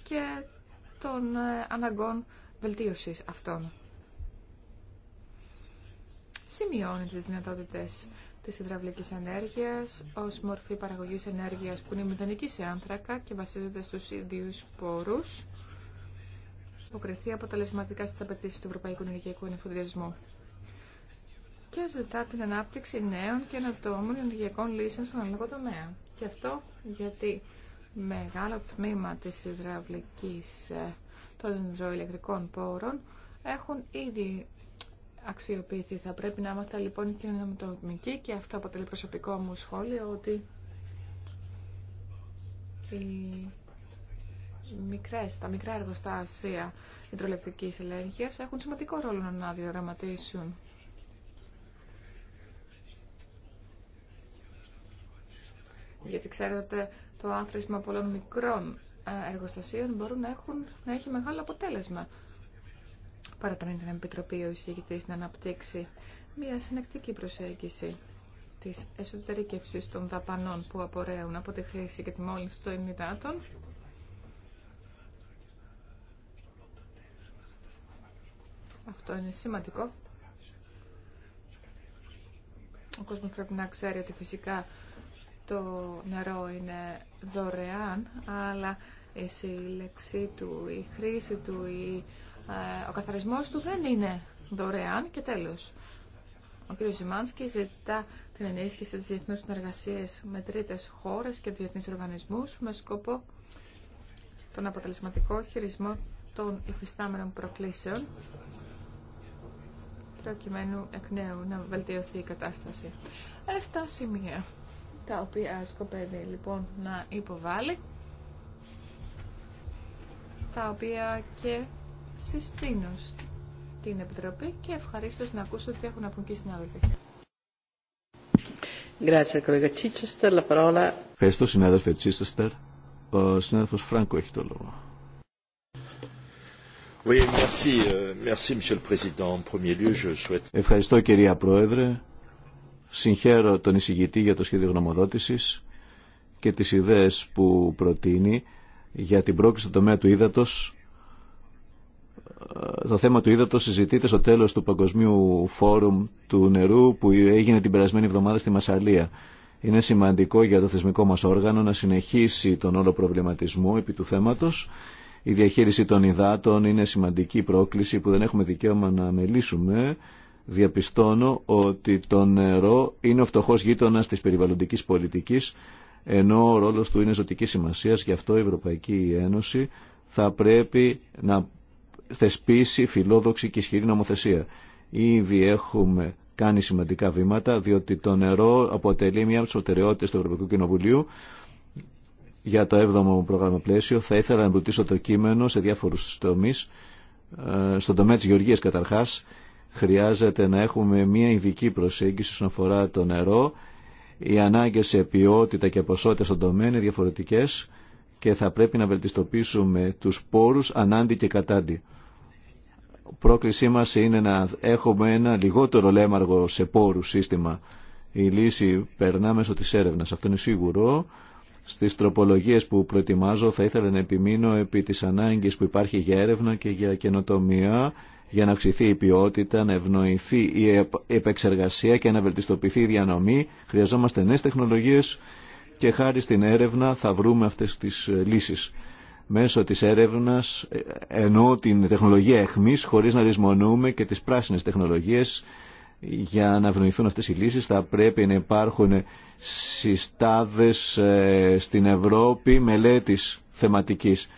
και των ε, αναγκών βελτίωσης αυτών. Σημειώνει τις δυνατότητες της υδραυλικής ενέργειας ως μορφή παραγωγής ενέργειας που είναι μηδενική σε άνθρακα και βασίζεται στους ίδιους πόρους αποκριθεί αποτελεσματικά στις απαιτήσει του Ευρωπαϊκού Ενεργειακού Ενεφοδιασμού και ζητά την ανάπτυξη νέων και ανατόμων ενεργειακών λύσεων στον αναλογό τομέα. Και αυτό γιατί μεγάλο τμήμα της υδραυλικής ε, των υδροηλεκτρικών πόρων έχουν ήδη αξιοποιηθεί. Θα πρέπει να είμαστε λοιπόν κοινωνικοί και αυτό αποτελεί προσωπικό μου σχόλιο ότι οι μικρές, τα μικρά εργοστάσια υδρολεκτικής ελέγχειας έχουν σημαντικό ρόλο να διαδραματίσουν. Γιατί ξέρετε, το άθροισμα πολλών μικρών ε, εργοστασίων μπορούν να, έχουν, να έχει μεγάλο αποτέλεσμα παραπένει την Επιτροπή ο εισηγητής να αναπτύξει μια συνεκτική προσέγγιση της εσωτερικεύσης των δαπανών που απορρέουν από τη χρήση και τη μόλυνση των υδάτων Αυτό είναι σημαντικό. Ο κόσμος πρέπει να ξέρει ότι φυσικά το νερό είναι δωρεάν, αλλά η σύλλεξή του, η χρήση του, η ε, ο καθαρισμός του δεν είναι δωρεάν και τέλος. Ο κ. Ζημάνσκι ζητά την ενίσχυση της διεθνούς συνεργασίας με τρίτες χώρες και διεθνείς οργανισμούς με σκοπό τον αποτελεσματικό χειρισμό των υφιστάμενων προκλήσεων προκειμένου εκ νέου να βελτιωθεί η κατάσταση. Εφτά σημεία τα οποία σκοπεύει λοιπόν να υποβάλει τα οποία και συστήνω την Επιτροπή και ευχαρίστω να ακούσω τι έχουν να πούν και οι συνάδελφοι. Ευχαριστώ, συνάδελφε Ο συνάδελφο Φράγκο έχει το λόγο. Euh, Ευχαριστώ, κυρία Πρόεδρε. Συγχαίρω τον εισηγητή για το σχέδιο γνωμοδότηση και τι ιδέε που προτείνει για την πρόκληση στο τομέα του ύδατο το θέμα του είδατο συζητείται στο τέλο του Παγκοσμίου Φόρουμ του Νερού που έγινε την περασμένη εβδομάδα στη Μασαλία. Είναι σημαντικό για το θεσμικό μα όργανο να συνεχίσει τον όλο προβληματισμό επί του θεματο Η διαχείριση των υδάτων είναι σημαντική πρόκληση που δεν έχουμε δικαίωμα να μελήσουμε. Διαπιστώνω ότι το νερό είναι ο φτωχό γείτονα τη περιβαλλοντική πολιτική, ενώ ο ρόλο του είναι ζωτική σημασία γι' αυτό η Ευρωπαϊκή Ένωση θα πρέπει να θεσπίσει φιλόδοξη και ισχυρή νομοθεσία. Ήδη έχουμε κάνει σημαντικά βήματα, διότι το νερό αποτελεί μια από τι προτεραιότητε του Ευρωπαϊκού Κοινοβουλίου. Για το 7ο πρόγραμμα πλαίσιο θα ήθελα να εμπλουτίσω το κείμενο σε διάφορου τομεί. Ε, στον τομέα τη γεωργία καταρχά, χρειάζεται να έχουμε μια ειδική προσέγγιση όσον αφορά το νερό. Οι ανάγκε σε ποιότητα και ποσότητα στον τομέα είναι διαφορετικέ και θα πρέπει να βελτιστοποιήσουμε τους πόρους ανάντι και κατάντι πρόκλησή μας είναι να έχουμε ένα λιγότερο λέμαργο σε πόρου σύστημα. Η λύση περνά μέσω της έρευνας, αυτό είναι σίγουρο. Στις τροπολογίες που προετοιμάζω θα ήθελα να επιμείνω επί της ανάγκης που υπάρχει για έρευνα και για καινοτομία για να αυξηθεί η ποιότητα, να ευνοηθεί η επεξεργασία και να βελτιστοποιηθεί η διανομή. Χρειαζόμαστε νέες τεχνολογίες και χάρη στην έρευνα θα βρούμε αυτές τις λύσεις μέσω της έρευνας ε, ενώ την τεχνολογία εχμής χωρίς να ρισμονούμε και τις πράσινες τεχνολογίες για να ευνοηθούν αυτές οι λύσεις θα πρέπει να υπάρχουν συστάδες ε, στην Ευρώπη μελέτης θεματικής.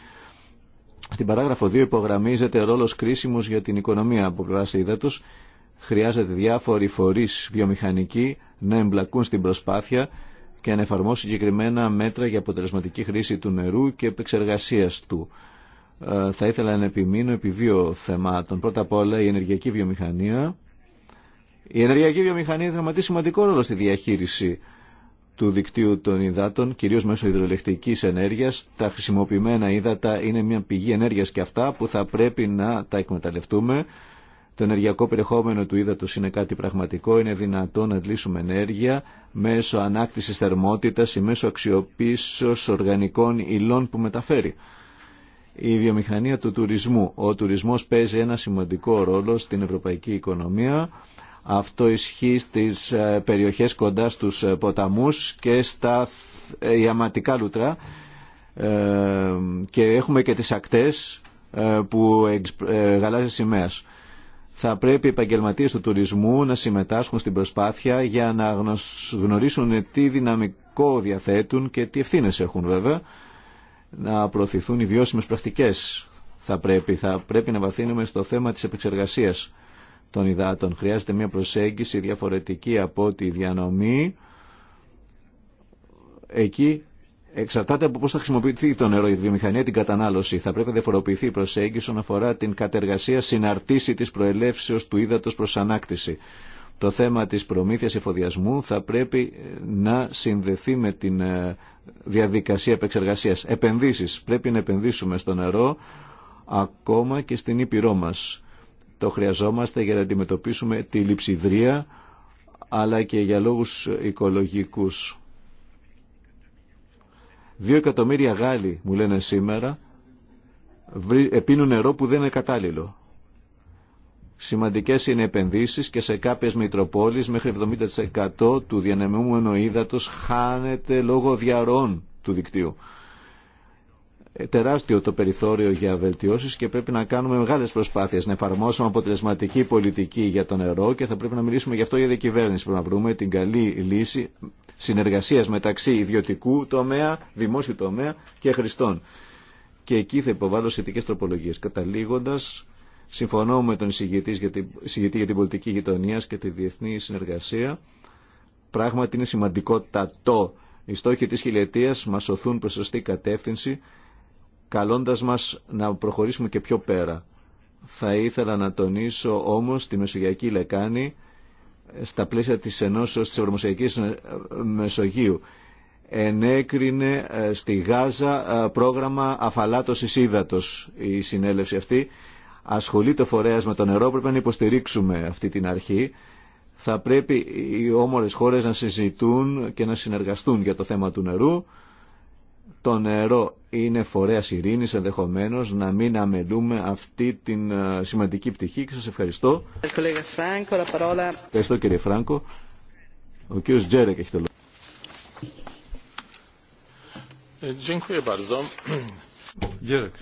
Στην παράγραφο 2 υπογραμμίζεται ρόλος κρίσιμος για την οικονομία από πλευράς ύδατος. Χρειάζεται διάφοροι φορείς βιομηχανικοί να εμπλακούν στην προσπάθεια και να εφαρμόσει συγκεκριμένα μέτρα για αποτελεσματική χρήση του νερού και επεξεργασία του. Ε, θα ήθελα να επιμείνω επί δύο θεμάτων. Πρώτα απ' όλα η ενεργειακή βιομηχανία. Η ενεργειακή βιομηχανία δραματίζει σημαντικό ρόλο στη διαχείριση του δικτύου των υδάτων, κυρίω μέσω υδρολεκτική ενέργεια. Τα χρησιμοποιημένα ύδατα είναι μια πηγή ενέργεια και αυτά που θα πρέπει να τα εκμεταλλευτούμε το ενεργειακό περιεχόμενο του ύδατος είναι κάτι πραγματικό, είναι δυνατό να αντλήσουμε ενέργεια μέσω ανάκτησης θερμότητας ή μέσω αξιοποίησης οργανικών υλών που μεταφέρει. Η βιομηχανία του τουρισμού. Ο τουρισμός παίζει ένα σημαντικό ρόλο στην ευρωπαϊκή οικονομία. Αυτό ισχύει στις ε, περιοχές κοντά στους ε, ποταμούς και στα ιαματικά ε, λουτρά και έχουμε και τις ακτές που γαλάζιας σημαίας θα πρέπει οι επαγγελματίε του τουρισμού να συμμετάσχουν στην προσπάθεια για να γνωρίσουν τι δυναμικό διαθέτουν και τι ευθύνε έχουν βέβαια να προωθηθούν οι βιώσιμε πρακτικές. Θα πρέπει, θα πρέπει να βαθύνουμε στο θέμα τη επεξεργασία των υδάτων. Χρειάζεται μια προσέγγιση διαφορετική από τη διανομή. Εκεί Εξαρτάται από πώ θα χρησιμοποιηθεί το νερό η βιομηχανία, την κατανάλωση. Θα πρέπει να διαφοροποιηθεί η προσέγγιση όσον αφορά την κατεργασία συναρτήση τη προελεύσεω του ύδατο προ ανάκτηση. Το θέμα τη προμήθεια εφοδιασμού θα πρέπει ε, να συνδεθεί με την ε, διαδικασία επεξεργασία. Επενδύσει. Πρέπει να επενδύσουμε στο νερό ακόμα και στην ήπειρό μα. Το χρειαζόμαστε για να αντιμετωπίσουμε τη λειψιδρία αλλά και για λόγους οικολογικούς Δύο εκατομμύρια Γάλλοι, μου λένε σήμερα, πίνουν νερό που δεν είναι κατάλληλο. Σημαντικές είναι επενδύσεις και σε κάποιες μητροπόλεις μέχρι 70% του διανεμούμενου ύδατος χάνεται λόγω διαρών του δικτύου τεράστιο το περιθώριο για βελτιώσεις και πρέπει να κάνουμε μεγάλες προσπάθειες να εφαρμόσουμε αποτελεσματική πολιτική για το νερό και θα πρέπει να μιλήσουμε γι' αυτό για διακυβέρνηση. Πρέπει να βρούμε την καλή λύση συνεργασίας μεταξύ ιδιωτικού τομέα, δημόσιου τομέα και χρηστών. Και εκεί θα υποβάλω σχετικέ τροπολογίες. Καταλήγοντας, συμφωνώ με τον εισηγητή για, την... πολιτική γειτονία και τη διεθνή συνεργασία. Πράγματι είναι σημαντικότατο. Οι στόχοι της χιλιετίας μας σωθούν προς σωστή κατεύθυνση καλώντας μας να προχωρήσουμε και πιο πέρα. Θα ήθελα να τονίσω όμως τη Μεσογειακή Λεκάνη ε, στα πλαίσια της ενώσεως της Ευρωμεσογειακής ε, Μεσογείου. Ενέκρινε ε, στη Γάζα πρόγραμμα αφαλάτωσης ύδατος η συνέλευση αυτή. Ασχολείται ο φορέας με το νερό, πρέπει να υποστηρίξουμε αυτή την αρχή. Θα πρέπει οι όμορες χώρες να συζητούν και να συνεργαστούν για το θέμα του νερού το νερό είναι φορέα ειρήνη ενδεχομένω να μην αμελούμε αυτή την ε, σημαντική πτυχή και σας ευχαριστώ. Ευχαριστώ κύριε Φράγκο. Ο κύριο Τζέρεκ έχει το λόγο. Ε, Τζέρεκ,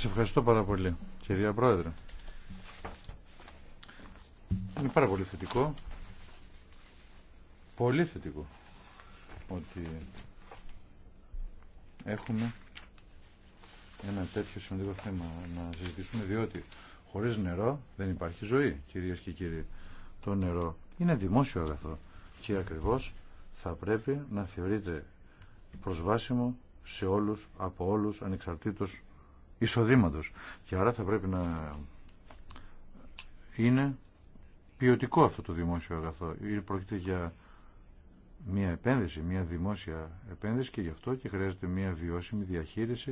ευχαριστώ πάρα πολύ κυρία Πρόεδρε. Είναι πάρα πολύ θετικό. Πολύ θετικό ότι έχουμε ένα τέτοιο σημαντικό θέμα να ζητήσουμε, διότι χωρίς νερό δεν υπάρχει ζωή κυρίες και κύριοι το νερό είναι δημόσιο αγαθό και ακριβώς θα πρέπει να θεωρείται προσβάσιμο σε όλους, από όλους, ανεξαρτήτως εισοδήματος. Και άρα θα πρέπει να είναι ποιοτικό αυτό το δημόσιο αγαθό. Πρόκειται για μια επένδυση, μια δημόσια επένδυση και γι' αυτό και χρειάζεται μια βιώσιμη διαχείριση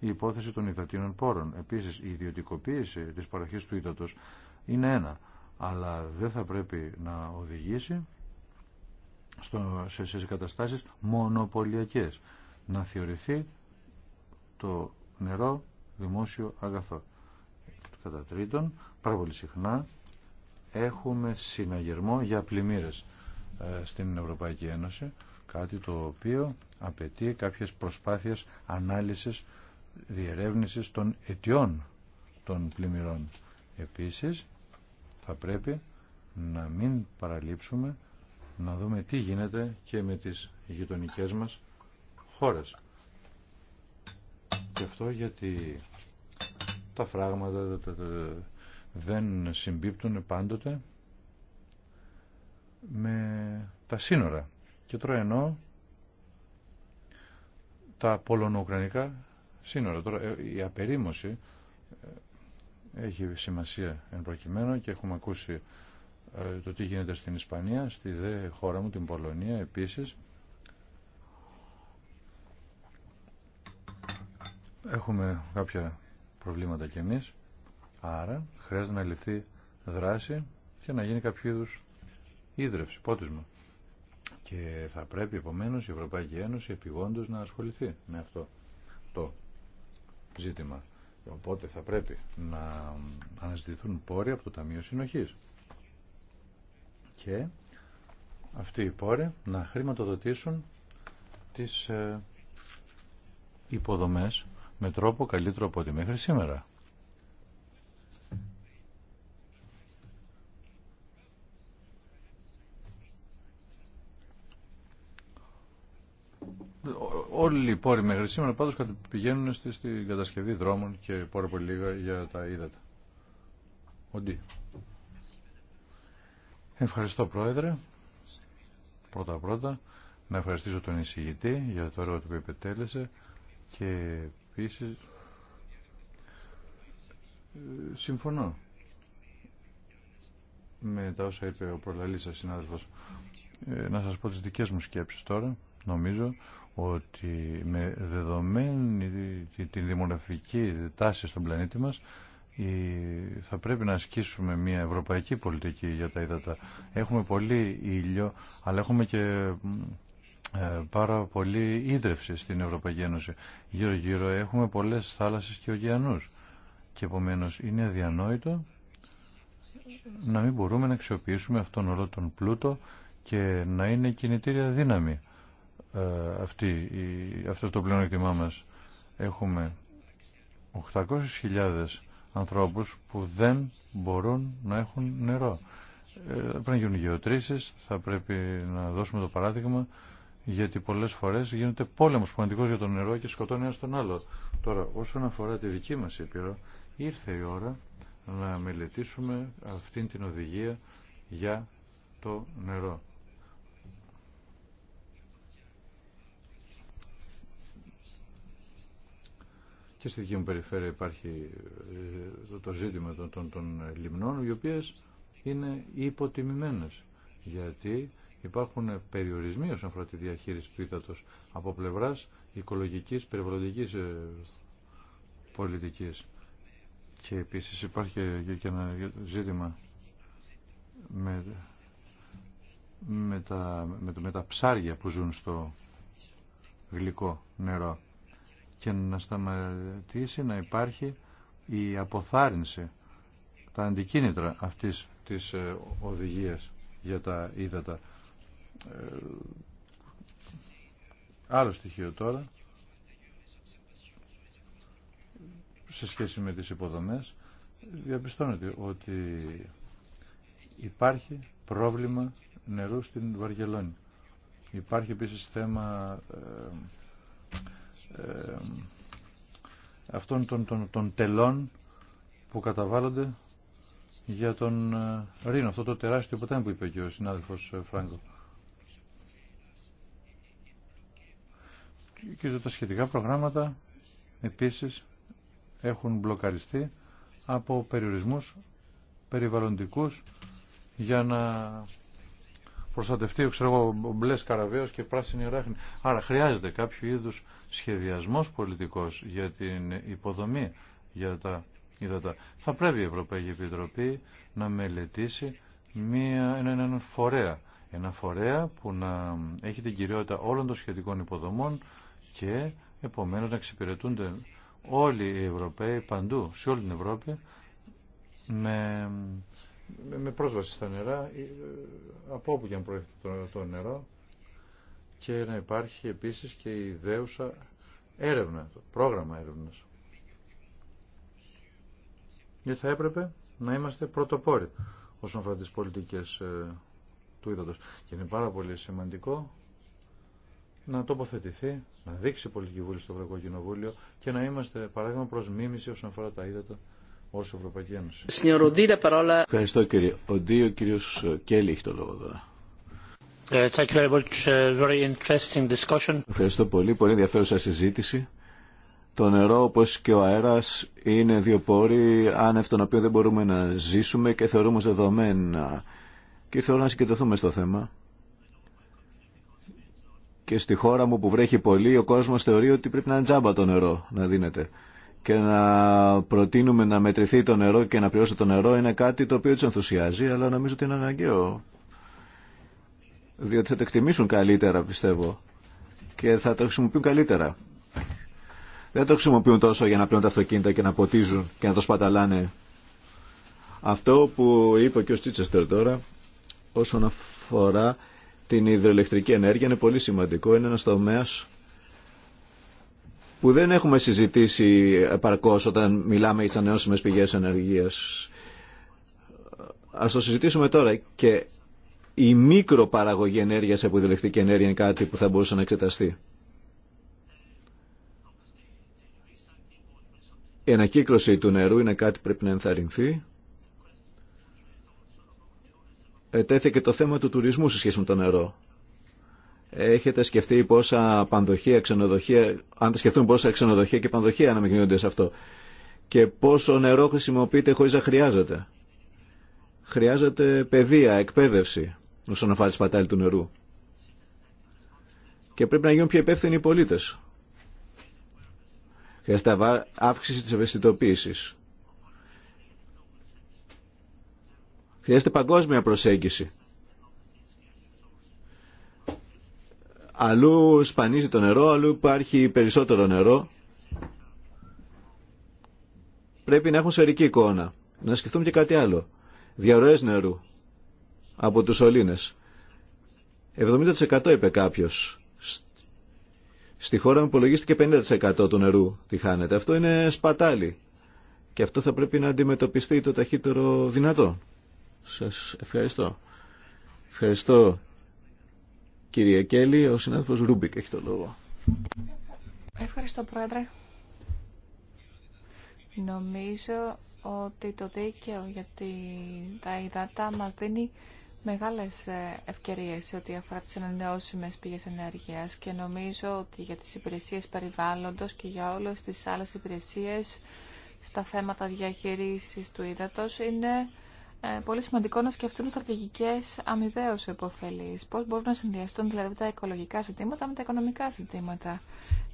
η υπόθεση των υδατίνων πόρων. Επίσης η ιδιωτικοποίηση της παροχή του ύδατο είναι ένα, αλλά δεν θα πρέπει να οδηγήσει στο, σε, σε καταστάσεις μονοπωλιακές. Να θεωρηθεί το νερό δημόσιο αγαθό. Κατά τρίτον, πάρα πολύ συχνά έχουμε συναγερμό για πλημμύρες. Ε, στην Ευρωπαϊκή Ένωση, κάτι το οποίο απαιτεί κάποιες προσπάθειες ανάλυσης, διερεύνησης των αιτιών των πλημμυρών. Επίσης, θα πρέπει να μην παραλείψουμε να δούμε τι γίνεται και με τις γειτονικές μας χώρες. Και αυτό γιατί τα φράγματα δεν συμπίπτουν πάντοτε με τα σύνορα. Και τώρα εννοώ τα πολωνοουκρανικά σύνορα. Τώρα ε, η απερίμωση ε, έχει σημασία εν προκειμένου και έχουμε ακούσει ε, το τι γίνεται στην Ισπανία, στη δε χώρα μου, την Πολωνία επίσης. Έχουμε κάποια προβλήματα κι εμείς, άρα χρειάζεται να ληφθεί δράση και να γίνει κάποιο είδου ίδρυυση, πότισμα. Και θα πρέπει επομένως η Ευρωπαϊκή Ένωση επιγόντως να ασχοληθεί με αυτό το ζήτημα. Οπότε θα πρέπει να αναζητηθούν πόροι από το Ταμείο Συνοχής. Και αυτοί οι πόροι να χρηματοδοτήσουν τις ε, υποδομές με τρόπο καλύτερο από ό,τι μέχρι σήμερα. Όλοι οι πόροι μέχρι σήμερα πάντως πηγαίνουν στη, στην κατασκευή δρόμων και πόρα πολύ λίγα για τα ύδατα. Οντί. Ευχαριστώ Πρόεδρε. Πρώτα πρώτα να ευχαριστήσω τον εισηγητή για το έργο που επετέλεσε και επίση ε, συμφωνώ με τα όσα είπε ο προλαλής σας συνάδελφος. Ε, να σας πω τις δικές μου σκέψεις τώρα. Νομίζω ότι με δεδομένη την δημογραφική τάση στον πλανήτη μας θα πρέπει να ασκήσουμε μια ευρωπαϊκή πολιτική για τα ύδατα. Έχουμε πολύ ήλιο, αλλά έχουμε και ε, πάρα πολύ ίδρυυση στην Ευρωπαϊκή Ένωση. Γύρω-γύρω έχουμε πολλές θάλασσες και ωκεανούς. Και επομένως είναι αδιανόητο να μην μπορούμε να αξιοποιήσουμε αυτόν όλο τον πλούτο και να είναι κινητήρια δύναμη ε, αυτή, αυτό το πλεονέκτημά μας. Έχουμε 800.000 ανθρώπους που δεν μπορούν να έχουν νερό. Ε, πρέπει να γίνουν γεωτρήσεις, θα πρέπει να δώσουμε το παράδειγμα, γιατί πολλές φορές γίνεται πόλεμος πραγματικός για το νερό και σκοτώνει ένα τον άλλο. Τώρα, όσον αφορά τη δική μας Ήπειρο, ήρθε η ώρα να μελετήσουμε αυτήν την οδηγία για το νερό. και στη δική μου περιφέρεια υπάρχει ε, το ζήτημα των, των, λιμνών οι οποίες είναι υποτιμημένες γιατί υπάρχουν περιορισμοί όσον αφορά τη διαχείριση του ύδατος από πλευράς οικολογικής, περιβαλλοντικής ε, πολιτικής. Και επίσης υπάρχει και ένα ζήτημα με, με, τα, με, με τα ψάρια που ζουν στο γλυκό νερό και να σταματήσει να υπάρχει η αποθάρρυνση, τα αντικίνητρα αυτής της ε, οδηγίας για τα ύδατα. Ε, άλλο στοιχείο τώρα, σε σχέση με τις υποδομές, διαπιστώνεται ότι υπάρχει πρόβλημα νερού στην Βαργελόνη. Υπάρχει επίσης θέμα ε, ε, αυτών των, τελών που καταβάλλονται για τον ε, Ρήνο, αυτό το τεράστιο ποτέ που είπε και ο συνάδελφος ε, Φράγκο. Και τα σχετικά προγράμματα επίσης έχουν μπλοκαριστεί από περιορισμούς περιβαλλοντικούς για να προστατευτεί ξέρω ο μπλε καραβέο και πράσινη ράχνη. Άρα χρειάζεται κάποιο είδου σχεδιασμό πολιτικό για την υποδομή για τα υδατά. Θα πρέπει η Ευρωπαϊκή Επιτροπή να μελετήσει μία, έναν, φορέα. Ένα φορέα που να έχει την κυριότητα όλων των σχετικών υποδομών και επομένως να εξυπηρετούνται όλοι οι Ευρωπαίοι παντού, σε όλη την Ευρώπη, με με πρόσβαση στα νερά ε, από όπου και αν προέρχεται το, νερό και να υπάρχει επίσης και η δέουσα έρευνα, το πρόγραμμα έρευνας. Γιατί θα έπρεπε να είμαστε πρωτοπόροι όσον αφορά τις πολιτικές ε, του είδατος. Και είναι πάρα πολύ σημαντικό να τοποθετηθεί, να δείξει η πολιτική βούλη στο Ευρωπαϊκό Κοινοβούλιο και να είμαστε παράδειγμα προς μίμηση όσον αφορά τα είδατα ως Ευρωπαϊκή Ένωση. Ευχαριστώ Ο κύριος Κέλλη Ευχαριστώ πολύ. Πολύ ενδιαφέρουσα συζήτηση. Το νερό όπω και ο αέρα είναι δύο πόροι άνευ των οποίων δεν μπορούμε να ζήσουμε και θεωρούμε ως δεδομένα. Και θέλω να συγκεντρωθούμε στο θέμα. Και στη χώρα μου που βρέχει πολύ ο κόσμο θεωρεί ότι πρέπει να είναι τζάμπα το νερό να δίνεται και να προτείνουμε να μετρηθεί το νερό και να πληρώσει το νερό είναι κάτι το οποίο του ενθουσιάζει, αλλά νομίζω ότι είναι αναγκαίο. Διότι θα το εκτιμήσουν καλύτερα, πιστεύω. Και θα το χρησιμοποιούν καλύτερα. Δεν το χρησιμοποιούν τόσο για να πλύνουν τα αυτοκίνητα και να ποτίζουν και να το σπαταλάνε. Αυτό που είπε και ο Στίτσεστερ τώρα, όσον αφορά την υδροελεκτρική ενέργεια, είναι πολύ σημαντικό. Είναι ένα τομέα που δεν έχουμε συζητήσει επαρκώς όταν μιλάμε για τις ανανεώσιμες πηγές ενεργείας. Ας το συζητήσουμε τώρα και η μικροπαραγωγή ενέργειας από ηλεκτρική ενέργεια είναι κάτι που θα μπορούσε να εξεταστεί. Η ανακύκλωση του νερού είναι κάτι που πρέπει να ενθαρρυνθεί. Ετέθηκε το θέμα του τουρισμού σε σχέση με το νερό. Έχετε σκεφτεί πόσα πανδοχεία, ξενοδοχεία, αν πόσα ξενοδοχεία και πανδοχεία αναμειγνύονται σε αυτό. Και πόσο νερό χρησιμοποιείται χωρίς να χρειάζεται. Χρειάζεται παιδεία, εκπαίδευση όσον αφορά τη σπατάλη του νερού. Και πρέπει να γίνουν πιο υπεύθυνοι οι πολίτες. Χρειάζεται αύξηση της ευαισθητοποίησης. Χρειάζεται παγκόσμια προσέγγιση αλλού σπανίζει το νερό, αλλού υπάρχει περισσότερο νερό. Πρέπει να έχουμε σφαιρική εικόνα. Να σκεφτούμε και κάτι άλλο. Διαρροές νερού από τους σωλήνες. 70% είπε κάποιος. Στη χώρα μου υπολογίστηκε 50% του νερού τη χάνεται. Αυτό είναι σπατάλι. Και αυτό θα πρέπει να αντιμετωπιστεί το ταχύτερο δυνατό. Σας ευχαριστώ. Ευχαριστώ Κυρία Κέλλη, ο συνάδελφος Ρούμπικ έχει το λόγο. Ευχαριστώ, Πρόεδρε. Νομίζω ότι το δίκαιο για τα υδάτα μας δίνει μεγάλες ε, ευκαιρίες σε ό,τι αφορά τις ανανεώσιμες πηγές ενέργειας και νομίζω ότι για τις υπηρεσίες περιβάλλοντος και για όλες τις άλλες υπηρεσίες στα θέματα διαχείρισης του ύδατος είναι ε, πολύ σημαντικό να σκεφτούν στρατηγικέ αμοιβαίω υποφελεί. Πώ μπορούν να συνδυαστούν δηλαδή τα οικολογικά ζητήματα με τα οικονομικά ζητήματα.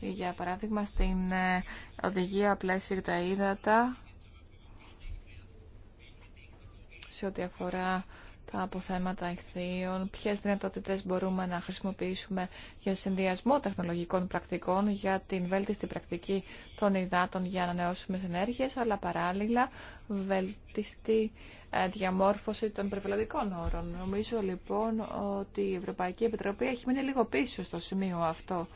Για παράδειγμα, στην ε, οδηγία πλαίσιο για τα ύδατα, σε ό,τι αφορά τα αποθέματα εχθείων, Ποιε δυνατότητε μπορούμε να χρησιμοποιήσουμε για συνδυασμό τεχνολογικών πρακτικών, για την βέλτιστη πρακτική των υδάτων για ανανεώσιμε ενέργειε, αλλά παράλληλα βέλτιστη ε, διαμόρφωση των περιβαλλοντικών όρων. Νομίζω λοιπόν ότι η Ευρωπαϊκή Επιτροπή έχει μείνει λίγο πίσω στο σημείο αυτό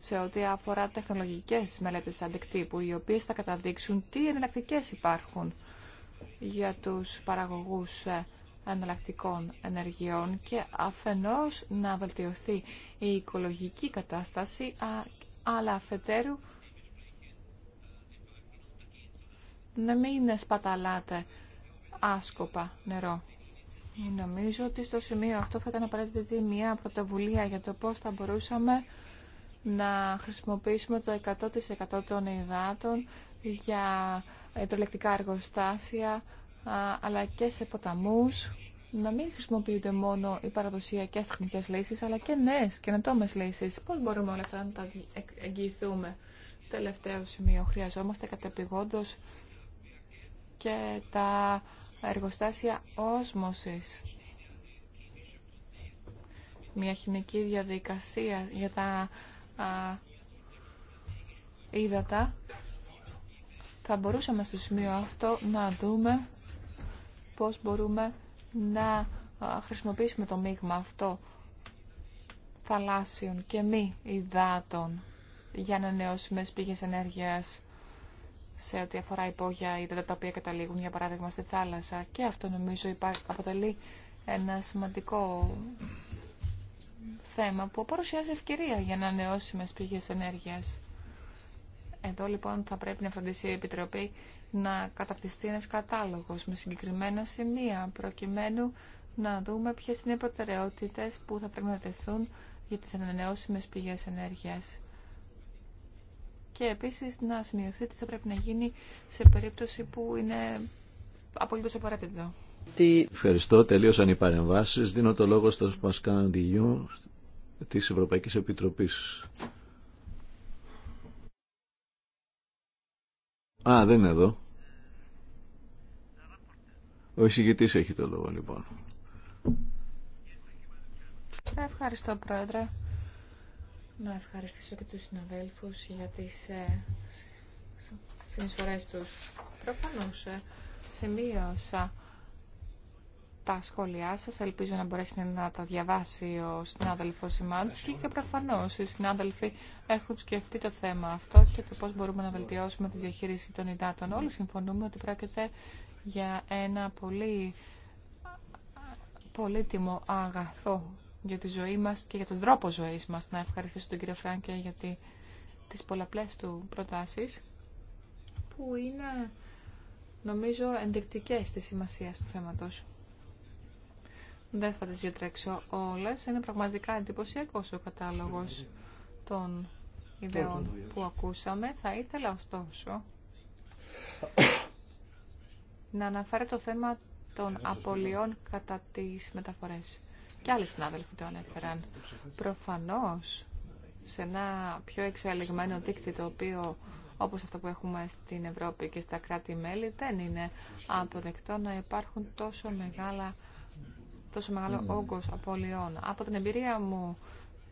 σε ό,τι αφορά τεχνολογικές μελέτες αντικτύπου, οι οποίες θα καταδείξουν τι εναλλακτικέ υπάρχουν για τους παραγωγούς ε, εναλλακτικών ενεργειών και αφενός να βελτιωθεί η οικολογική κατάσταση, αλλά αφετέρου να μην σπαταλάτε άσκοπα νερό. Νομίζω ότι στο σημείο αυτό θα ήταν απαραίτητη μια πρωτοβουλία για το πώς θα μπορούσαμε να χρησιμοποιήσουμε το 100% των υδάτων για υδρολεκτικά εργοστάσια, αλλά και σε ποταμούς, να μην χρησιμοποιούνται μόνο οι παραδοσιακές τεχνικές λύσεις, αλλά και νέες καινοτόμες λύσεις. Πώς μπορούμε όλα αυτά να τα εγγυηθούμε. Τελευταίο σημείο, χρειαζόμαστε κατεπηγόντως και τα εργοστάσια όσμωσης. Μια χημική διαδικασία για τα α, ύδατα. Θα μπορούσαμε στο σημείο αυτό να δούμε πώς μπορούμε να χρησιμοποιήσουμε το μείγμα αυτό θαλάσσιων και μη υδάτων για να τις πηγές ενέργειας σε ό,τι αφορά υπόγεια ή τα οποία καταλήγουν για παράδειγμα στη θάλασσα και αυτό νομίζω αποτελεί ένα σημαντικό θέμα που παρουσιάζει ευκαιρία για ανανεώσιμες πηγές ενέργειας. Εδώ λοιπόν θα πρέπει να φροντίσει η τα οποια καταληγουν για παραδειγμα στη θαλασσα και αυτο νομιζω αποτελει ενα σημαντικο θεμα που παρουσιαζει ευκαιρια για να τις πηγες ενεργειας εδω λοιπον θα πρεπει να φροντισει η επιτροπη να καταρτιστεί ένας κατάλογος με συγκεκριμένα σημεία προκειμένου να δούμε ποιες είναι οι προτεραιότητες που θα πρέπει να τεθούν για τις ανανεώσιμες πηγές ενέργειας. Και επίσης να σημειωθεί τι θα πρέπει να γίνει σε περίπτωση που είναι απολύτως απαραίτητο. Ευχαριστώ. Τελείωσαν οι παρεμβάσεις. Δίνω το λόγο στον Πασκάν Αντιγιού της Ευρωπαϊκής Επιτροπής. Α, δεν είναι εδώ. Ο εισηγητή έχει το λόγο λοιπόν. Ευχαριστώ Πρόεδρε. Να ευχαριστήσω και τους συναδέλφους για τις ε, συνεισφορές τους. Προφανώς ε, σημείωσα τα σχόλιά σας. Ελπίζω να μπορέσει να τα διαβάσει ο συνάδελφος Σιμάνσκι και προφανώς οι συνάδελφοι έχουν σκεφτεί το θέμα αυτό και το πώς μπορούμε να βελτιώσουμε τη διαχείριση των υδάτων. Όλοι συμφωνούμε ότι πρόκειται για ένα πολύ πολύτιμο αγαθό για τη ζωή μας και για τον τρόπο ζωής μας. Να ευχαριστήσω τον κύριο Φράνκε για τη, τις πολλαπλές του προτάσεις που είναι νομίζω ενδεικτικές της σημασίας του θέματος. Δεν θα τις διατρέξω όλες. Είναι πραγματικά εντυπωσιακό ο κατάλογος των ιδεών που ακούσαμε. Θα ήθελα ωστόσο να αναφέρω το θέμα των απολειών κατά τις μεταφορές. Και άλλοι συνάδελφοι το ανέφεραν. Προφανώς, σε ένα πιο εξελιγμένο δίκτυο το οποίο όπως αυτό που έχουμε στην Ευρώπη και στα κράτη-μέλη, δεν είναι αποδεκτό να υπάρχουν τόσο, μεγάλα, τόσο μεγάλο όγκος απολειών. Από την εμπειρία μου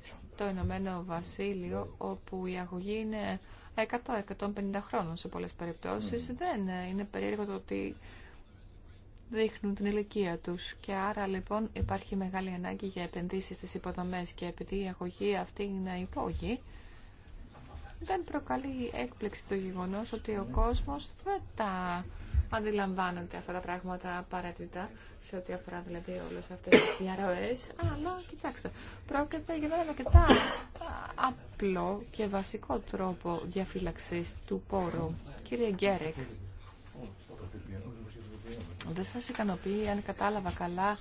στο Ηνωμένο Βασίλειο, όπου η αγωγή είναι 100-150 χρόνων σε πολλές περιπτώσεις. Δεν ε, είναι περίεργο το ότι δείχνουν την ηλικία τους και άρα λοιπόν υπάρχει μεγάλη ανάγκη για επενδύσεις στις υποδομές και επειδή η αγωγή αυτή είναι υπόγειη δεν προκαλεί έκπληξη το γεγονός ότι ο κόσμος δεν τα αντιλαμβάνονται αυτά τα πράγματα απαραίτητα σε ό,τι αφορά δηλαδή όλες αυτές τις διαρροές. Αλλά κοιτάξτε, πρόκειται για ένα αρκετά απλό και βασικό τρόπο διαφύλαξης του πόρου. Κύριε Γκέρεκ, δεν σας ικανοποιεί αν κατάλαβα καλά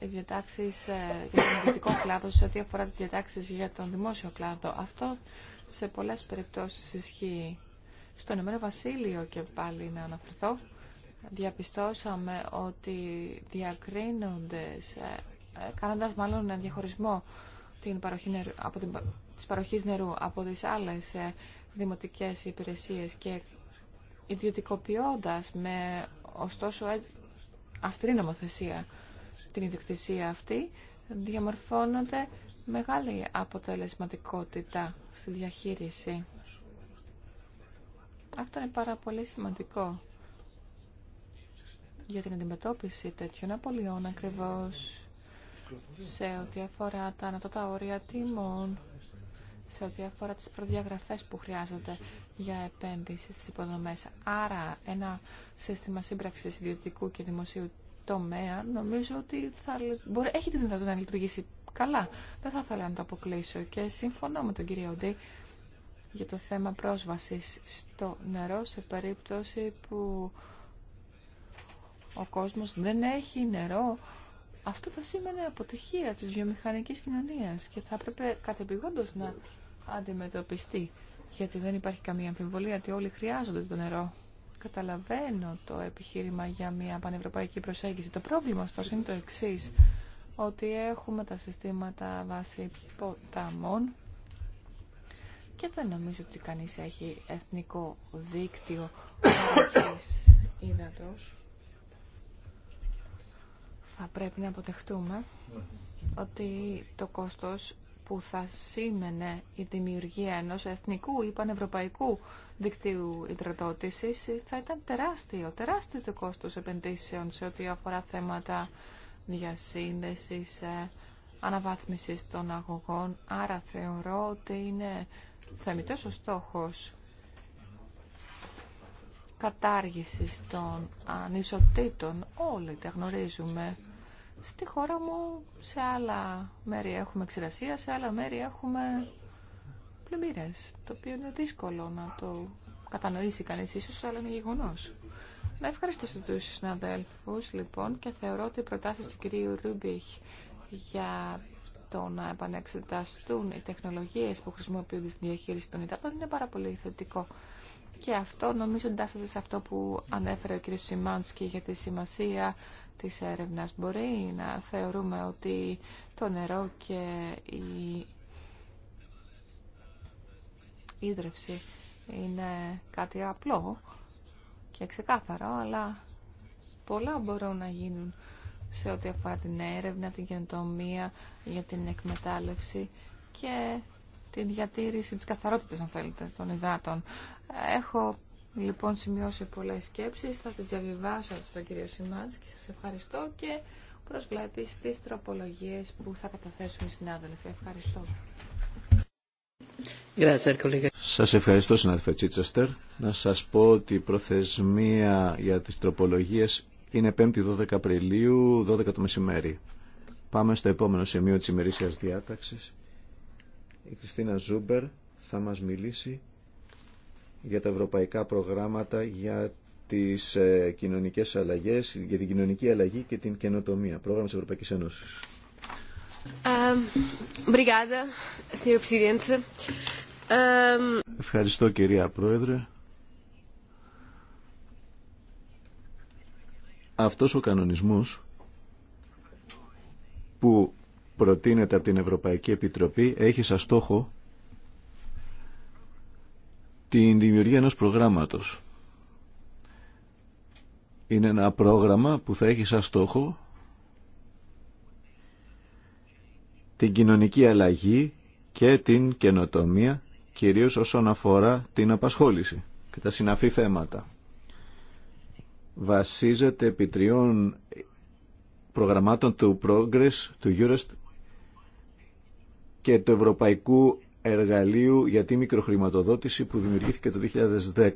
οι διατάξει ε, για τον κλάδο σε ό,τι αφορά τις διατάξεις για τον δημόσιο κλάδο. Αυτό σε πολλές περιπτώσεις ισχύει. στον Ηνωμένο Βασίλειο και πάλι να αναφερθώ, διαπιστώσαμε ότι διακρίνονται, ε, κάνοντας μάλλον ένα διαχωρισμό την παροχή νερού, από την, της παροχής νερού από τις άλλες ε, δημοτικές υπηρεσίες και ιδιωτικοποιώντας με ωστόσο ε, αυστηρή νομοθεσία την ιδιοκτησία αυτή, διαμορφώνονται μεγάλη αποτελεσματικότητα στη διαχείριση. Αυτό είναι πάρα πολύ σημαντικό για την αντιμετώπιση τέτοιων απολειών ακριβώς σε ό,τι αφορά τα ανατοτά όρια τιμών, σε ό,τι αφορά τις προδιαγραφές που χρειάζονται για επένδυση στις υποδομές. Άρα ένα σύστημα σύμπραξης ιδιωτικού και δημοσίου τομέα νομίζω ότι θα, έχει τη δυνατότητα να λειτουργήσει Καλά, δεν θα ήθελα να το αποκλείσω και συμφωνώ με τον κύριο Οντή για το θέμα πρόσβασης στο νερό σε περίπτωση που ο κόσμος δεν έχει νερό. Αυτό θα σήμαινε αποτυχία της βιομηχανικής κοινωνίας και θα έπρεπε κατεπηγόντως να αντιμετωπιστεί γιατί δεν υπάρχει καμία αμφιβολία ότι όλοι χρειάζονται το νερό. Καταλαβαίνω το επιχείρημα για μια πανευρωπαϊκή προσέγγιση. Το πρόβλημα ωστόσο είναι το εξή ότι έχουμε τα συστήματα βάση ποταμών και δεν νομίζω ότι κανείς έχει εθνικό δίκτυο παροχής ύδατος. Θα πρέπει να αποτεχτούμε ότι το κόστος που θα σήμαινε η δημιουργία ενός εθνικού ή πανευρωπαϊκού δικτύου υδροδότησης θα ήταν τεράστιο, τεράστιο το κόστος επενδύσεων σε ό,τι αφορά θέματα για διασύνδεσης, ε, αναβάθμιση των αγωγών. Άρα θεωρώ ότι είναι θεμητός ο στόχος κατάργησης των ανισοτήτων. Όλοι τα γνωρίζουμε. Στη χώρα μου σε άλλα μέρη έχουμε ξηρασία, σε άλλα μέρη έχουμε πλημμύρες, το οποίο είναι δύσκολο να το κατανοήσει κανείς ίσως, αλλά είναι γεγονός. Να ευχαριστήσω τους συναδέλφους λοιπόν και θεωρώ ότι οι προτάσεις του κυρίου Ρούμπιχ για το να επανεξεταστούν οι τεχνολογίες που χρησιμοποιούνται στην διαχείριση των υδάτων είναι πάρα πολύ θετικό. Και αυτό νομίζω εντάσσεται σε αυτό που ανέφερε ο κύριος Σιμάνσκι για τη σημασία της έρευνας. Μπορεί να θεωρούμε ότι το νερό και η ίδρυυση είναι κάτι απλό, και ξεκάθαρο, αλλά πολλά μπορούν να γίνουν σε ό,τι αφορά την έρευνα, την καινοτομία, για την εκμετάλλευση και την διατήρηση της καθαρότητας, αν θέλετε, των υδάτων. Έχω λοιπόν σημειώσει πολλές σκέψεις, θα τις διαβιβάσω στον κύριο Σιμάνς και σας ευχαριστώ και προσβλέπεις τις τροπολογίες που θα καταθέσουν οι συνάδελφοι. Ευχαριστώ. Σας ευχαριστώ συνάδελφε Τσίτσεστερ. Να σας πω ότι η προθεσμία για τις τροπολογίες είναι 5η 12 Απριλίου, 12 το μεσημέρι. Πάμε στο επόμενο σημείο της ημερήσιας διάταξης. Η Κριστίνα Ζούμπερ θα μας μιλήσει για τα ευρωπαϊκά προγράμματα για τις ε, κοινωνικές αλλαγές, για την κοινωνική αλλαγή και την καινοτομία. Πρόγραμμα της Ευρωπαϊκής Ένωσης. Ευχαριστώ κυρία Πρόεδρε. Αυτός ο κανονισμός που προτείνεται από την Ευρωπαϊκή Επιτροπή έχει σαν στόχο την δημιουργία ενός προγράμματος. Είναι ένα πρόγραμμα που θα έχει σαν στόχο την κοινωνική αλλαγή και την καινοτομία κυρίως όσον αφορά την απασχόληση και τα συναφή θέματα. Βασίζεται επί τριών προγραμμάτων του Progress, του Eurest και του Ευρωπαϊκού Εργαλείου για τη Μικροχρηματοδότηση που δημιουργήθηκε το 2010.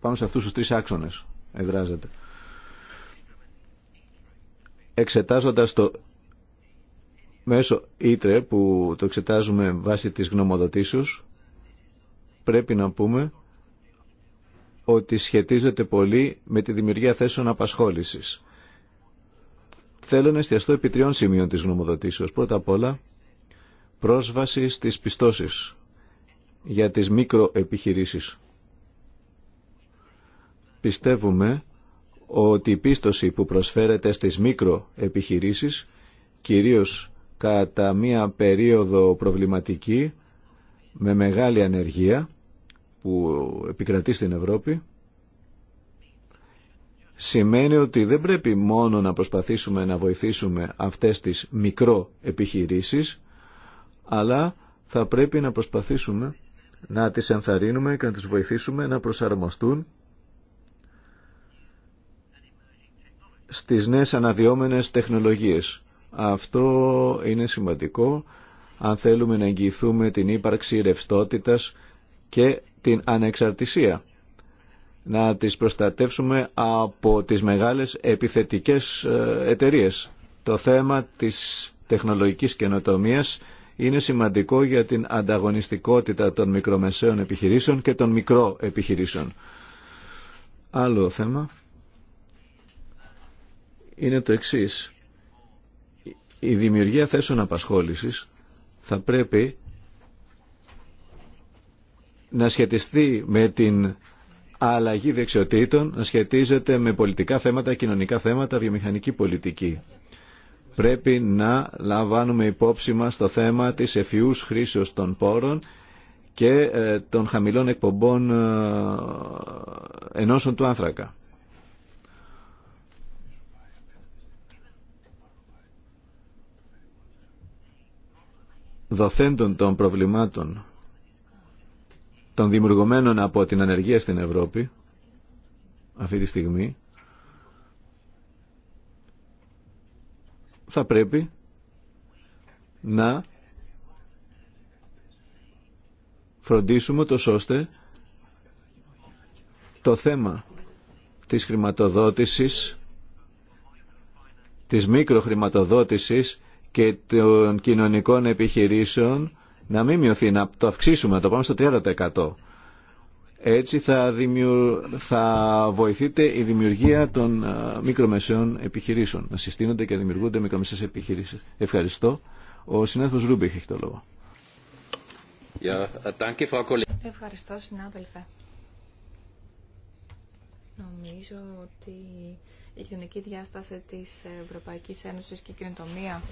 Πάνω σε αυτούς τους τρεις άξονες εδράζεται. Εξετάζοντας το μέσω ήτρε που το εξετάζουμε βάσει της γνωμοδοτήσεως πρέπει να πούμε ότι σχετίζεται πολύ με τη δημιουργία θέσεων απασχόλησης. Θέλω να εστιαστώ επί τριών σημείων της γνωμοδοτήσεως. Πρώτα απ' όλα, πρόσβαση στις πιστώσεις για τις μικροεπιχειρήσεις. Πιστεύουμε ότι η πίστοση που προσφέρεται στις μικροεπιχειρήσεις, κυρίως κατά μία περίοδο προβληματική με μεγάλη ανεργία που επικρατεί στην Ευρώπη σημαίνει ότι δεν πρέπει μόνο να προσπαθήσουμε να βοηθήσουμε αυτές τις μικρό επιχειρήσεις αλλά θα πρέπει να προσπαθήσουμε να τις ενθαρρύνουμε και να τις βοηθήσουμε να προσαρμοστούν στις νέες αναδυόμενες τεχνολογίες αυτό είναι σημαντικό αν θέλουμε να εγγυηθούμε την ύπαρξη ρευστότητας και την ανεξαρτησία. Να τις προστατεύσουμε από τις μεγάλες επιθετικές ε, εταιρείες. Το θέμα της τεχνολογικής καινοτομία είναι σημαντικό για την ανταγωνιστικότητα των μικρομεσαίων επιχειρήσεων και των μικρό επιχειρήσεων. Άλλο θέμα είναι το εξής η δημιουργία θέσεων απασχόλησης θα πρέπει να σχετιστεί με την αλλαγή δεξιοτήτων, να σχετίζεται με πολιτικά θέματα, κοινωνικά θέματα, βιομηχανική πολιτική. Πρέπει να λαμβάνουμε υπόψη μας το θέμα της εφιούς χρήσεως των πόρων και ε, των χαμηλών εκπομπών ε, ενώσεων του άνθρακα. δοθέντων των προβλημάτων των δημιουργωμένων από την ανεργία στην Ευρώπη αυτή τη στιγμή θα πρέπει να φροντίσουμε το ώστε το θέμα της χρηματοδότησης της μικροχρηματοδότησης και των κοινωνικών επιχειρήσεων να μην μειωθεί, να το αυξήσουμε, να το πάμε στο 30%. Έτσι θα, δημιου... θα βοηθείται η δημιουργία των μικρομεσαίων επιχειρήσεων. Να συστήνονται και δημιουργούνται μικρομεσαίες επιχειρήσεις. Ευχαριστώ. Ο συνάδελφος Ρούμπιχ έχει το λόγο. Ευχαριστώ, συνάδελφε. Νομίζω ότι η κοινωνική διάσταση της Ευρωπαϊκής Ένωσης και η κοινωνία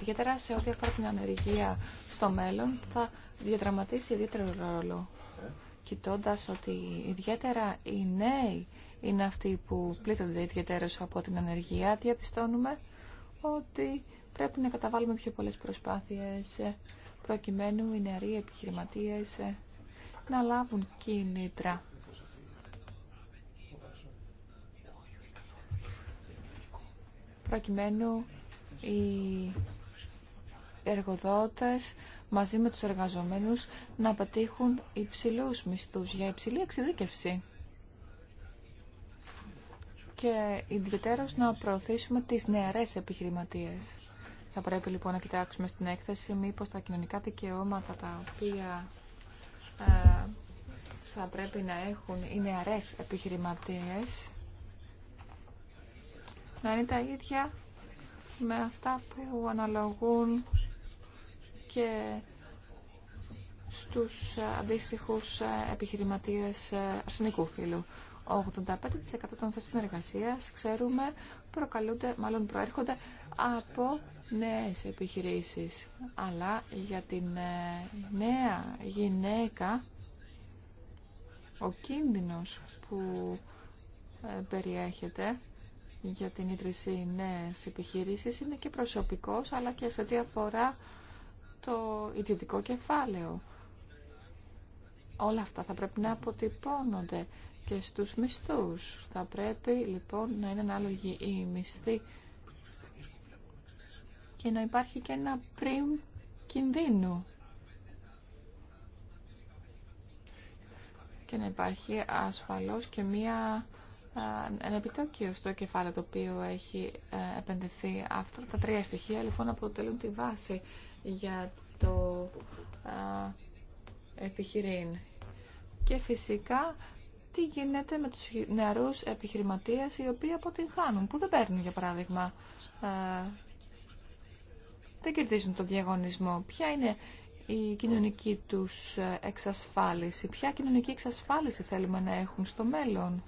ιδιαίτερα σε ό,τι αφορά την ανεργία στο μέλλον, θα διαδραματίσει ιδιαίτερο ρόλο. Κοιτώντα ότι ιδιαίτερα οι νέοι είναι αυτοί που πλήττονται ιδιαίτερω από την ανεργία, διαπιστώνουμε ότι πρέπει να καταβάλουμε πιο πολλές προσπάθειες προκειμένου οι νεαροί επιχειρηματίες να λάβουν κίνητρα. προκειμένου οι εργοδότες μαζί με τους εργαζομένους να πετύχουν υψηλούς μισθούς για υψηλή εξειδίκευση. Και ιδιαίτερως να προωθήσουμε τις νεαρές επιχειρηματίες. Θα πρέπει λοιπόν να κοιτάξουμε στην έκθεση μήπως τα κοινωνικά δικαιώματα τα οποία ε, θα πρέπει να έχουν οι νεαρές επιχειρηματίες να είναι τα ίδια με αυτά που αναλογούν και στους αντίστοιχους επιχειρηματίες αρσενικού φύλου. 85% των θέσεων εργασία ξέρουμε, προκαλούνται, μάλλον προέρχονται από νέες επιχειρήσεις. Αλλά για την ε, νέα γυναίκα, ο κίνδυνος που ε, περιέχεται για την ίδρυση νέες επιχειρήσεις είναι και προσωπικός, αλλά και σε ό,τι αφορά το ιδιωτικό κεφάλαιο. Όλα αυτά θα πρέπει να αποτυπώνονται και στους μισθούς. Θα πρέπει λοιπόν να είναι ανάλογοι οι μισθοί και να υπάρχει και ένα πριν κινδύνου. Και να υπάρχει ασφαλώς και μία, ένα επιτόκιο στο κεφάλαιο το οποίο έχει ε, επενδυθεί. Αυτά τα τρία στοιχεία λοιπόν αποτελούν τη βάση για το επιχειρήν. Και φυσικά τι γίνεται με τους νεαρούς επιχειρηματίες οι οποίοι αποτυγχάνουν, που δεν παίρνουν για παράδειγμα, δεν κερδίζουν τον διαγωνισμό. Ποια είναι η κοινωνική τους εξασφάλιση, ποια κοινωνική εξασφάλιση θέλουμε να έχουν στο μέλλον.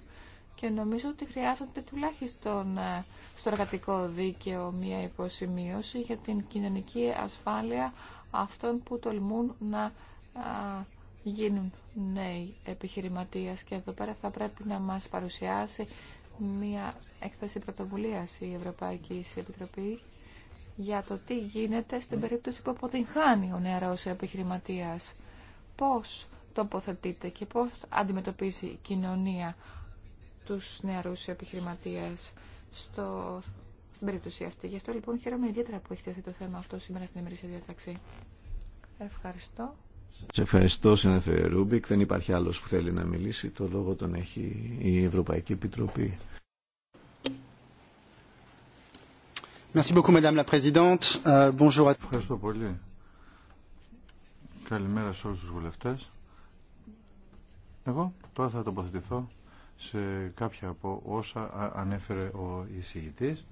Και νομίζω ότι χρειάζεται τουλάχιστον ε, στο εργατικό δίκαιο μία υποσημείωση για την κοινωνική ασφάλεια αυτών που τολμούν να γίνουν νέοι επιχειρηματίες. Και εδώ πέρα θα πρέπει να μας παρουσιάσει μία έκθεση πρωτοβουλίας η Ευρωπαϊκή Επιτροπή για το τι γίνεται στην περίπτωση που αποτυγχάνει ο νεαρός επιχειρηματίας. Πώς τοποθετείται και πώς αντιμετωπίζει η κοινωνία τους νεαρούς επιχειρηματίες στο, στην περίπτωση αυτή. Γι' αυτό λοιπόν χαίρομαι ιδιαίτερα που έχετε θέσει το θέμα αυτό σήμερα στην ημερήσια διαταξή. Ευχαριστώ. Σε ευχαριστώ, συνέφερε Ρούμπικ. Δεν υπάρχει άλλος που θέλει να μιλήσει. Το λόγο τον έχει η Ευρωπαϊκή Επιτροπή. Euh, ευχαριστώ πολύ. Καλημέρα σε όλους τους βουλευτές. Εγώ τώρα θα τοποθετηθώ σε κάποια από όσα ανέφερε ο εισηγητής,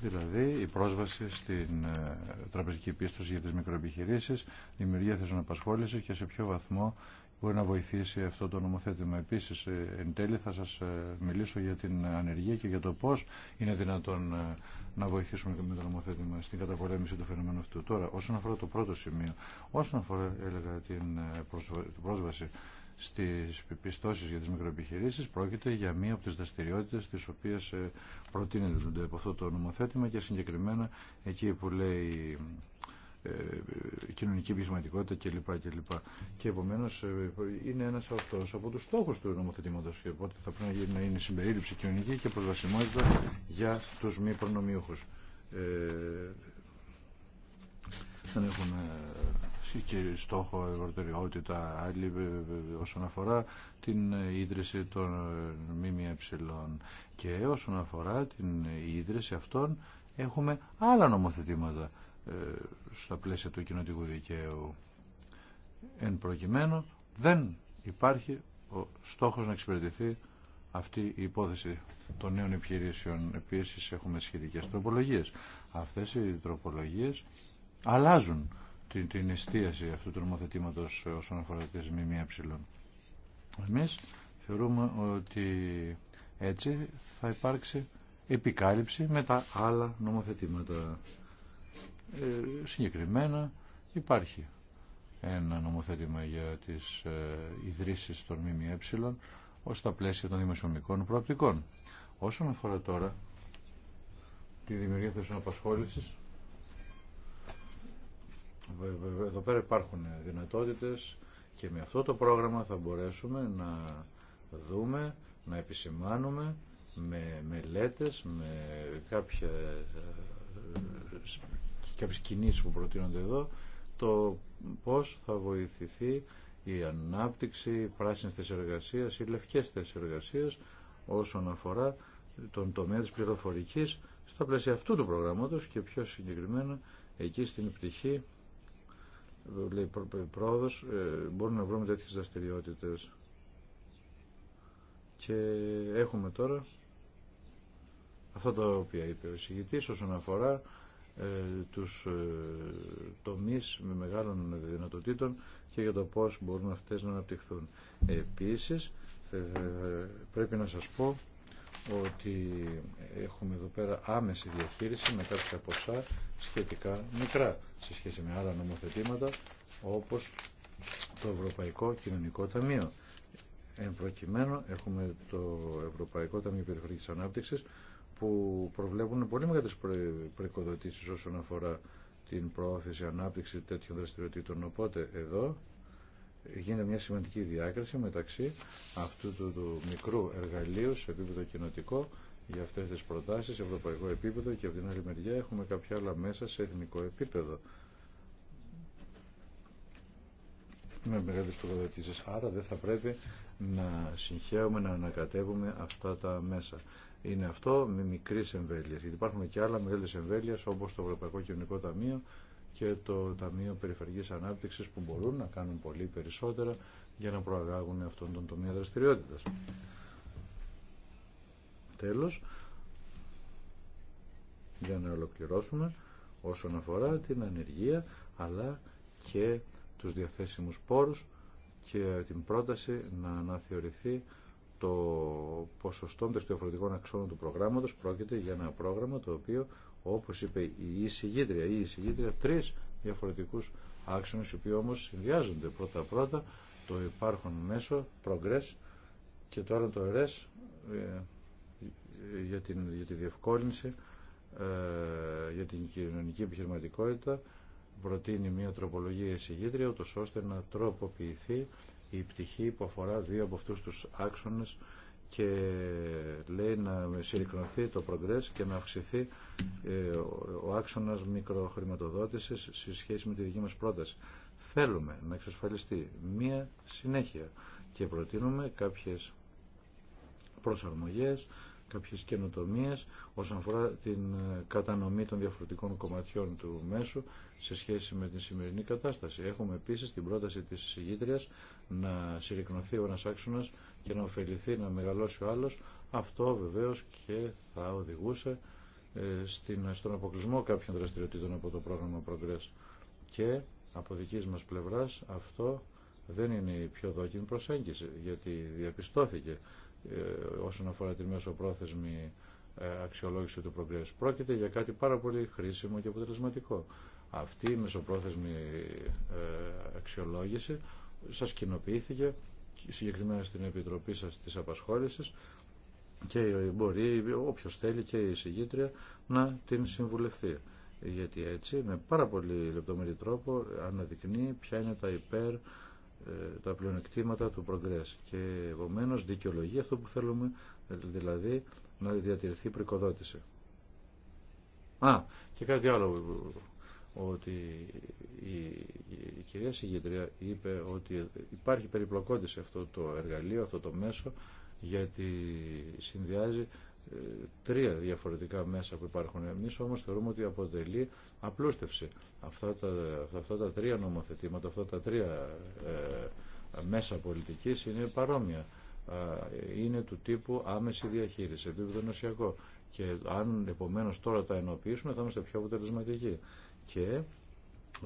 δηλαδή η πρόσβαση στην ε, τραπεζική πίστοση για τις μικροεπιχειρήσεις, δημιουργία θέσεων απασχόληση και σε ποιο βαθμό μπορεί να βοηθήσει αυτό το νομοθέτημα. Επίσης, ε, εν τέλει θα σας ε, μιλήσω για την ανεργία και για το πώς είναι δυνατόν να βοηθήσουμε με το νομοθέτημα στην καταπολέμηση του φαινομένου αυτού. Τώρα, όσον αφορά το πρώτο σημείο, όσον αφορά, έλεγα, την πρόσβαση στις πιστώσει για τις μικροεπιχειρήσει πρόκειται για μία από τι δραστηριότητε, τι οποίε προτείνονται από αυτό το νομοθέτημα και συγκεκριμένα εκεί που λέει ε, ε, κοινωνική πληγματικότητα κλπ. λοιπά Και επομένως ε, είναι ένας αυτό από του στόχους του νομοθετήματο. Οπότε θα πρέπει να είναι συμπερίληψη κοινωνική και προσβασιμότητα για τους μη προνομιούχους. Ε, έχουμε και στόχο ευρωτεριότητα άλλη ε, ε, όσον αφορά την ε, ίδρυση των ΜΜΕ και όσον αφορά την ίδρυση αυτών έχουμε άλλα νομοθετήματα στα πλαίσια του κοινοτικού δικαίου εν προκειμένου δεν υπάρχει ο στόχος να εξυπηρετηθεί αυτή η υπόθεση των νέων επιχειρήσεων. Επίσης έχουμε σχετικές τροπολογίες. Αυτές οι τροπολογίες αλλάζουν την, την εστίαση αυτού του νομοθετήματος όσον αφορά τις ΜΜΕ. Εμείς θεωρούμε ότι έτσι θα υπάρξει επικάλυψη με τα άλλα νομοθετήματα. Ε, συγκεκριμένα υπάρχει ένα νομοθέτημα για τις ε, ιδρύσεις των ΜΜΕ ως τα πλαίσια των δημοσιονομικών προοπτικών. Όσον αφορά τώρα τη δημιουργία θέσεων απασχόλησης, εδώ πέρα υπάρχουν δυνατότητες και με αυτό το πρόγραμμα θα μπορέσουμε να δούμε, να επισημάνουμε με μελέτες, με κάποια, ε, κάποιες κινήσεις που προτείνονται εδώ, το πώς θα βοηθηθεί η ανάπτυξη πράσινης της εργασίας ή λευκές της εργασίας όσον αφορά τον τομέα της πληροφορικής στα πλαίσια αυτού του προγράμματος και πιο συγκεκριμένα εκεί στην πτυχή λέει πρόοδος, ε, μπορούμε να βρούμε τέτοιες δραστηριότητες. Και έχουμε τώρα αυτά τα οποία είπε ο εισηγητής όσον αφορά ε, τους ε, τομείς με μεγάλων δυνατοτήτων και για το πώς μπορούν αυτές να αναπτυχθούν. Επίσης, πρέπει να σας πω ότι έχουμε εδώ πέρα άμεση διαχείριση με κάποια ποσά σχετικά μικρά σε σχέση με άλλα νομοθετήματα όπως το Ευρωπαϊκό Κοινωνικό Ταμείο. Εν προκειμένου έχουμε το Ευρωπαϊκό Ταμείο Περιφερειακής Ανάπτυξης που προβλέπουν πολύ μεγάλες προοικοδοτήσεις όσον αφορά την προώθηση ανάπτυξη τέτοιων δραστηριοτήτων. Οπότε εδώ γίνεται μια σημαντική διάκριση μεταξύ αυτού του, μικρού εργαλείου σε επίπεδο κοινοτικό για αυτές τις προτάσεις σε ευρωπαϊκό επίπεδο και από την άλλη μεριά έχουμε κάποια άλλα μέσα σε εθνικό επίπεδο. με μεγάλες προκατακτήσεις. Άρα δεν θα πρέπει να συγχαίουμε, να ανακατεύουμε αυτά τα μέσα. Είναι αυτό με μικρή εμβέλεια. Γιατί υπάρχουν και άλλα μεγάλες εμβέλειες όπως το Ευρωπαϊκό Κοινωνικό Ταμείο και το Ταμείο Περιφερειακής Ανάπτυξης που μπορούν να κάνουν πολύ περισσότερα για να προαγάγουν αυτόν τον τομέα δραστηριότητας. Τέλος, για να ολοκληρώσουμε όσον αφορά την ανεργία αλλά και τους διαθέσιμους πόρους και την πρόταση να αναθεωρηθεί το ποσοστό των διαφορετικών αξώνων του προγράμματος πρόκειται για ένα πρόγραμμα το οποίο όπως είπε η εισηγήτρια, η εισηγήτρια τρεις διαφορετικούς άξονες οι οποίοι όμως συνδυάζονται πρώτα-πρώτα το υπάρχον μέσο, progress και τώρα το ΕΡΕΣ για, την, για τη διευκόλυνση, ε, για την κοινωνική επιχειρηματικότητα προτείνει μια τροπολογία εισηγήτρια ώστε να τροποποιηθεί η πτυχή που αφορά δύο από αυτούς τους άξονες και λέει να συρρυκνωθεί το προγκρές και να αυξηθεί ε, ο άξονας μικροχρηματοδότησης σε σχέση με τη δική μας πρόταση. Θέλουμε να εξασφαλιστεί μία συνέχεια και προτείνουμε κάποιες προσαρμογές, κάποιες καινοτομίες όσον αφορά την ε, κατανομή των διαφορετικών κομματιών του μέσου σε σχέση με την σημερινή κατάσταση. Έχουμε επίσης την πρόταση της συγγήτριας να συρρυκνωθεί ο ένας άξονας και να ωφεληθεί να μεγαλώσει ο άλλος, αυτό βεβαίως και θα οδηγούσε ε, στην, στον αποκλεισμό κάποιων δραστηριοτήτων από το πρόγραμμα Progress. Και από δική μας πλευράς αυτό δεν είναι η πιο δόκιμη προσέγγιση, γιατί διαπιστώθηκε ε, όσον αφορά τη μέσοπρόθεσμη ε, αξιολόγηση του Progress. Πρόκειται για κάτι πάρα πολύ χρήσιμο και αποτελεσματικό. Αυτή η μεσοπρόθεσμη αξιολόγηση σας κοινοποιήθηκε συγκεκριμένα στην Επιτροπή σας της Απασχόλησης και μπορεί όποιος θέλει και η συγκήτρια να την συμβουλευτεί. Γιατί έτσι με πάρα πολύ λεπτομερή τρόπο αναδεικνύει ποια είναι τα υπέρ ε, τα πλεονεκτήματα του προγκρές και επομένω δικαιολογεί αυτό που θέλουμε δηλαδή να διατηρηθεί η πρικοδότηση. Α, και κάτι άλλο ότι η κυρία Συγγεντρία είπε ότι υπάρχει περιπλοκότητα σε αυτό το εργαλείο, αυτό το μέσο, γιατί συνδυάζει ε, τρία διαφορετικά μέσα που υπάρχουν. Εμεί, όμως θεωρούμε ότι αποτελεί απλούστευση. Αυτά τα, αυτά τα τρία νομοθετήματα, αυτά τα τρία ε, μέσα πολιτικής είναι παρόμοια. Είναι του τύπου άμεση διαχείριση, επίπεδο νοσιακό. Και αν επομένω τώρα τα ενοποιήσουμε θα είμαστε πιο αποτελεσματικοί και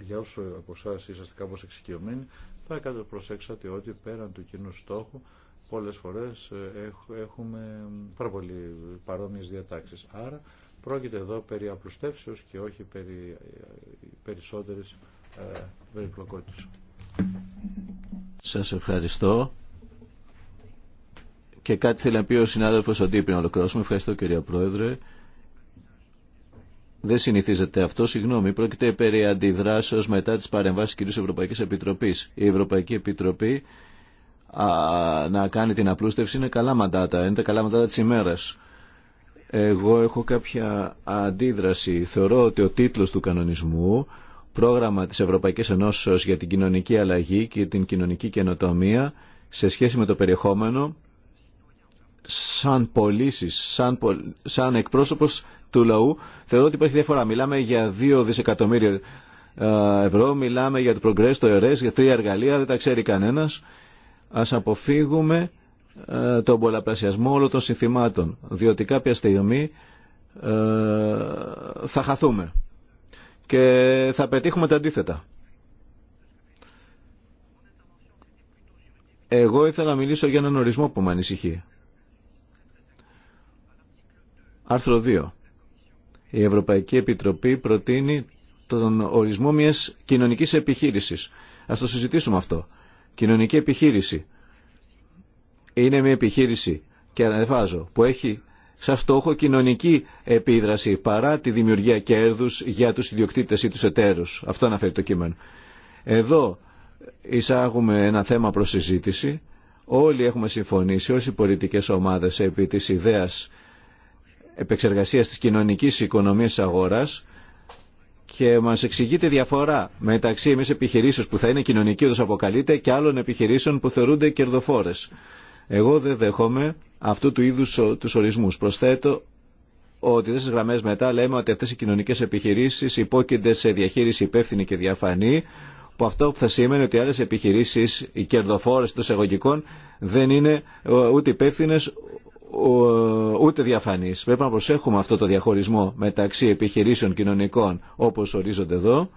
για όσο από εσά είσαστε κάπως εξοικειωμένοι θα προσέξατε ότι πέραν του κοινού στόχου πολλές φορές ε, έχουμε πάρα πολύ παρόμοιες διατάξεις. Άρα πρόκειται εδώ περί απλουστεύσεως και όχι περί ε, περισσότερης ε, περιπλοκότητας. Σας ευχαριστώ. Και κάτι θέλει να πει ο συνάδελφος Οντύπη να ολοκληρώσουμε. Ευχαριστώ κυρία Πρόεδρε. Δεν συνηθίζεται αυτό, συγγνώμη. Πρόκειται περί αντιδράσεω μετά τι παρεμβάσει κυρίω Ευρωπαϊκή Επιτροπή. Η Ευρωπαϊκή Επιτροπή α, να κάνει την απλούστευση είναι καλά μαντάτα, είναι τα καλά μαντάτα τη ημέρα. Εγώ έχω κάποια αντίδραση. Θεωρώ ότι ο τίτλος του κανονισμού, πρόγραμμα της Ευρωπαϊκής Ενώσεως για την κοινωνική αλλαγή και την κοινωνική καινοτομία, σε σχέση με το περιεχόμενο, σαν πωλήσει, σαν, σαν του λαού, θεωρώ ότι υπάρχει διαφορά. Μιλάμε για 2 δισεκατομμύρια ε, ευρώ, μιλάμε για το Progress, το ΕΡΕΣ, για τρία εργαλεία, δεν τα ξέρει κανένα. Α αποφύγουμε ε, τον πολλαπλασιασμό όλων των συνθημάτων, διότι κάποια στιγμή ε, θα χαθούμε και θα πετύχουμε τα αντίθετα. Εγώ ήθελα να μιλήσω για έναν ορισμό που με ανησυχεί. Άρθρο 2. Η Ευρωπαϊκή Επιτροπή προτείνει τον ορισμό μιας κοινωνικής επιχείρησης. Ας το συζητήσουμε αυτό. Κοινωνική επιχείρηση είναι μια επιχείρηση και ανεβάζω που έχει σαν στόχο κοινωνική επίδραση παρά τη δημιουργία κέρδους για τους ιδιοκτήτες ή τους εταίρους. Αυτό αναφέρει το κείμενο. Εδώ εισάγουμε ένα θέμα προς συζήτηση. Όλοι έχουμε συμφωνήσει, όσοι πολιτικές ομάδες επί της ιδέας επεξεργασίας της κοινωνικής οικονομίας αγοράς και μας εξηγεί τη διαφορά μεταξύ εμείς επιχειρήσεων που θα είναι κοινωνική όπως αποκαλείται και άλλων επιχειρήσεων που θεωρούνται κερδοφόρες. Εγώ δεν δέχομαι αυτού του είδους τους ορισμούς. Προσθέτω ότι τέσσερι γραμμές μετά λέμε ότι αυτέ οι κοινωνικές επιχειρήσεις υπόκεινται σε διαχείριση υπεύθυνη και διαφανή, που αυτό που θα σημαίνει ότι άλλες επιχειρήσεις οι κερδοφόρε των εισαγωγικών, δεν είναι ε, ούτε υπεύθυνε ούτε διαφανής. Πρέπει να προσέχουμε αυτό το διαχωρισμό μεταξύ επιχειρήσεων κοινωνικών όπως ορίζονται εδώ.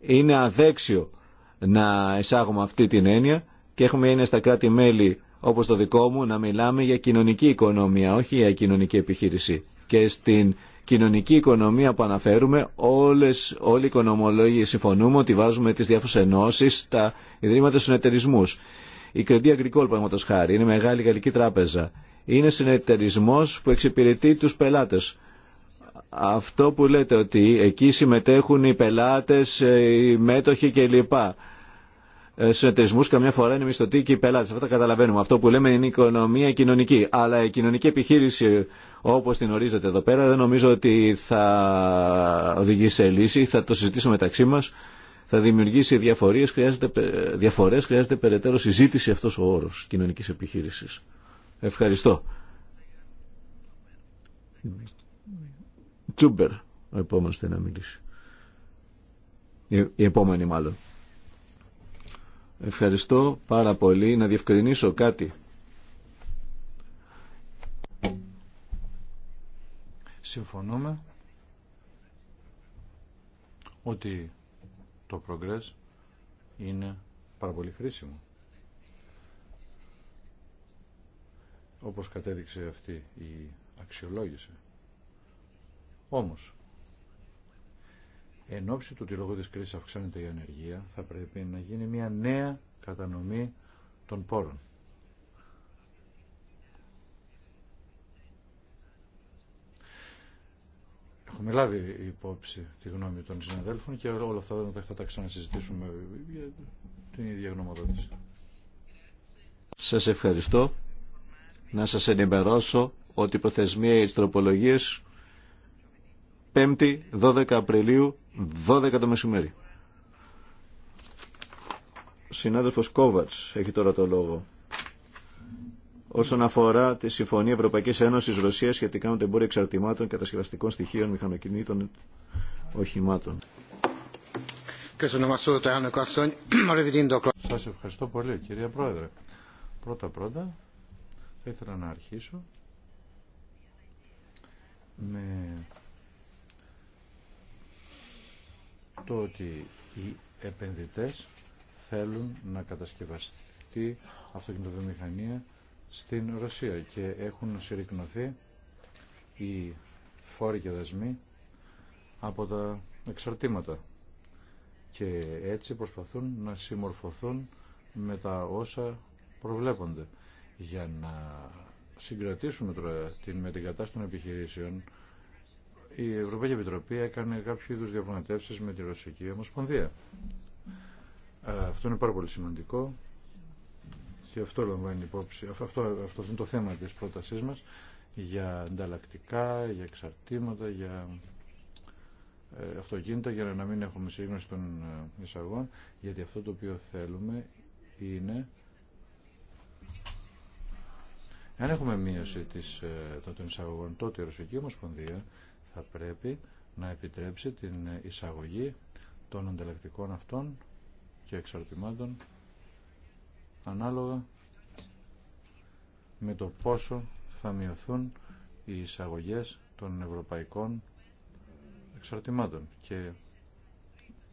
Είναι αδέξιο να εισάγουμε αυτή την έννοια και έχουμε έννοια στα κράτη-μέλη όπως το δικό μου να μιλάμε για κοινωνική οικονομία, όχι για κοινωνική επιχείρηση. Και στην κοινωνική οικονομία που αναφέρουμε, όλες, όλοι οι οικονομολόγοι συμφωνούμε ότι βάζουμε τις διάφορες ενώσεις, τα ιδρύματα συνεταιρισμούς. Η Credit Agricole, παραδείγματο χάρη, είναι μεγάλη γαλλική τράπεζα. Είναι συνεταιρισμό που εξυπηρετεί του πελάτε. Αυτό που λέτε ότι εκεί συμμετέχουν οι πελάτε, ε, οι μέτοχοι κλπ. Ε, Συνεταιρισμού καμιά φορά είναι μισθωτοί και οι πελάτε. Αυτό τα καταλαβαίνουμε. Αυτό που λέμε είναι η οικονομία κοινωνική. Αλλά η κοινωνική επιχείρηση όπω την ορίζετε εδώ πέρα δεν νομίζω ότι θα οδηγήσει σε λύση. Θα το συζητήσουμε μεταξύ μα θα δημιουργήσει διαφορίες, χρειάζεται, διαφορές, χρειάζεται περαιτέρω συζήτηση αυτός ο όρος κοινωνικής επιχείρησης. Ευχαριστώ. Τσούμπερ, ο επόμενος θέλει να μιλήσει. Η επόμενη μάλλον. Ευχαριστώ πάρα πολύ. Να διευκρινίσω κάτι. Συμφωνούμε ότι το Progress είναι πάρα πολύ χρήσιμο. Όπως κατέδειξε αυτή η αξιολόγηση. Όμως, εν ώψη του ότι λόγω της κρίσης αυξάνεται η ανεργία, θα πρέπει να γίνει μια νέα κατανομή των πόρων. Έχουμε λάβει υπόψη τη γνώμη των συναδέλφων και όλα αυτά θα τα ξανασυζητήσουμε για την ίδια γνωμοδότηση. Σας ευχαριστώ. Να σας ενημερώσω ότι η προθεσμία της τροπολογίας 5η 12 Απριλίου 12 το μεσημέρι. Συνάδελφος Κόβατς έχει τώρα το λόγο όσον αφορά τη Συμφωνία Ευρωπαϊκής Ένωσης Ρωσία σχετικά με το εμπόριο εξαρτημάτων κατασκευαστικών στοιχείων μηχανοκινήτων οχημάτων. Σα ευχαριστώ πολύ κυρία Πρόεδρε. Πρώτα πρώτα θα ήθελα να αρχίσω με το ότι οι επενδυτές θέλουν να κατασκευαστεί αυτοκινητοβιομηχανία στην Ρωσία και έχουν συρρυκνωθεί οι φόροι και δεσμοί από τα εξαρτήματα και έτσι προσπαθούν να συμμορφωθούν με τα όσα προβλέπονται για να συγκρατήσουμε τώρα την μετεγκατάσταση των επιχειρήσεων η Ευρωπαϊκή Επιτροπή έκανε κάποιο είδους διαπραγματεύσεις με τη Ρωσική Ομοσπονδία. Αυτό είναι πάρα πολύ σημαντικό αυτό λαμβάνει υπόψη. Αυτό, αυτό είναι το θέμα της πρότασής μας για ανταλλακτικά, για εξαρτήματα, για ε, αυτοκίνητα για να μην έχουμε σύγνωση των ε, εισαγών γιατί αυτό το οποίο θέλουμε είναι αν έχουμε μείωση της, ε, των εισαγωγών τότε η Ρωσική Ομοσπονδία θα πρέπει να επιτρέψει την εισαγωγή των ανταλλακτικών αυτών και εξαρτημάτων ανάλογα με το πόσο θα μειωθούν οι εισαγωγές των ευρωπαϊκών εξαρτημάτων και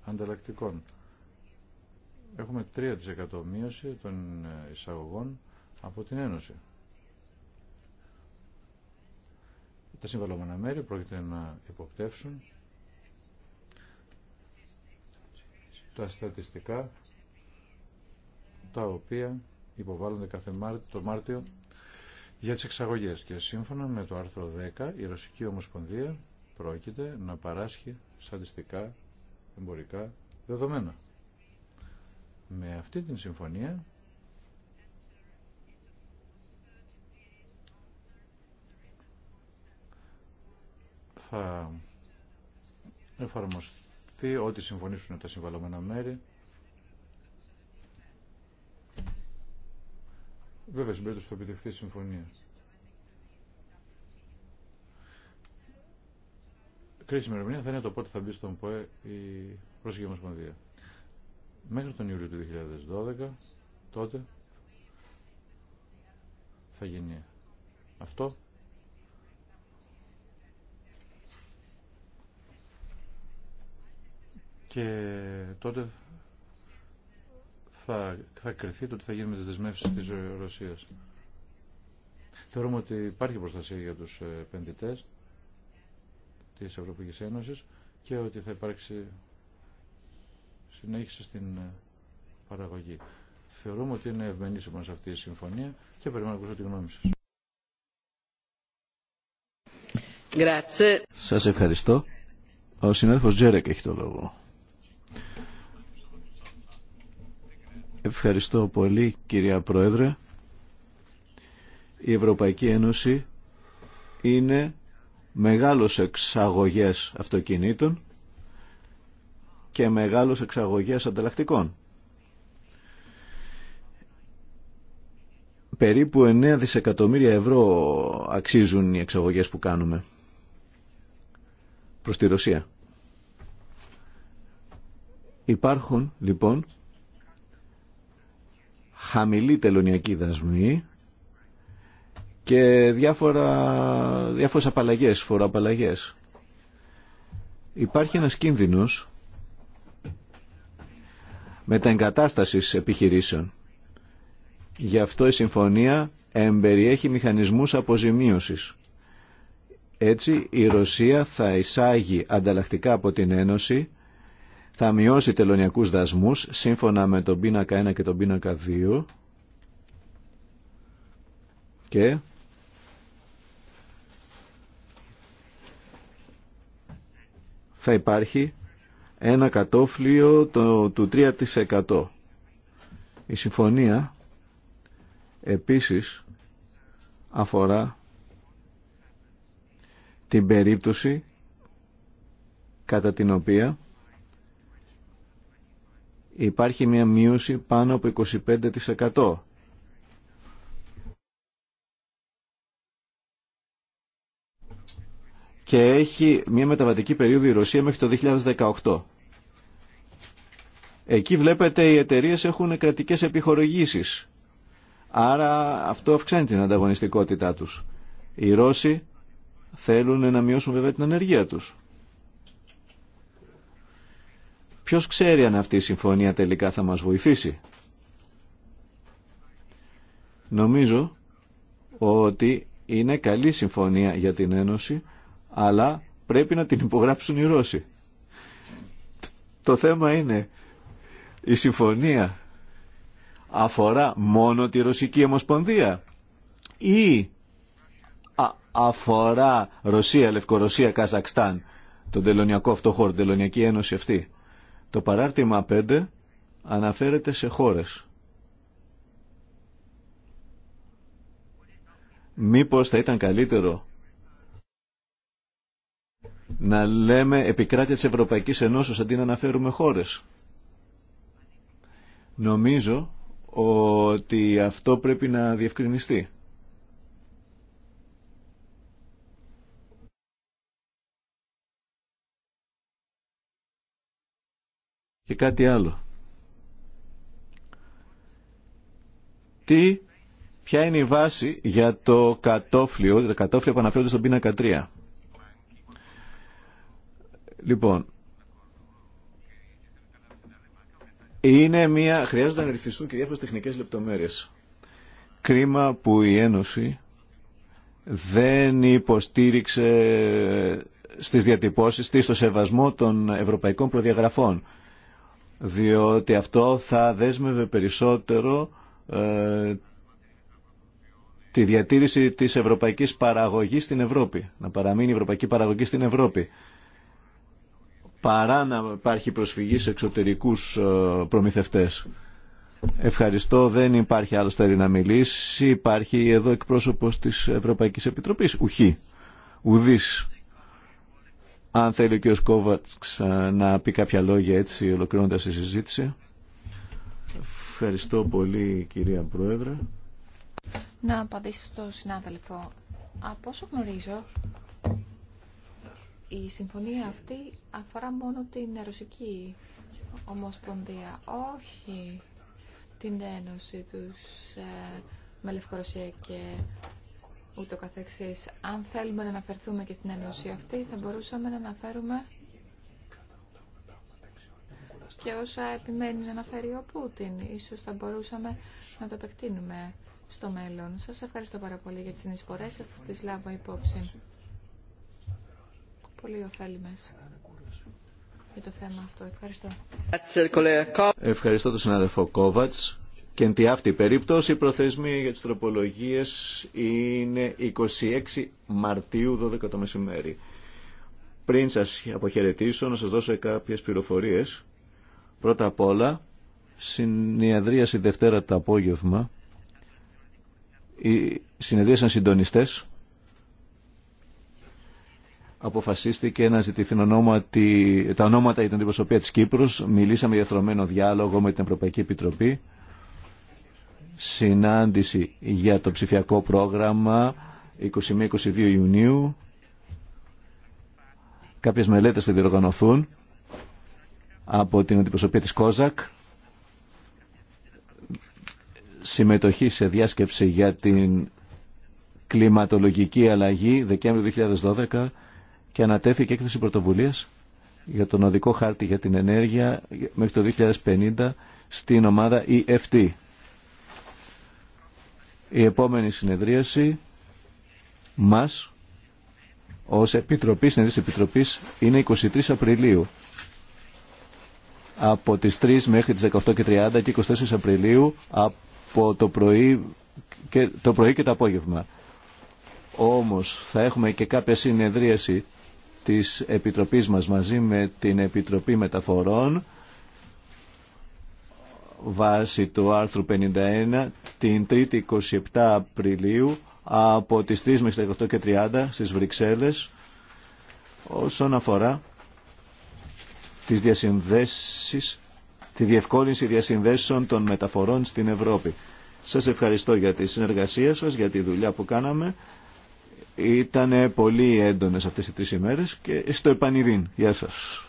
ανταλλακτικών. Έχουμε 3% μείωση των εισαγωγών από την Ένωση. Τα συμβαλώμενα μέρη πρόκειται να υποπτεύσουν τα στατιστικά τα οποία υποβάλλονται κάθε Μάρτιο, το Μάρτιο για τις εξαγωγές και σύμφωνα με το άρθρο 10 η Ρωσική Ομοσπονδία πρόκειται να παράσχει στατιστικά εμπορικά δεδομένα. Με αυτή την συμφωνία θα εφαρμοστεί ό,τι συμφωνήσουν τα συμβαλλομένα μέρη Βέβαια, στην περίπτωση που επιτευχθεί η συμφωνία. Κρίσιμη ημερομηνία θα είναι το πότε θα μπει στον ΠΟΕ η Ρωσική Ομοσπονδία. Μέχρι τον Ιούλιο του 2012, τότε θα γίνει αυτό. Και τότε θα, θα κρυθεί το τι θα γίνει με τις δεσμεύσεις της Ρωσίας. Θεωρούμε ότι υπάρχει προστασία για τους ε, επενδυτές της Ευρωπαϊκής Ένωσης και ότι θα υπάρξει συνέχιση στην ε, παραγωγή. Θεωρούμε ότι είναι ευμενής μας αυτή η συμφωνία και περιμένω να ακούσω τη γνώμη σας. Σας ευχαριστώ. Ο συνέδριος Τζέρεκ έχει το λόγο. Ευχαριστώ πολύ κυρία Πρόεδρε. Η Ευρωπαϊκή Ένωση είναι μεγάλος εξαγωγές αυτοκινήτων και μεγάλος εξαγωγές ανταλλακτικών. Περίπου 9 δισεκατομμύρια ευρώ αξίζουν οι εξαγωγές που κάνουμε προς τη Ρωσία. Υπάρχουν λοιπόν χαμηλή τελωνιακή δασμή και διάφορα, διάφορες απαλλαγές, φοροαπαλλαγές. Υπάρχει ένας κίνδυνος μεταεγκατάστασης επιχειρήσεων. Γι' αυτό η συμφωνία εμπεριέχει μηχανισμούς αποζημίωσης. Έτσι η Ρωσία θα εισάγει ανταλλακτικά από την Ένωση θα μειώσει τελωνιακούς δασμούς σύμφωνα με τον πίνακα 1 και τον πίνακα 2 και θα υπάρχει ένα κατόφλιο το, του 3%. Η συμφωνία επίσης αφορά την περίπτωση κατά την οποία υπάρχει μια μείωση πάνω από 25%. Και έχει μια μεταβατική περίοδο η Ρωσία μέχρι το 2018. Εκεί βλέπετε οι εταιρείες έχουν κρατικές επιχορηγήσεις. Άρα αυτό αυξάνει την ανταγωνιστικότητά τους. Οι Ρώσοι θέλουν να μειώσουν βέβαια την ανεργία τους. Ποιος ξέρει αν αυτή η συμφωνία τελικά θα μας βοηθήσει. Νομίζω ότι είναι καλή συμφωνία για την Ένωση, αλλά πρέπει να την υπογράψουν οι Ρώσοι. Το θέμα είναι, η συμφωνία αφορά μόνο τη Ρωσική Ομοσπονδία ή αφορά Ρωσία, Λευκορωσία, Καζακστάν, τον τελωνιακό αυτό χώρο, την τελωνιακή ένωση αυτή. Το παράρτημα 5 αναφέρεται σε χώρες. Μήπως θα ήταν καλύτερο να λέμε επικράτεια της Ευρωπαϊκής Ενώσης αντί να αναφέρουμε χώρες. Νομίζω ότι αυτό πρέπει να διευκρινιστεί. Και κάτι άλλο. Τι, ποια είναι η βάση για το κατόφλιο, το κατόφλιο που αναφέρονται στον πίνακα 3. Λοιπόν, είναι μια, χρειάζεται να ρυθιστούν και διάφορες τεχνικές λεπτομέρειες. Κρίμα που η Ένωση δεν υποστήριξε στις διατυπώσεις της στο σεβασμό των ευρωπαϊκών προδιαγραφών διότι αυτό θα δέσμευε περισσότερο ε, τη διατήρηση της ευρωπαϊκής παραγωγής στην Ευρώπη, να παραμείνει η ευρωπαϊκή παραγωγή στην Ευρώπη, παρά να υπάρχει προσφυγή σε εξωτερικούς ε, προμηθευτές. Ευχαριστώ, δεν υπάρχει άλλο θέλει να μιλήσει, υπάρχει εδώ εκπρόσωπος της Ευρωπαϊκής Επιτροπής, ουχή, ουδής. Αν θέλει ο κ. Ε, να πει κάποια λόγια έτσι ολοκληρώνοντας τη συζήτηση. Ευχαριστώ πολύ κυρία Πρόεδρε. Να απαντήσω στον συνάδελφο. Από όσο γνωρίζω, η συμφωνία αυτή αφορά μόνο την ρωσική ομοσπονδία, όχι την ένωση τους ε, με Λευκορωσία και ούτω καθεξής. Αν θέλουμε να αναφερθούμε και στην Ένωση αυτή, θα μπορούσαμε να αναφέρουμε και όσα επιμένει να αναφέρει ο Πούτιν. Ίσως θα μπορούσαμε να το επεκτείνουμε στο μέλλον. Σας ευχαριστώ πάρα πολύ για τις συνεισφορές σας, θα τις λάβω υπόψη. Πολύ ωφέλιμες για το θέμα αυτό. Ευχαριστώ. Ευχαριστώ τον συνάδελφο Κόβατς. Και εν τη αυτή περίπτωση οι προθέσμοι για τις τροπολογίες είναι 26 Μαρτίου 12 το μεσημέρι. Πριν σας αποχαιρετήσω να σας δώσω κάποιες πληροφορίες. Πρώτα απ' όλα, συνεδρίαση Δευτέρα το απόγευμα, οι συνεδρίασαν συντονιστές, αποφασίστηκε να ζητηθούν ονόματι, τα ονόματα για την αντιπροσωπεία της Κύπρου. Μιλήσαμε για διάλογο με την Ευρωπαϊκή Επιτροπή συνάντηση για το ψηφιακό πρόγραμμα 21-22 Ιουνίου. Κάποιες μελέτες θα διοργανωθούν από την αντιπροσωπεία της ΚΟΖΑΚ. Συμμετοχή σε διάσκεψη για την κλιματολογική αλλαγή Δεκέμβριο 2012 και ανατέθηκε έκθεση πρωτοβουλίας για τον οδικό χάρτη για την ενέργεια μέχρι το 2050 στην ομάδα EFT. Η επόμενη συνεδρίαση μας ως Επιτροπή, συνεδρίαση Επιτροπής είναι 23 Απριλίου από τις 3 μέχρι τις 18.30 και 24 Απριλίου από το πρωί και, το πρωί και το απόγευμα. Όμως θα έχουμε και κάποια συνεδρίαση της Επιτροπής μας μαζί με την Επιτροπή Μεταφορών βάση του άρθρου 51 την 3η 27 Απριλίου από τις 3 μέχρι τα 8 και 30 στις Βρυξέλλες όσον αφορά τις διασυνδέσεις, τη διευκόλυνση διασυνδέσεων των μεταφορών στην Ευρώπη. Σας ευχαριστώ για τη συνεργασία σας, για τη δουλειά που κάναμε. Ήταν πολύ έντονες αυτές οι τρεις ημέρες και στο επανειδήν. Γεια σας.